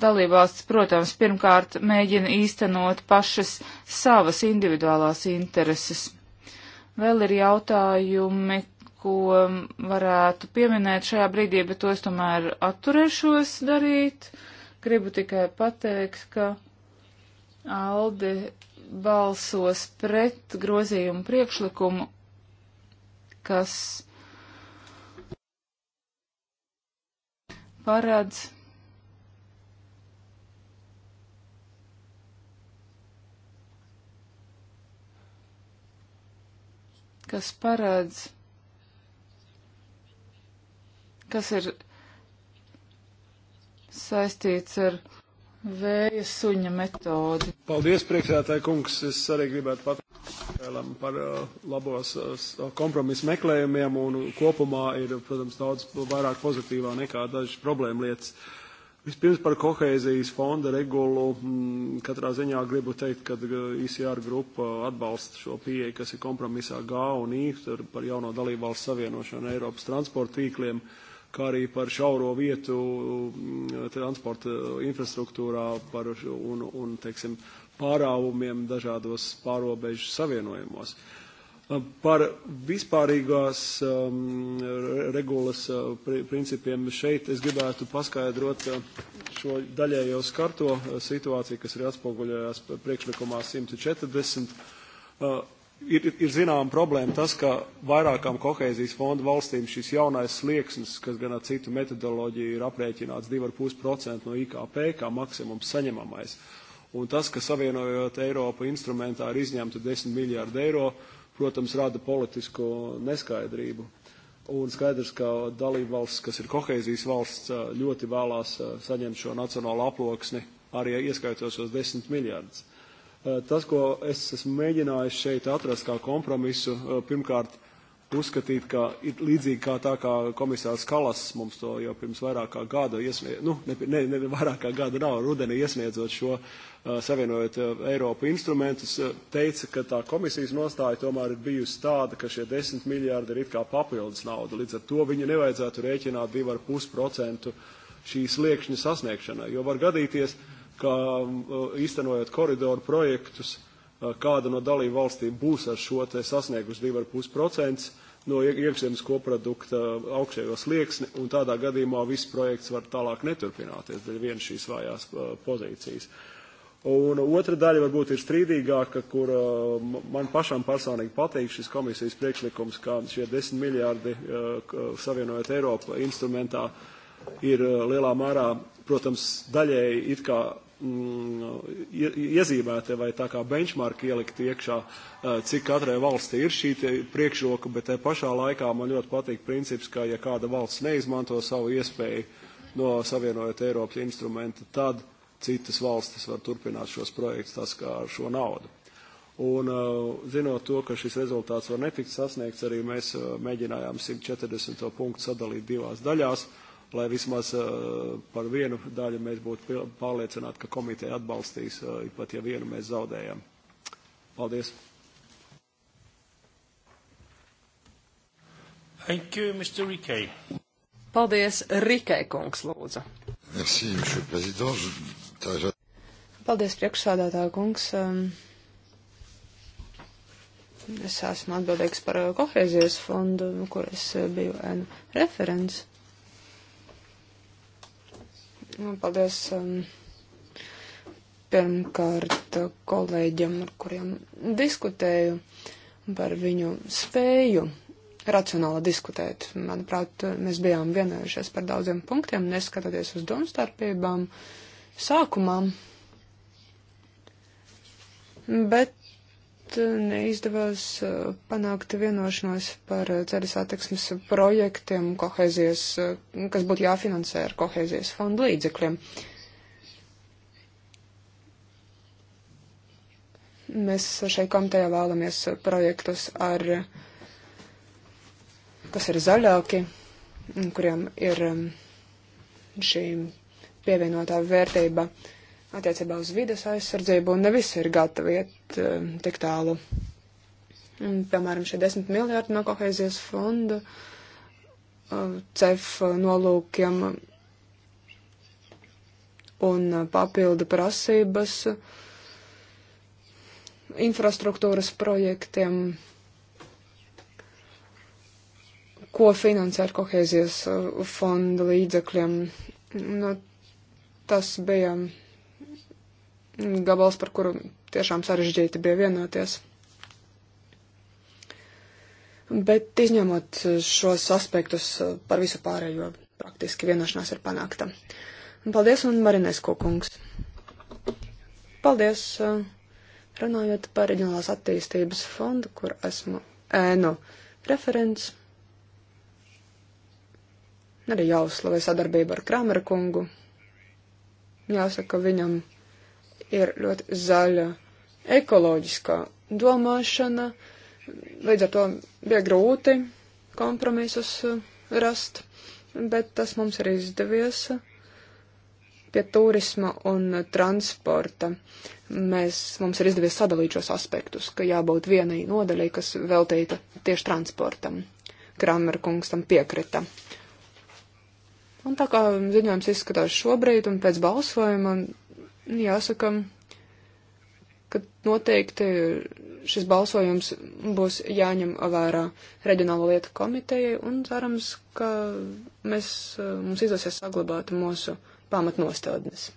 dalībvalsts, protams, pirmkārt mēģina īstenot pašas savas individuālās intereses. Vēl ir jautājumi, ko varētu pieminēt šajā brīdī, bet to es tomēr atturēšos darīt. Gribu tikai pateikt, ka Alde balsos pret grozījumu priekšlikumu, kas paredz kas paredz, kas ir saistīts ar vēja suņa metodi. Paldies, priekšsētāji kungs. Es arī gribētu pateikt par uh, labos kompromisu meklējumiem un kopumā ir, protams, daudz vairāk pozitīvā nekā dažas problēma lietas. Uh, Vispirms par kohēzijas fonda regulu. Mm, katrā ziņā gribu teikt, ka ICR e, e grupa atbalsta šo pieeju, kas ir kompromisā G un I par jauno dalībvalstu savienošanu Eiropas transporta tīkliem, kā arī par šauro vietu mm, transporta infrastruktūrā par, un, un teiksim, pārāvumiem dažādos pārobežu savienojumos. Uh, Uh, par vispārīgās um, regulas uh, pri principiem šeit es gribētu paskaidrot uh, šo daļējo skarto uh, situāciju, kas ir atspoguļojās priekšlikumā 140. Uh, ir, ir zinām problēma tas, ka vairākām kohēzijas fonda valstīm šis jaunais slieksnis, kas gan ar citu metodoloģiju ir aprēķināts 2,5% no IKP, kā maksimums saņemamais. Un tas, ka savienojot Eiropu instrumentā ir izņemta 10 miljārdu eiro, uh, protams, rada politisko neskaidrību. Un skaidrs, ka dalība valsts, kas ir kohēzijas valsts, ļoti vēlās saņemt šo nacionālo aploksni, arī ieskaitot šos desmit miljardus. Tas, ko es esmu mēģinājis šeit atrast kā kompromisu, pirmkārt, uzskatīt, ka it, līdzīgi kā tā kā komisārs Kalas mums to jau pirms vairāk kā gada iesniedz, nu, ne, ne, ne vairāk kā gada nav, rudenī iesniedzot šo uh, savienojot uh, Eiropu instrumentus, uh, teica, ka tā komisijas nostāja tomēr ir bijusi tāda, ka šie 10 miljārdi ir it kā papildus nauda, līdz ar to viņu nevajadzētu rēķināt 2,5% šīs sliekšņa sasniegšanai, jo var gadīties, ka um, uh, īstenojot koridoru projektus, uh, Eh, kāda no dalību valstīm būs ar šo te sasniegus 2,5% no iekšzemes koprodukta augšējo slieksni, un tādā gadījumā viss projekts var tālāk neturpināties, dēļ viena šīs vājās eh, pozīcijas. Un otra daļa varbūt ir strīdīgāka, kur eh, man pašam personīgi patīk šis komisijas priekšlikums, kā šie 10 miljārdi savienojot Eiropu instrumentā ir lielā mērā, protams, daļēji it kā Mm, iezīmēti vai tā kā benchmark ielikt iekšā, cik katrai valstī ir šī priekšroka, bet te pašā laikā man ļoti patīk princips, ka ja kāda valsts neizmanto savu iespēju no savienojot Eiropas instrumenta, tad citas valstis var turpināt šos projektus tas kā ar šo naudu. Un zinot to, ka šis rezultāts var netikt sasniegts, arī mēs mēģinājām 140. punktu sadalīt divās daļās lai vismaz uh, par vienu daļu mēs būtu pārliecināti, ka komiteja atbalstīs, uh, pat ja vienu mēs zaudējam. Paldies. Thank you, Mr. Rikei. Paldies, Rikei kungs, lūdzu. Merci, monsieur le président. Paldies, priekšsādātā kungs. Um, es esmu atbildīgs par eh, kohēzijas fondu, kur es biju referents. Nu, paldies um, pirmkārt kolēģiem, ar kuriem diskutēju par viņu spēju racionāli diskutēt. Manuprāt, mēs bijām vienojušies par daudziem punktiem, neskatoties uz domstarpībām sākumā. Bet Eh, neizdevās eh, panākt vienošanos par eh, ceļas attiksmes projektiem, kohēzijas, kas būtu jāfinansē ar kohēzijas fondu līdzekļiem. Mēs šai komitejā vēlamies projektus ar, kas ir zaļāki, kuriem ir šī pievienotā vērtība. Uh, attiecībā uz vides aizsardzību, un ne visi ir gatavi iet eh, tik tālu. Un, piemēram, šie desmit miljārdi no kohēzijas fonda eh, cef nolūkiem un eh, papildu prasības infrastruktūras projektiem, ko finansē ar kohēzijas fonda līdzekļiem. No, tas bija gabals, par kuru tiešām sarežģīti bija vienoties. Bet izņemot šos aspektus par visu pārējo, praktiski vienošanās ir panākta. Paldies un Marinēs Kukungs. Paldies. Runājot par reģionālās attīstības fondu, kur esmu ēnu referents. Arī jāuzslavē sadarbība ar Kramera kungu. Jāsaka, viņam ir ļoti zaļa, ekoloģiskā domāšana, līdz ar to bija grūti kompromisus eh, rast, bet tas mums ir izdevies pie turisma un transporta. Mēs, mums ir izdevies sadalīt šos aspektus, ka jābūt vienai nodaļai, kas veltīta tieši transportam. Kramer kungs tam piekrita. Un tā kā ziņojums izskatās šobrīd un pēc balsojuma, Jāsaka, ka noteikti šis balsojums būs jāņem vērā reģionālo lietu komitejai un cerams, ka mēs, mums izdosies saglabāt mūsu pamatnostādnes.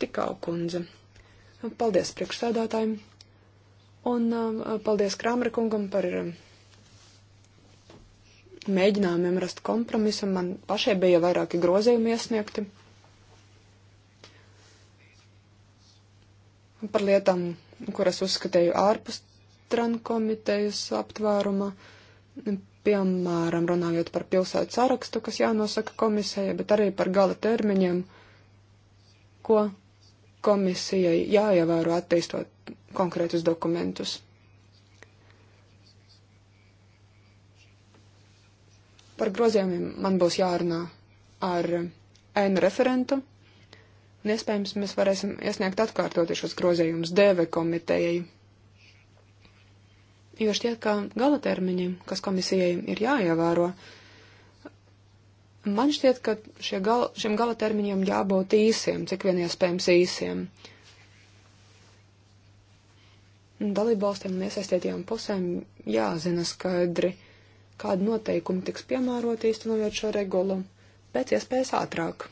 Tikau kundze. Paldies priekšsēdātājiem un um, paldies Krāmera kungam par um, mēģinājumiem rast kompromisu, un man pašai bija vairāki grozījumi iesniegti. Par lietām, kuras uzskatīju ārpus trankomitejas aptvēruma, piemēram, runājot par pilsētu sarakstu, kas jānosaka komisijai, bet arī par gala termiņiem, ko komisijai jāievēro attīstot konkrētus dokumentus. Par grozījumiem man būs jārunā ar ēnu referentu. Un iespējams, mēs varēsim iesniegt atkārtoti šos grozījumus DV komitejai. Jo šķiet, ka gala termiņi, kas komisijai ir jāievēro, man šķiet, ka gal, šiem gala termiņiem jābūt īsiem, cik vien iespējams īsiem. Dalībvalstīm un iesaistītajām pusēm jāzina skaidri kāda noteikuma tiks piemērota īstenojot šo regulu pēc iespējas ātrāk.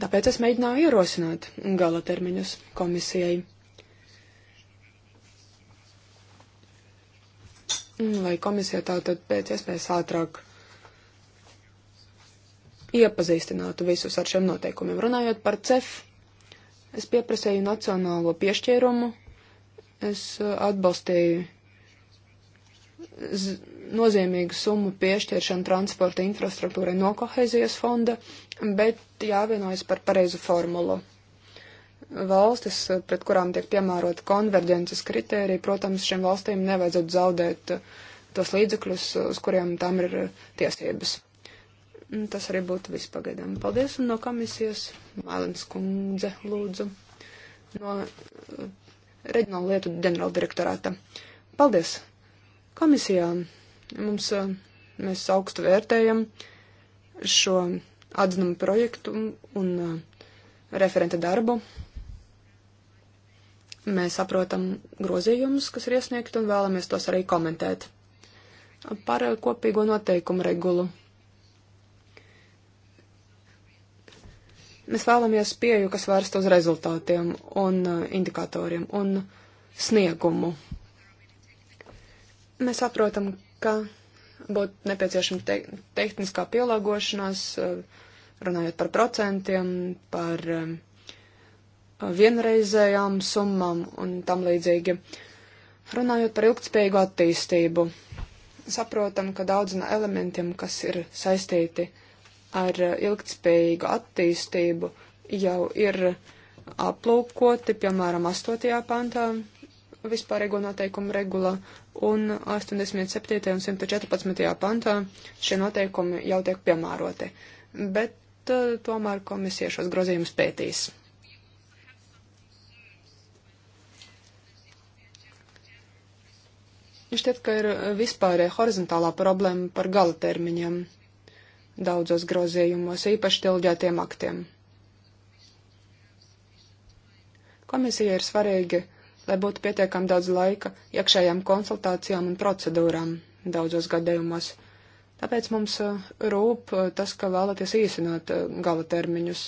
Tāpēc es mēģināju ierosināt gala termiņus komisijai. Lai komisija tātad pēc iespējas ātrāk iepazīstinātu visus ar šiem noteikumiem. Runājot par CEF, es pieprasēju nacionālo piešķīrumu Es uh, atbalstīju nozīmīgu summu piešķiršanu transporta infrastruktūrai no kohezijas fonda, bet jāvienojas par pareizu formulu. Valstis, uh, pret kurām tiek piemērota konverģences kritērija, protams, šiem valstīm nevajadzētu zaudēt uh, tos līdzekļus, uz kuriem tam ir tiesības. Tas arī būtu viss pagaidām. Paldies un no komisijas. Mēlins kundze, lūdzu. No reģionāla lietu ģenerāla direktorāta. Paldies! Komisijā mums, mēs augstu vērtējam šo atzinumu projektu un referenta darbu. Mēs saprotam grozījumus, kas ir iesniegti, un vēlamies tos arī komentēt. Par kopīgo noteikumu regulu Mēs vēlamies pieju, kas vērst uz rezultātiem un uh, indikatoriem un sniegumu. Mēs saprotam, ka būtu nepieciešama te tehniskā pielāgošanās, uh, runājot par procentiem, par uh, vienreizējām summām un tam līdzīgi. Runājot par ilgtspējīgu attīstību, saprotam, ka daudz no elementiem, kas ir saistīti ar ar eh, ilgtspējīgu attīstību jau ir aplūkoti, piemēram, 8. pantā vispārīgo noteikumu regulā un 87. un 114. pantā šie noteikumi jau tiek piemēroti. Bet uh, tomēr komisija šos grozījumus pētīs. Šķiet, ka ir vispārēja horizontālā problēma par gala termiņiem daudzos grozījumos, īpaši tilģētiem aktiem. Komisija ir svarīgi, lai būtu pietiekami daudz laika iekšējām konsultācijām un procedūrām daudzos gadījumos. Tāpēc mums uh, rūp uh, tas, ka vēlaties īsināt uh, gala termiņus.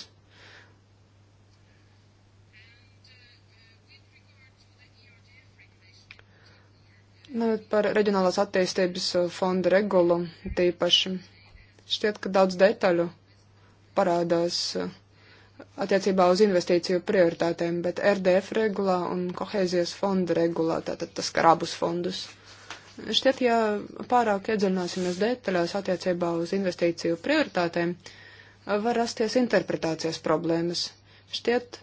Par reģionālās attīstības fonda regulu tīpaši. Šķiet, ka daudz detaļu parādās eh, attiecībā uz investīciju prioritātēm, bet RDF regulā un kohēzijas fonda regulā, tātad tas skar abus fondus. Šķiet, ja pārāk iedziļināsimies detaļās attiecībā uz investīciju prioritātēm, eh, var rasties interpretācijas problēmas. Šķiet,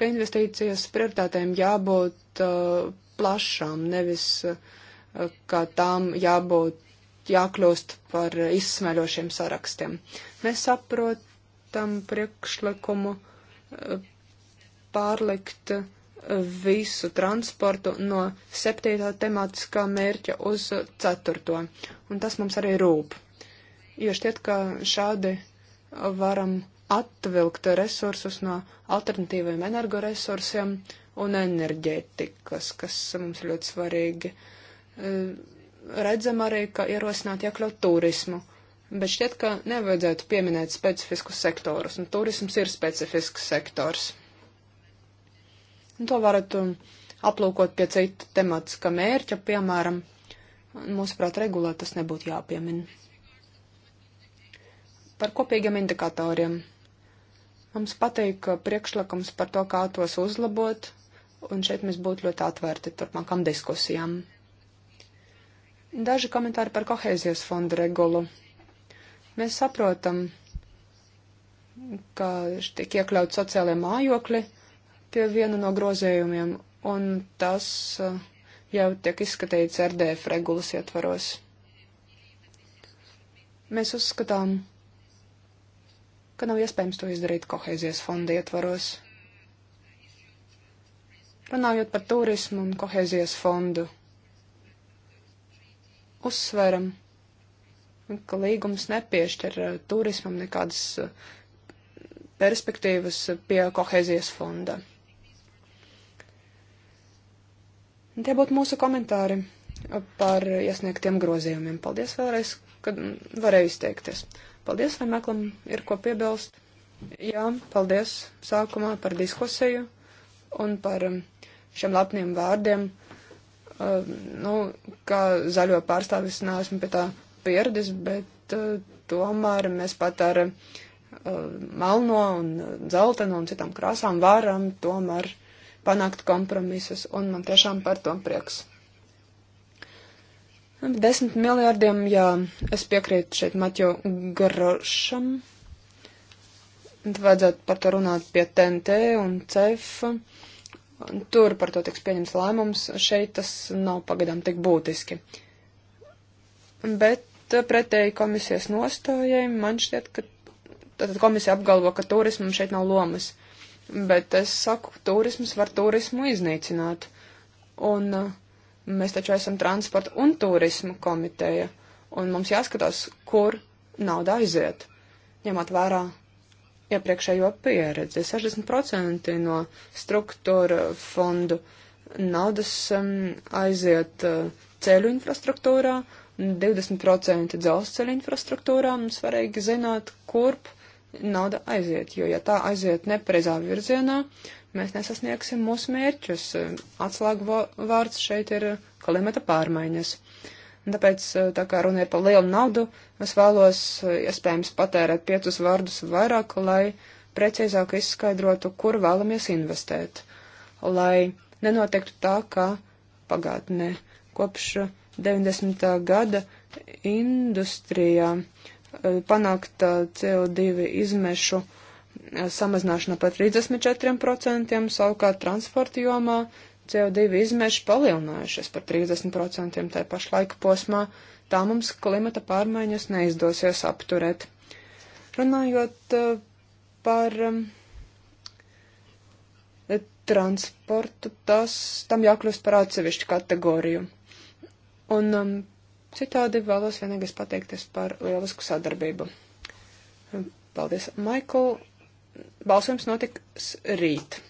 ka investīcijas prioritātēm jābūt uh, plašām, nevis uh, kā tām jābūt jākļūst par izsmeļošiem sarakstiem. Mēs saprotam priekšlikumu eh, pārlikt eh, visu transportu no septītā tematiskā mērķa uz ceturto. Un tas mums arī rūp. Jo šķiet, ka šādi varam atvilkt resursus no alternatīviem energoresursiem un enerģētikas, kas mums ļoti svarīgi. Uh, redzam arī, ka ierosināt iekļaut turismu. Bet šķiet, ka nevajadzētu pieminēt specifiskus sektorus, un turisms ir specifisks sektors. Un to varat um, aplūkot pie cita tematiska mērķa, piemēram, mūsuprāt, regulēt tas nebūtu jāpiemina. Par kopīgiem indikatoriem. Mums pateika uh, priekšlikums par to, kā tos uzlabot, un šeit mēs būtu ļoti atvērti turpmākām diskusijām. Daži komentāri par kohēzijas fonda regulu. Mēs saprotam, ka tiek iekļaut sociālajie mājokļi pie viena no grozējumiem, un tas uh, jau tiek izskatīts RDF regulas ietvaros. Mēs uzskatām, ka nav iespējams to izdarīt kohēzijas fonda ietvaros. Runājot par turismu un kohēzijas fondu uzsveram, ka līgums nepiešķir eh, turismam nekādas eh, perspektīvas pie kohēzijas fonda. Tie būtu mūsu komentāri par iesniegtiem grozījumiem. Paldies vēlreiz, kad varēju izteikties. Paldies, vai Meklam ir ko piebilst? Jā, paldies sākumā par diskusiju un par eh, šiem lapniem vārdiem Uh, nu, kā zaļo pārstāvis neesmu pie tā pieradis, bet uh, tomēr mēs pat ar uh, melno un dzeltenu un citām krāsām varam tomēr panākt kompromisus, un man tiešām par to prieks. Desmit miljārdiem, jā, es piekrītu šeit Matjo Grošam. Vajadzētu par to runāt pie TNT un CEF. Uh, Tur par to tiks pieņems lēmums, šeit tas nav pagadām tik būtiski. Bet eh, pretēji komisijas nostājai, man šķiet, ka tātad komisija apgalvo, ka turismam šeit nav lomas. Bet es saku, turisms var turismu iznīcināt. Un eh, mēs taču esam transporta un turismu komiteja. Un mums jāskatās, kur nauda aiziet. Ņemot vērā iepriekšējo pieredzi. 60% no struktūra fondu naudas um, aiziet uh, ceļu infrastruktūrā, 20% dzelzceļa infrastruktūrā. Mums svarīgi zināt, kurp nauda aiziet, jo ja tā aiziet nepareizā virzienā, mēs nesasniegsim mūsu mērķus. Atslēgu vārds šeit ir klimata pārmaiņas. Un tāpēc, eh, tā kā runa ir par lielu naudu, es vēlos, eh, iespējams, patērēt piecus vārdus vairāk, lai precīzāk izskaidrotu, kur vēlamies investēt, lai nenotiektu tā, kā pagātnē. Kopš 90. gada industrijā eh, panākta CO2 izmešu samazināšana par 34%, savukārt transporta jomā CO2 izmeši palielinājušies par 30% tajā pašlaika posmā, tā mums klimata pārmaiņas neizdosies apturēt. Runājot eh, par um, eh, transportu, tas tam jākļūst par atsevišķu kategoriju. Un um, citādi vēlos vienīgais pateikties par lielisku sadarbību. Paldies, Maikl. Balsojums notiks rīt.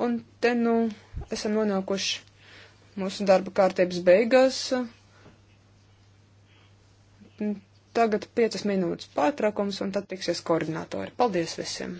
Un te nu esam nonākuši mūsu darba kārtības beigās. Tagad piecas minūtes pārtraukums un tad tiksies koordinātori. Paldies visiem!